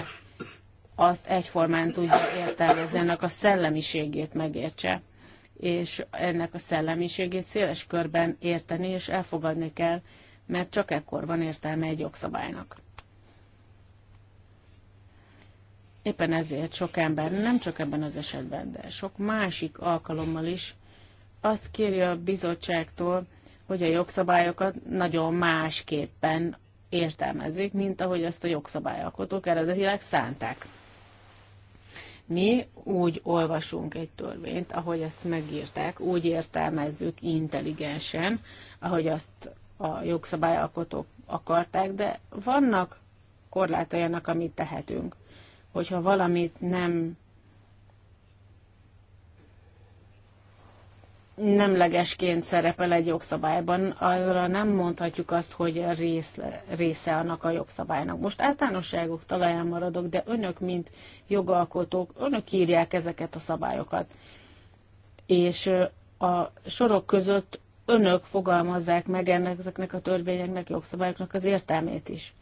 azt egyformán tudja értelmezni, ennek a szellemiségét megértse és ennek a szellemiségét széles körben érteni és elfogadni kell, mert csak ekkor van értelme egy jogszabálynak. Éppen ezért sok ember, nem csak ebben az esetben, de sok másik alkalommal is azt kérje a bizottságtól, hogy a jogszabályokat nagyon másképpen értelmezik, mint ahogy azt a jogszabályalkotók eredetileg szánták. Mi úgy olvasunk egy törvényt, ahogy ezt megírták, úgy értelmezzük intelligensen, ahogy azt a jogszabályalkotók akarták, de vannak korlátai annak, amit tehetünk. Hogyha valamit nem nemlegesként szerepel egy jogszabályban, arra nem mondhatjuk azt, hogy rész, része annak a jogszabálynak. Most általánosságok talaján maradok, de önök, mint jogalkotók, önök írják ezeket a szabályokat. És a sorok között önök fogalmazzák meg ennek, ezeknek a törvényeknek, jogszabályoknak az értelmét is.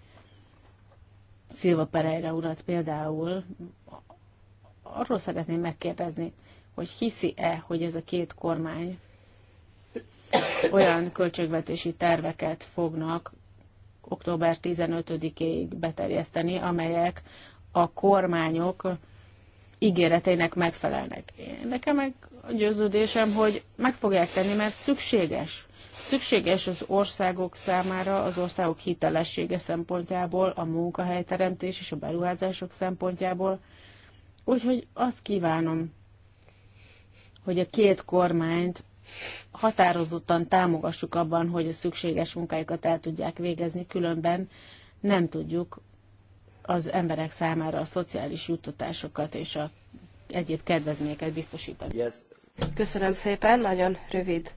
Szilva Pereira urat például arról szeretném megkérdezni, hogy hiszi-e, hogy ez a két kormány olyan költségvetési terveket fognak október 15-ig beterjeszteni, amelyek a kormányok ígéreteinek megfelelnek. Én nekem meg a győződésem, hogy meg fogják tenni, mert szükséges. Szükséges az országok számára, az országok hitelessége szempontjából, a munkahelyteremtés és a beruházások szempontjából. Úgyhogy azt kívánom hogy a két kormányt határozottan támogassuk abban, hogy a szükséges munkáikat el tudják végezni, különben nem tudjuk az emberek számára a szociális juttatásokat és a egyéb kedvezményeket biztosítani. Yes. Köszönöm szépen, nagyon rövid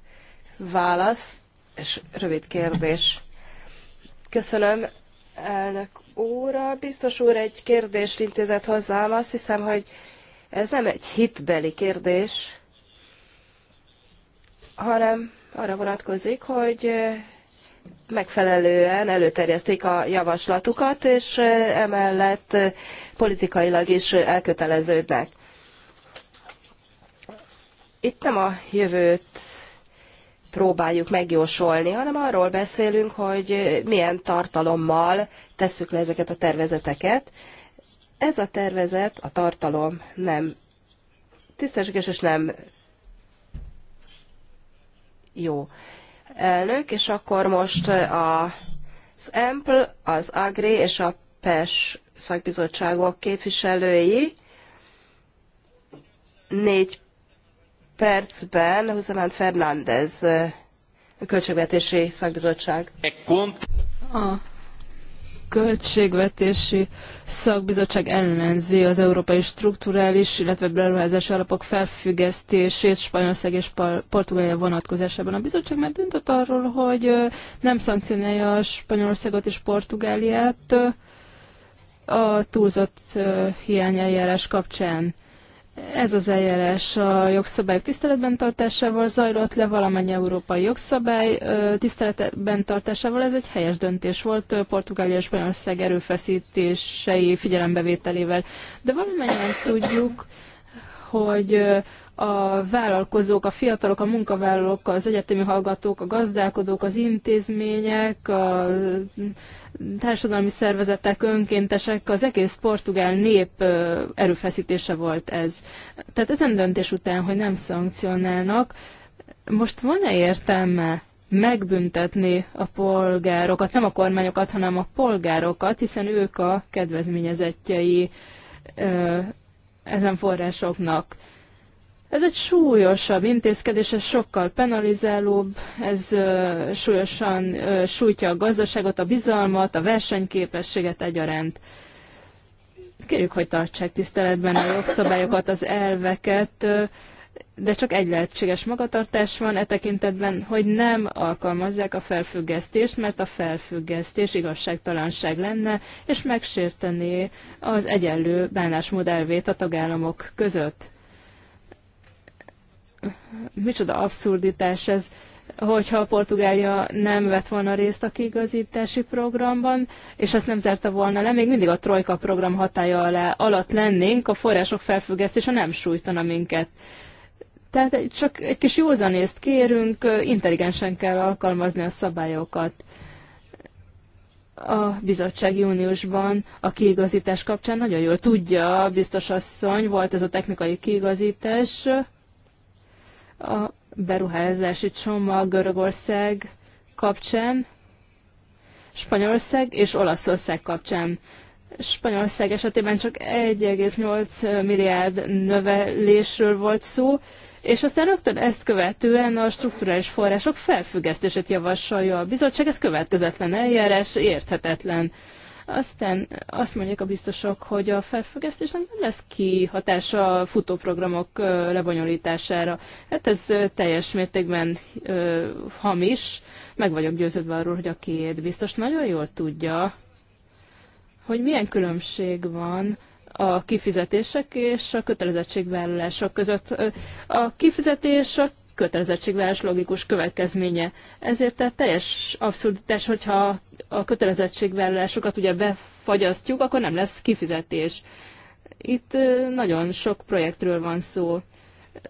válasz és rövid kérdés. Köszönöm, elnök úr. Biztos úr egy kérdést intézett hozzám. Azt hiszem, hogy ez nem egy hitbeli kérdés, hanem arra vonatkozik, hogy megfelelően előterjesztik a javaslatukat, és emellett politikailag is elköteleződnek. Itt nem a jövőt próbáljuk megjósolni, hanem arról beszélünk, hogy milyen tartalommal tesszük le ezeket a tervezeteket. Ez a tervezet, a tartalom nem tisztességes és nem jó. Elnök, és akkor most az EMPL, az AGRI és a PES szakbizottságok képviselői négy percben Huzamán Fernández a Költségvetési Szakbizottság. A költségvetési szakbizottság ellenzi az európai strukturális, illetve beruházási alapok felfüggesztését Spanyolország és Portugália vonatkozásában. A bizottság már döntött arról, hogy nem szankcionálja a Spanyolországot és Portugáliát a túlzott hiányeljárás kapcsán. Ez az eljárás a jogszabályok tiszteletben tartásával zajlott le, valamennyi európai jogszabály tiszteletben tartásával. Ez egy helyes döntés volt Portugália és Spanyolország erőfeszítései figyelembevételével. De valamennyien tudjuk, hogy a vállalkozók, a fiatalok, a munkavállalók, az egyetemi hallgatók, a gazdálkodók, az intézmények, a társadalmi szervezetek, önkéntesek, az egész portugál nép erőfeszítése volt ez. Tehát ezen döntés után, hogy nem szankcionálnak, most van-e értelme megbüntetni a polgárokat, nem a kormányokat, hanem a polgárokat, hiszen ők a kedvezményezettjei ezen forrásoknak. Ez egy súlyosabb intézkedés, ez sokkal penalizálóbb, ez súlyosan sújtja a gazdaságot, a bizalmat, a versenyképességet egyaránt. Kérjük, hogy tartsák tiszteletben a jogszabályokat, az elveket, de csak egy lehetséges magatartás van e tekintetben, hogy nem alkalmazzák a felfüggesztést, mert a felfüggesztés igazságtalanság lenne, és megsértené az egyenlő bánásmód elvét a tagállamok között micsoda abszurditás ez, hogyha a Portugália nem vett volna részt a kiigazítási programban, és ezt nem zárta volna le, még mindig a Trojka program hatája alá, alatt lennénk, a források felfüggesztése nem sújtana minket. Tehát csak egy kis józanészt kérünk, intelligensen kell alkalmazni a szabályokat. A bizottság júniusban a kiigazítás kapcsán nagyon jól tudja, biztos asszony, volt ez a technikai kiigazítás, a beruházási csomag Görögország kapcsán, Spanyolország és Olaszország kapcsán. Spanyolország esetében csak 1,8 milliárd növelésről volt szó, és aztán rögtön ezt követően a strukturális források felfüggesztését javasolja a bizottság, ez következetlen eljárás, érthetetlen. Aztán azt mondják a biztosok, hogy a felfüggesztésnek nem lesz kihatása a futóprogramok lebonyolítására. Hát ez teljes mértékben ö, hamis. Meg vagyok győződve arról, hogy a két biztos nagyon jól tudja, hogy milyen különbség van a kifizetések és a kötelezettségvállalások között. A kifizetés kötelezettségvárás logikus következménye. Ezért tehát teljes abszurditás, hogyha a kötelezettségvállalásokat ugye befagyasztjuk, akkor nem lesz kifizetés. Itt nagyon sok projektről van szó.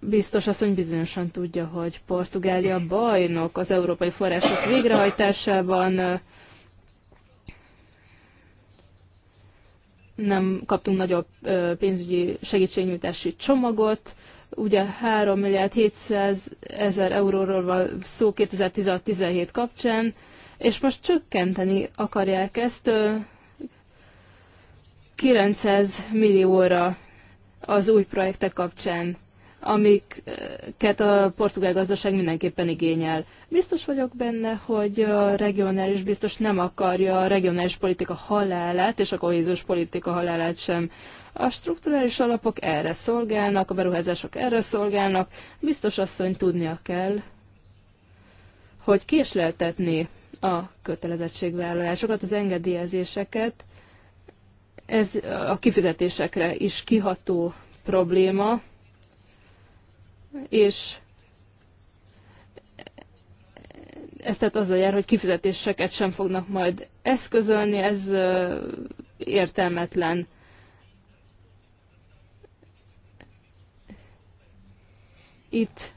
Biztos hogy bizonyosan tudja, hogy Portugália bajnok az európai források végrehajtásában. Nem kaptunk nagyobb pénzügyi segítségnyújtási csomagot, Ugye 3 milliárd 700 ezer euróról van szó 2016-17 kapcsán, és most csökkenteni akarják ezt 900 millióra az új projektek kapcsán amiket a portugál gazdaság mindenképpen igényel. Biztos vagyok benne, hogy a regionális biztos nem akarja a regionális politika halálát és a kohéziós politika halálát sem. A strukturális alapok erre szolgálnak, a beruházások erre szolgálnak. Biztos asszony tudnia kell, hogy késleltetni a kötelezettségvállalásokat, az engedélyezéseket, ez a kifizetésekre is kiható probléma, és ez tehát azzal jár, hogy kifizetéseket sem fognak majd eszközölni, ez értelmetlen. Itt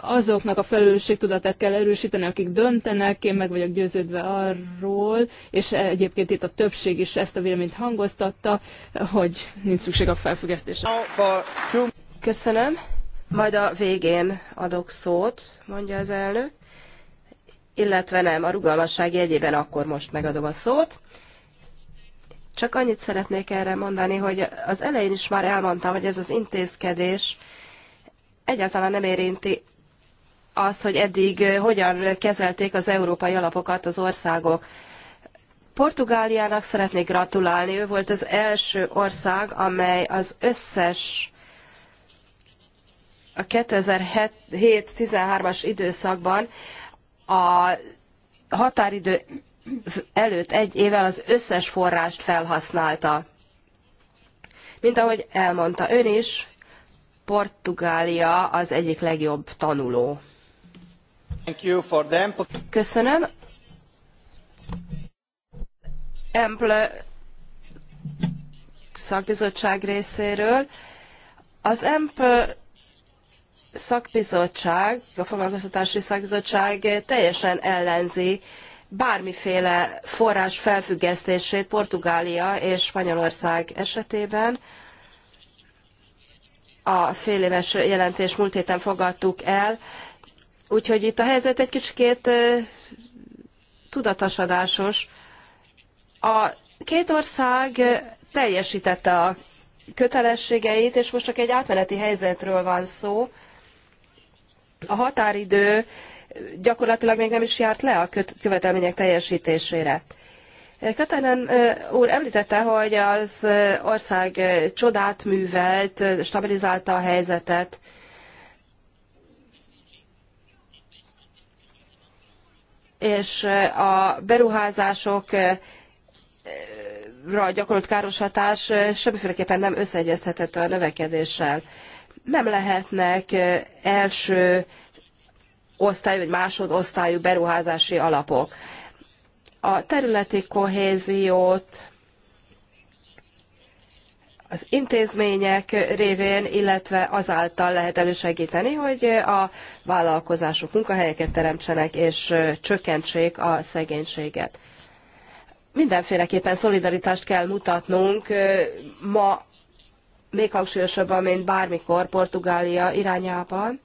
azoknak a felelősségtudatát kell erősíteni, akik döntenek, én meg vagyok győződve arról, és egyébként itt a többség is ezt a véleményt hangoztatta, hogy nincs szükség a felfüggesztésre. Köszönöm. Majd a végén adok szót, mondja az elnök. Illetve nem, a rugalmasság jegyében akkor most megadom a szót. Csak annyit szeretnék erre mondani, hogy az elején is már elmondtam, hogy ez az intézkedés egyáltalán nem érinti azt, hogy eddig hogyan kezelték az európai alapokat az országok. Portugáliának szeretnék gratulálni, ő volt az első ország, amely az összes a 2007-13-as időszakban a határidő előtt egy évvel az összes forrást felhasználta. Mint ahogy elmondta ön is, Portugália az egyik legjobb tanuló. Köszönöm. Emple szakbizottság részéről. Az Emple szakbizottság, a foglalkoztatási szakbizottság teljesen ellenzi bármiféle forrás felfüggesztését Portugália és Spanyolország esetében. A féléves jelentés múlt héten fogadtuk el, úgyhogy itt a helyzet egy kicsikét tudatosodásos. A két ország teljesítette a kötelességeit, és most csak egy átmeneti helyzetről van szó, a határidő gyakorlatilag még nem is járt le a követelmények teljesítésére. Katainen úr említette, hogy az ország csodát művelt, stabilizálta a helyzetet. És a beruházásokra gyakorolt káros hatás semmiféleképpen nem összeegyeztethető a növekedéssel nem lehetnek első osztály vagy másodosztályú beruházási alapok. A területi kohéziót az intézmények révén, illetve azáltal lehet elősegíteni, hogy a vállalkozások munkahelyeket teremtsenek és csökkentsék a szegénységet. Mindenféleképpen szolidaritást kell mutatnunk ma még hangsúlyosabban, mint bármikor Portugália irányában.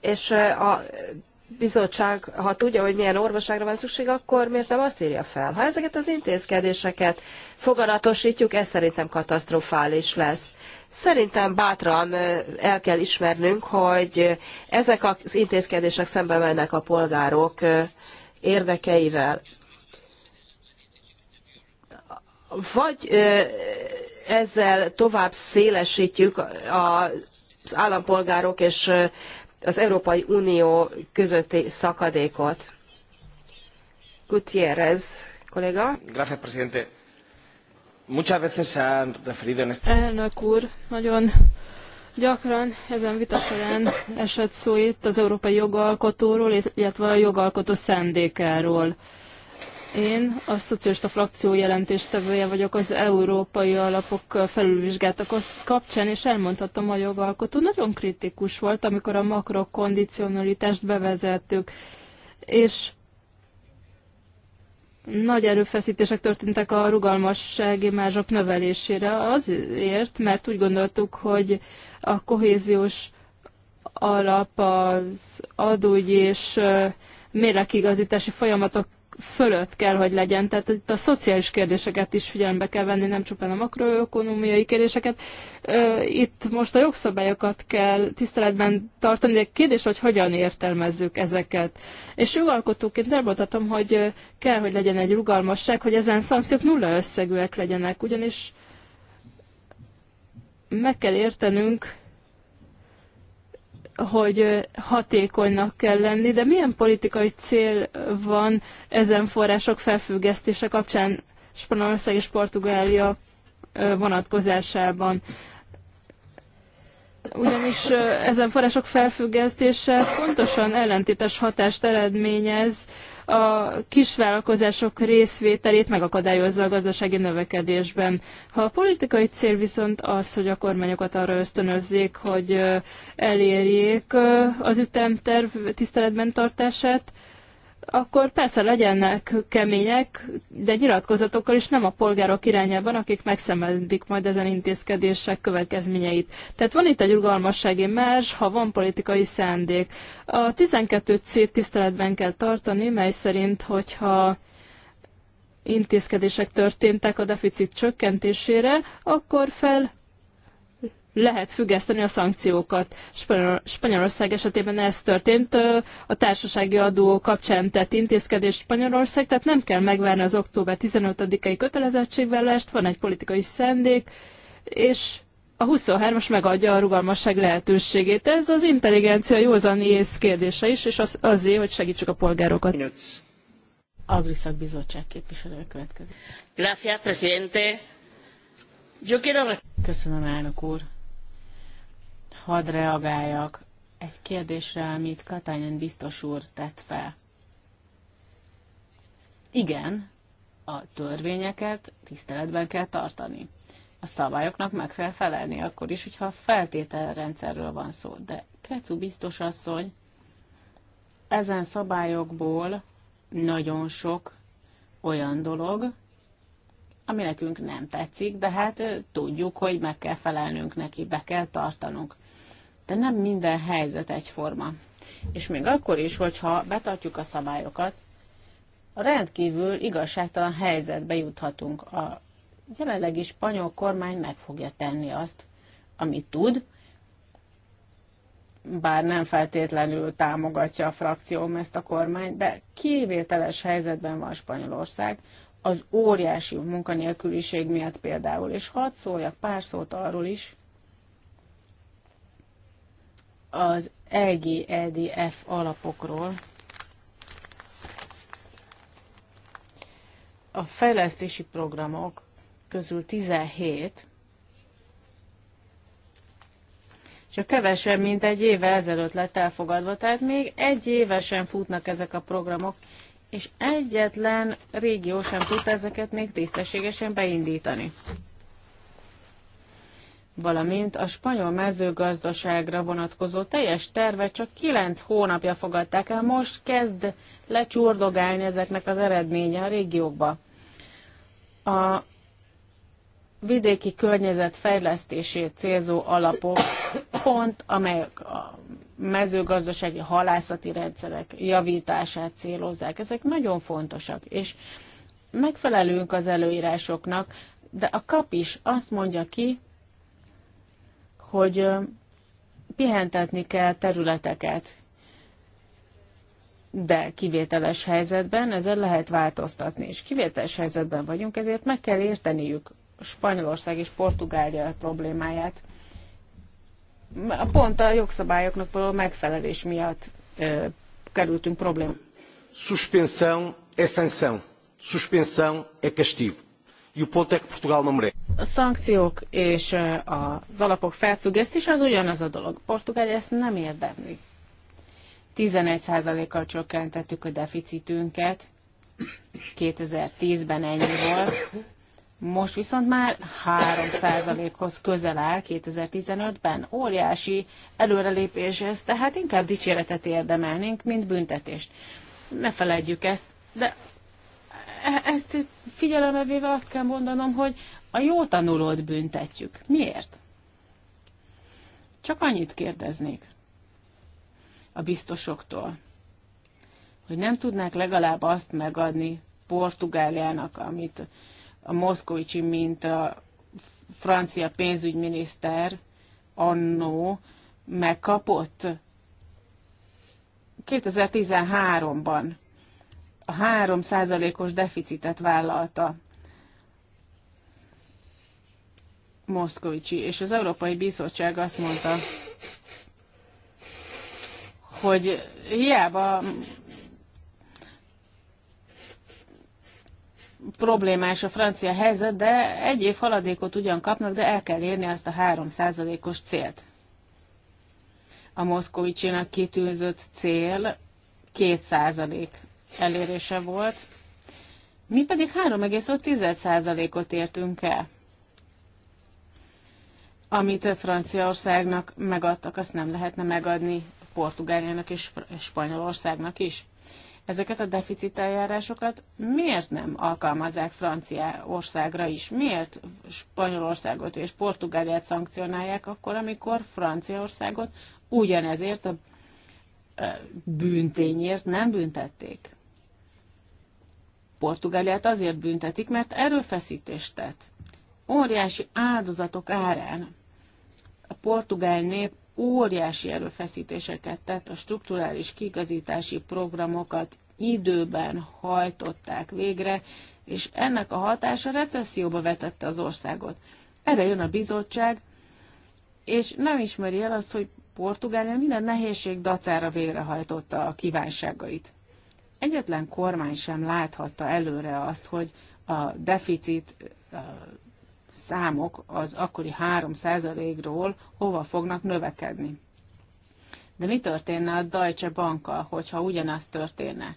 És a bizottság, ha tudja, hogy milyen orvoságra van szükség, akkor miért nem azt írja fel? Ha ezeket az intézkedéseket foganatosítjuk, ez szerintem katasztrofális lesz. Szerintem bátran el kell ismernünk, hogy ezek az intézkedések szembe mennek a polgárok érdekeivel vagy ezzel tovább szélesítjük az állampolgárok és az Európai Unió közötti szakadékot. Gutierrez, kolléga. Gracias, presidente. Muchas veces se han referido en este... Elnök úr, nagyon Gyakran ezen vita során esett szó itt az európai jogalkotóról, illetve a jogalkotó szándékáról. Én a szocialista frakció jelentéstevője vagyok az európai alapok felülvizsgálata kapcsán, és elmondhatom, hogy a jogalkotó nagyon kritikus volt, amikor a makrokondicionalitást bevezettük, és nagy erőfeszítések történtek a rugalmassági mázsok növelésére azért, mert úgy gondoltuk, hogy a kohéziós alap az adógy és mérekigazítási folyamatok fölött kell, hogy legyen. Tehát itt a szociális kérdéseket is figyelembe kell venni, nem csupán a makroökonomiai kérdéseket. Itt most a jogszabályokat kell tiszteletben tartani, de kérdés, hogy hogyan értelmezzük ezeket. És jogalkotóként elmondhatom, hogy kell, hogy legyen egy rugalmasság, hogy ezen szankciók nulla összegűek legyenek, ugyanis meg kell értenünk, hogy hatékonynak kell lenni, de milyen politikai cél van ezen források felfüggesztése kapcsán Spanyolország és Portugália vonatkozásában? Ugyanis ezen források felfüggesztése pontosan ellentétes hatást eredményez a kisvállalkozások részvételét megakadályozza a gazdasági növekedésben. Ha a politikai cél viszont az, hogy a kormányokat arra ösztönözzék, hogy elérjék az ütemterv tiszteletben tartását, akkor persze legyenek kemények, de nyilatkozatokkal is nem a polgárok irányában, akik megszenvedik majd ezen intézkedések következményeit. Tehát van itt egy rugalmassági mers, ha van politikai szándék. A 12 c tiszteletben kell tartani, mely szerint, hogyha intézkedések történtek a deficit csökkentésére, akkor fel lehet függeszteni a szankciókat. Spanyolország esetében ez történt, a társasági adó kapcsán tett intézkedés Spanyolország, tehát nem kell megvárni az október 15-i kötelezettségvállást, van egy politikai szendék, és a 23-as megadja a rugalmasság lehetőségét. Ez az intelligencia józan ész kérdése is, és az, azért, hogy segítsük a polgárokat. Agriszak bizottság képviselő következik. presidente. Köszönöm, elnök úr hadd reagáljak egy kérdésre, amit Katányen biztos úr tett fel. Igen, a törvényeket tiszteletben kell tartani. A szabályoknak meg kell felelni akkor is, hogyha feltételrendszerről van szó. De Krecu biztos asszony, ezen szabályokból nagyon sok olyan dolog, ami nekünk nem tetszik, de hát tudjuk, hogy meg kell felelnünk neki, be kell tartanunk de nem minden helyzet egyforma. És még akkor is, hogyha betartjuk a szabályokat, a rendkívül igazságtalan helyzetbe juthatunk. A jelenlegi spanyol kormány meg fogja tenni azt, amit tud, bár nem feltétlenül támogatja a frakcióm ezt a kormányt, de kivételes helyzetben van Spanyolország, az óriási munkanélküliség miatt például, és hadd szóljak pár szót arról is, az EGEDF alapokról, a fejlesztési programok közül 17, csak kevesebb, mint egy éve ezelőtt lett elfogadva, tehát még egy éve sem futnak ezek a programok, és egyetlen régió sem tud ezeket még tisztességesen beindítani valamint a spanyol mezőgazdaságra vonatkozó teljes terve csak kilenc hónapja fogadták el, most kezd lecsordogálni ezeknek az eredménye a régiókba. A vidéki környezet fejlesztését célzó alapok, pont amelyek a mezőgazdasági halászati rendszerek javítását célozzák. Ezek nagyon fontosak, és megfelelünk az előírásoknak, de a kap is azt mondja ki, hogy pihentetni kell területeket, de kivételes helyzetben ezzel lehet változtatni, és kivételes helyzetben vagyunk, ezért meg kell érteniük Spanyolország és Portugália problémáját. Pont a jogszabályoknak való megfelelés miatt ö, kerültünk problémába. Suspensão é sanção. Suspensão é castigo. E a szankciók és az alapok felfüggesztése az ugyanaz a dolog. Portugália ezt nem érdemli. 11%-kal csökkentettük a deficitünket, 2010-ben ennyi volt, most viszont már 3%-hoz közel áll 2015-ben. Óriási előrelépés ez, tehát inkább dicséretet érdemelnénk, mint büntetést. Ne feledjük ezt, de E- ezt itt figyelembe véve azt kell mondanom, hogy a jó tanulót büntetjük. Miért? Csak annyit kérdeznék a biztosoktól, hogy nem tudnák legalább azt megadni Portugáliának, amit a Moszkovicsi, mint a francia pénzügyminiszter annó megkapott 2013-ban a 3 os deficitet vállalta Moszkovicsi, és az Európai Bizottság azt mondta, hogy hiába problémás a francia helyzet, de egy év haladékot ugyan kapnak, de el kell érni azt a 3%-os célt. A Moszkovicsinak kitűzött cél 2 százalék elérése volt, mi pedig 3,5%-ot értünk el. Amit Franciaországnak megadtak, azt nem lehetne megadni Portugáliának és Spanyolországnak is. Ezeket a deficit eljárásokat miért nem alkalmazzák Franciaországra is? Miért Spanyolországot és Portugáliát szankcionálják akkor, amikor Franciaországot ugyanezért a büntényért nem büntették? Portugáliát azért büntetik, mert erőfeszítést tett. Óriási áldozatok árán a portugál nép óriási erőfeszítéseket tett, a strukturális kigazítási programokat időben hajtották végre, és ennek a hatása recesszióba vetette az országot. Erre jön a bizottság, és nem ismeri el azt, hogy Portugália minden nehézség dacára végrehajtotta a kívánságait. Egyetlen kormány sem láthatta előre azt, hogy a deficit a számok az akkori 3%-ról hova fognak növekedni. De mi történne a Deutsche Bankkal, hogyha ugyanaz történne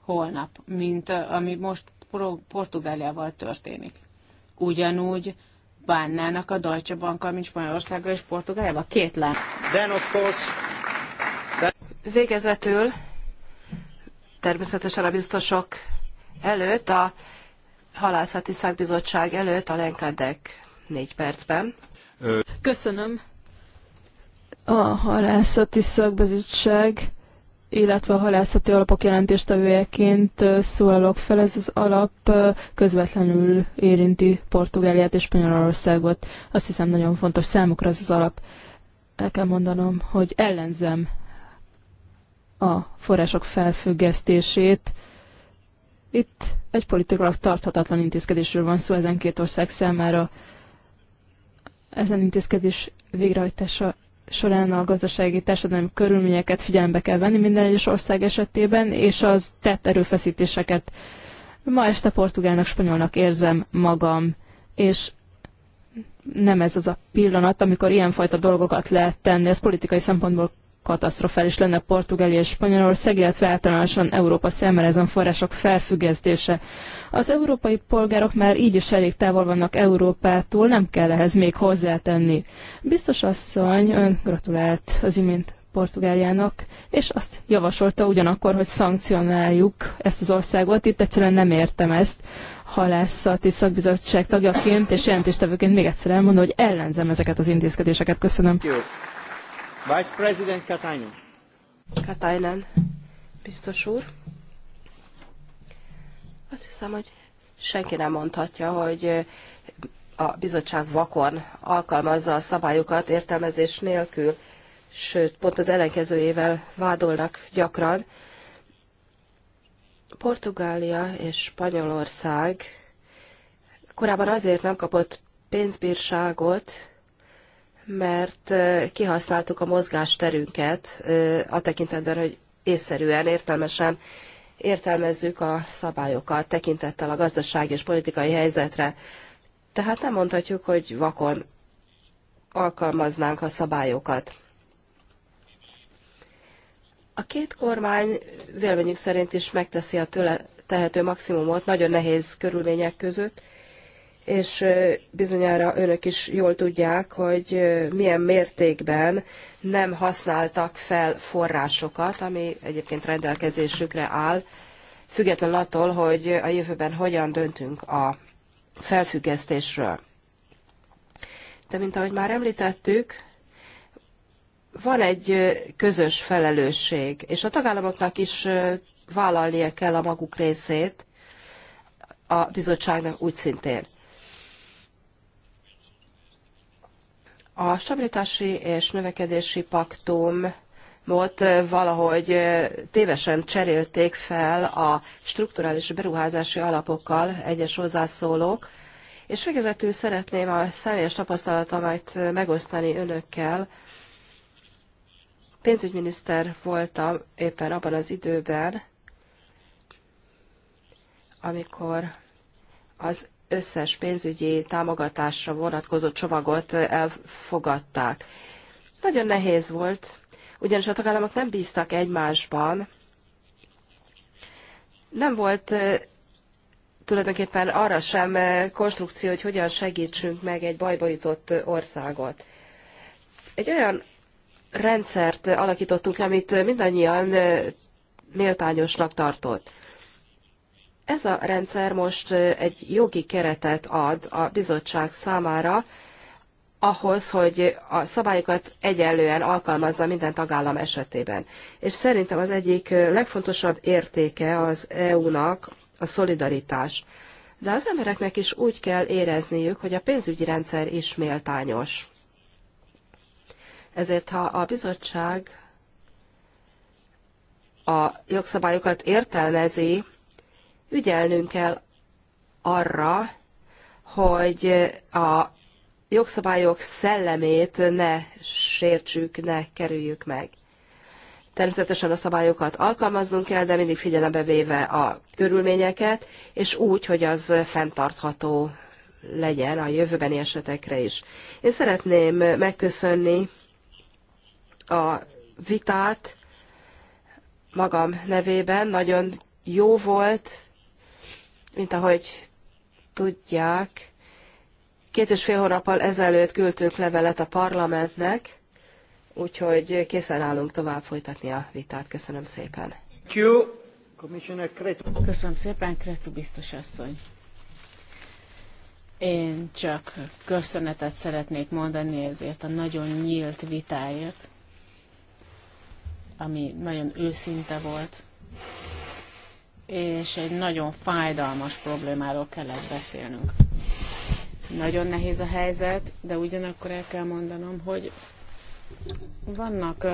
holnap, mint ami most Portugáliával történik? Ugyanúgy bánnának a Deutsche Bankkal, mint Spanyolországgal és Portugáliával? Két láb. Végezetül természetesen a biztosok előtt, a halászati szakbizottság előtt, a Lenkadek négy percben. Köszönöm. A halászati szakbizottság, illetve a halászati alapok jelentéstevőjeként szólalok fel. Ez az alap közvetlenül érinti Portugáliát és Spanyolországot. Azt hiszem nagyon fontos számukra ez az alap. El kell mondanom, hogy ellenzem a források felfüggesztését. Itt egy politikailag tarthatatlan intézkedésről van szó ezen két ország számára. Ezen intézkedés végrehajtása során a gazdasági társadalmi körülményeket figyelembe kell venni minden egyes ország esetében, és az tett erőfeszítéseket. Ma este portugálnak, spanyolnak érzem magam, és nem ez az a pillanat, amikor ilyenfajta dolgokat lehet tenni, ez politikai szempontból katasztrofális lenne Portugália és Spanyolország, illetve általánosan Európa számára ezen források felfüggesztése. Az európai polgárok már így is elég távol vannak Európától, nem kell ehhez még hozzátenni. Biztos asszony, ön gratulált az imént Portugáliának, és azt javasolta ugyanakkor, hogy szankcionáljuk ezt az országot. Itt egyszerűen nem értem ezt halászati szakbizottság tagjaként és jelentéstevőként még egyszer elmondom, hogy ellenzem ezeket az intézkedéseket. Köszönöm. Vice President Katainen. Katainen, biztos úr. Azt hiszem, hogy senki nem mondhatja, hogy a bizottság vakon alkalmazza a szabályokat értelmezés nélkül, sőt, pont az ellenkezőjével vádolnak gyakran. Portugália és Spanyolország korábban azért nem kapott pénzbírságot, mert kihasználtuk a mozgásterünket a tekintetben, hogy észszerűen, értelmesen értelmezzük a szabályokat tekintettel a gazdasági és politikai helyzetre. Tehát nem mondhatjuk, hogy vakon alkalmaznánk a szabályokat. A két kormány véleményük szerint is megteszi a tőle tehető maximumot nagyon nehéz körülmények között, és bizonyára önök is jól tudják, hogy milyen mértékben nem használtak fel forrásokat, ami egyébként rendelkezésükre áll, független attól, hogy a jövőben hogyan döntünk a felfüggesztésről. De mint ahogy már említettük, van egy közös felelősség, és a tagállamoknak is vállalnia kell a maguk részét, a bizottságnak úgy szintén. A stabilitási és növekedési paktum volt valahogy tévesen cserélték fel a strukturális beruházási alapokkal egyes hozzászólók, és végezetül szeretném a személyes tapasztalatomat megosztani önökkel. Pénzügyminiszter voltam éppen abban az időben, amikor az összes pénzügyi támogatásra vonatkozó csomagot elfogadták. Nagyon nehéz volt, ugyanis a tagállamok nem bíztak egymásban. Nem volt tulajdonképpen arra sem konstrukció, hogy hogyan segítsünk meg egy bajba jutott országot. Egy olyan rendszert alakítottunk, amit mindannyian méltányosnak tartott. Ez a rendszer most egy jogi keretet ad a bizottság számára, ahhoz, hogy a szabályokat egyenlően alkalmazza minden tagállam esetében. És szerintem az egyik legfontosabb értéke az EU-nak a szolidaritás. De az embereknek is úgy kell érezniük, hogy a pénzügyi rendszer is méltányos. Ezért, ha a bizottság a jogszabályokat értelmezi, ügyelnünk kell arra, hogy a jogszabályok szellemét ne sértsük, ne kerüljük meg. Természetesen a szabályokat alkalmaznunk kell, de mindig figyelembe véve a körülményeket, és úgy, hogy az fenntartható legyen a jövőbeni esetekre is. Én szeretném megköszönni a vitát magam nevében. Nagyon jó volt, mint ahogy tudják, két és fél hónappal ezelőtt küldtünk levelet a parlamentnek, úgyhogy készen állunk tovább folytatni a vitát. Köszönöm szépen. Köszönöm szépen, Kretu biztos asszony. Én csak köszönetet szeretnék mondani ezért a nagyon nyílt vitáért, ami nagyon őszinte volt, és egy nagyon fájdalmas problémáról kellett beszélnünk. Nagyon nehéz a helyzet, de ugyanakkor el kell mondanom, hogy vannak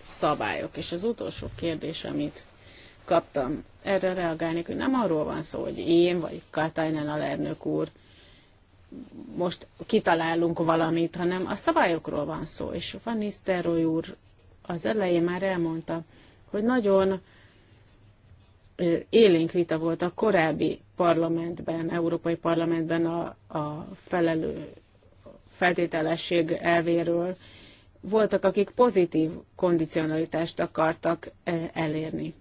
szabályok, és az utolsó kérdés, amit kaptam, erre reagálni, hogy nem arról van szó, hogy én vagy Katajnán lernök úr most kitalálunk valamit, hanem a szabályokról van szó, és Van Nisztelrooy úr az elején már elmondta, hogy nagyon élénk vita volt a korábbi parlamentben, Európai Parlamentben a, a felelő feltételesség elvéről. Voltak, akik pozitív kondicionalitást akartak elérni.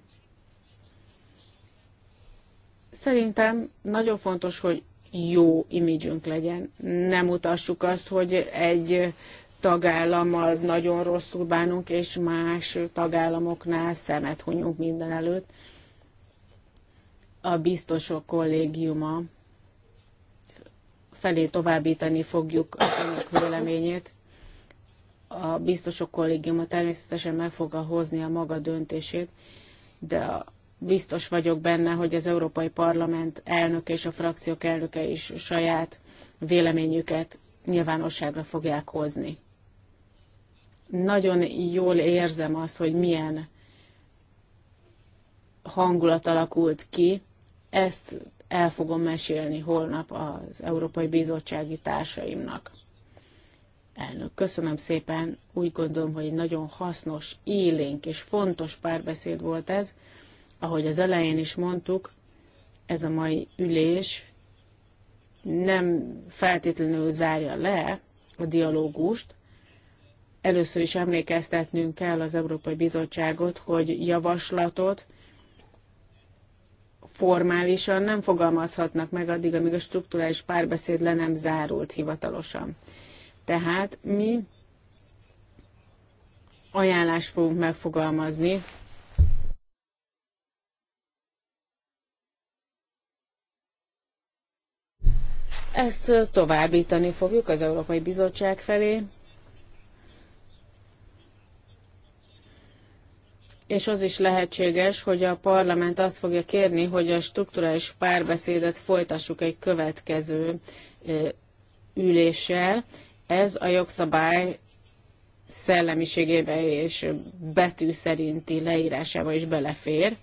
Szerintem nagyon fontos, hogy jó imidzsünk legyen. Nem mutassuk azt, hogy egy tagállammal nagyon rosszul bánunk, és más tagállamoknál szemet hunyunk minden előtt a biztosok kollégiuma felé továbbítani fogjuk a önök véleményét. A biztosok kollégiuma természetesen meg fogja hozni a maga döntését, de biztos vagyok benne, hogy az Európai Parlament elnöke és a frakciók elnöke is saját véleményüket nyilvánosságra fogják hozni. Nagyon jól érzem azt, hogy milyen hangulat alakult ki ezt el fogom mesélni holnap az Európai Bizottsági társaimnak. Elnök, köszönöm szépen. Úgy gondolom, hogy egy nagyon hasznos, élénk és fontos párbeszéd volt ez. Ahogy az elején is mondtuk, ez a mai ülés nem feltétlenül zárja le a dialógust. Először is emlékeztetnünk kell az Európai Bizottságot, hogy javaslatot formálisan nem fogalmazhatnak meg addig, amíg a strukturális párbeszéd le nem zárult hivatalosan. Tehát mi ajánlást fogunk megfogalmazni, Ezt továbbítani fogjuk az Európai Bizottság felé, és az is lehetséges, hogy a parlament azt fogja kérni, hogy a strukturális párbeszédet folytassuk egy következő üléssel. Ez a jogszabály szellemiségébe és betű szerinti leírásába is belefér.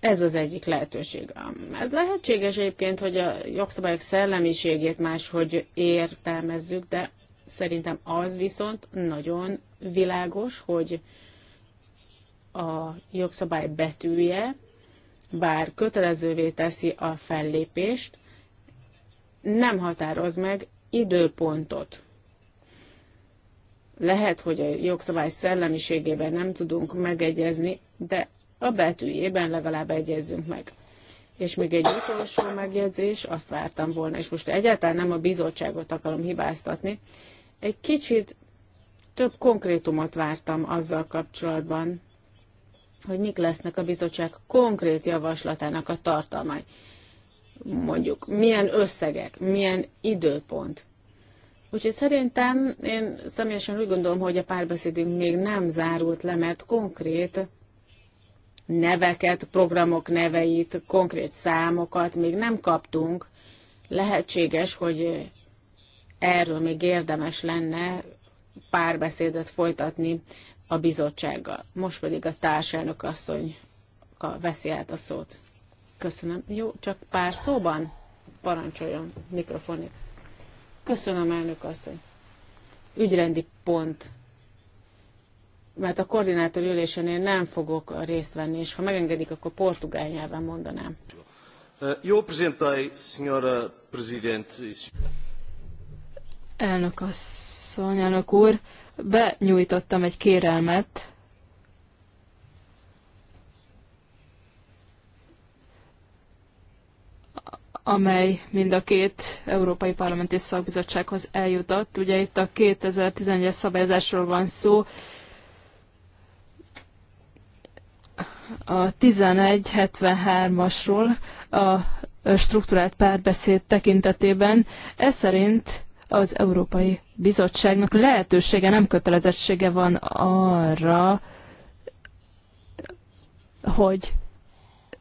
Ez az egyik lehetőség. Ez lehetséges egyébként, hogy a jogszabályok szellemiségét máshogy értelmezzük, de szerintem az viszont nagyon világos, hogy a jogszabály betűje, bár kötelezővé teszi a fellépést, nem határoz meg időpontot. Lehet, hogy a jogszabály szellemiségében nem tudunk megegyezni, de a betűjében legalább egyezzünk meg. És még egy utolsó megjegyzés, azt vártam volna, és most egyáltalán nem a bizottságot akarom hibáztatni, egy kicsit több konkrétumot vártam azzal kapcsolatban, hogy mik lesznek a bizottság konkrét javaslatának a tartalmai. Mondjuk, milyen összegek, milyen időpont. Úgyhogy szerintem én személyesen úgy gondolom, hogy a párbeszédünk még nem zárult le, mert konkrét neveket, programok neveit, konkrét számokat még nem kaptunk. Lehetséges, hogy erről még érdemes lenne párbeszédet folytatni a bizottsággal. Most pedig a társelnök asszony veszi át a szót. Köszönöm. Jó, csak pár szóban parancsoljon mikrofonit. Köszönöm, elnök asszony. Ügyrendi pont. Mert a koordinátor ülésen én nem fogok részt venni, és ha megengedik, akkor portugál nyelven mondanám. Jó prezentai, senhora prezident. Elnök asszony, elnök úr benyújtottam egy kérelmet, amely mind a két Európai Parlamenti Szakbizottsághoz eljutott. Ugye itt a 2011-es szabályozásról van szó. A 1173-asról a struktúrált párbeszéd tekintetében. Ez szerint az Európai Bizottságnak lehetősége, nem kötelezettsége van arra, hogy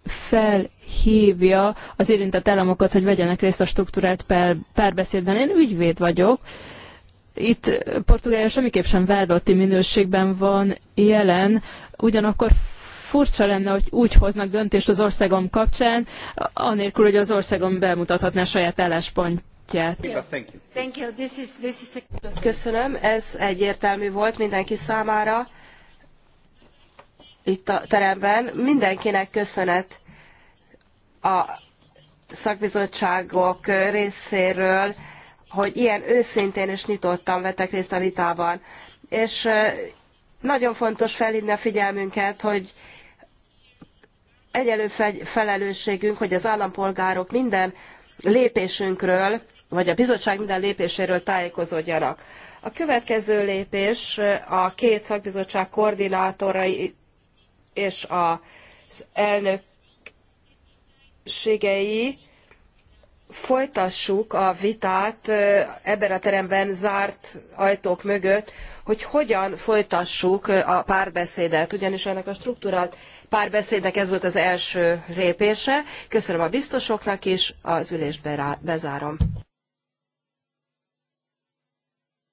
felhívja az érintett államokat, hogy vegyenek részt a struktúrált párbeszédben. Én ügyvéd vagyok, itt Portugália semmiképp sem vádolti minőségben van jelen, ugyanakkor furcsa lenne, hogy úgy hoznak döntést az országom kapcsán, anélkül, hogy az országom bemutathatná saját álláspontját útját. Köszönöm, ez egyértelmű volt mindenki számára itt a teremben. Mindenkinek köszönet a szakbizottságok részéről, hogy ilyen őszintén és nyitottan vettek részt a vitában. És nagyon fontos felhívni a figyelmünket, hogy egyelő felelősségünk, hogy az állampolgárok minden lépésünkről, vagy a bizottság minden lépéséről tájékozódjanak. A következő lépés a két szakbizottság koordinátorai és az elnökségei folytassuk a vitát eh, ebben a teremben zárt ajtók mögött, hogy hogyan folytassuk eh, a párbeszédet, ugyanis ennek a struktúrált párbeszédnek ez volt az első lépése. Köszönöm a biztosoknak is, az ülést bezárom.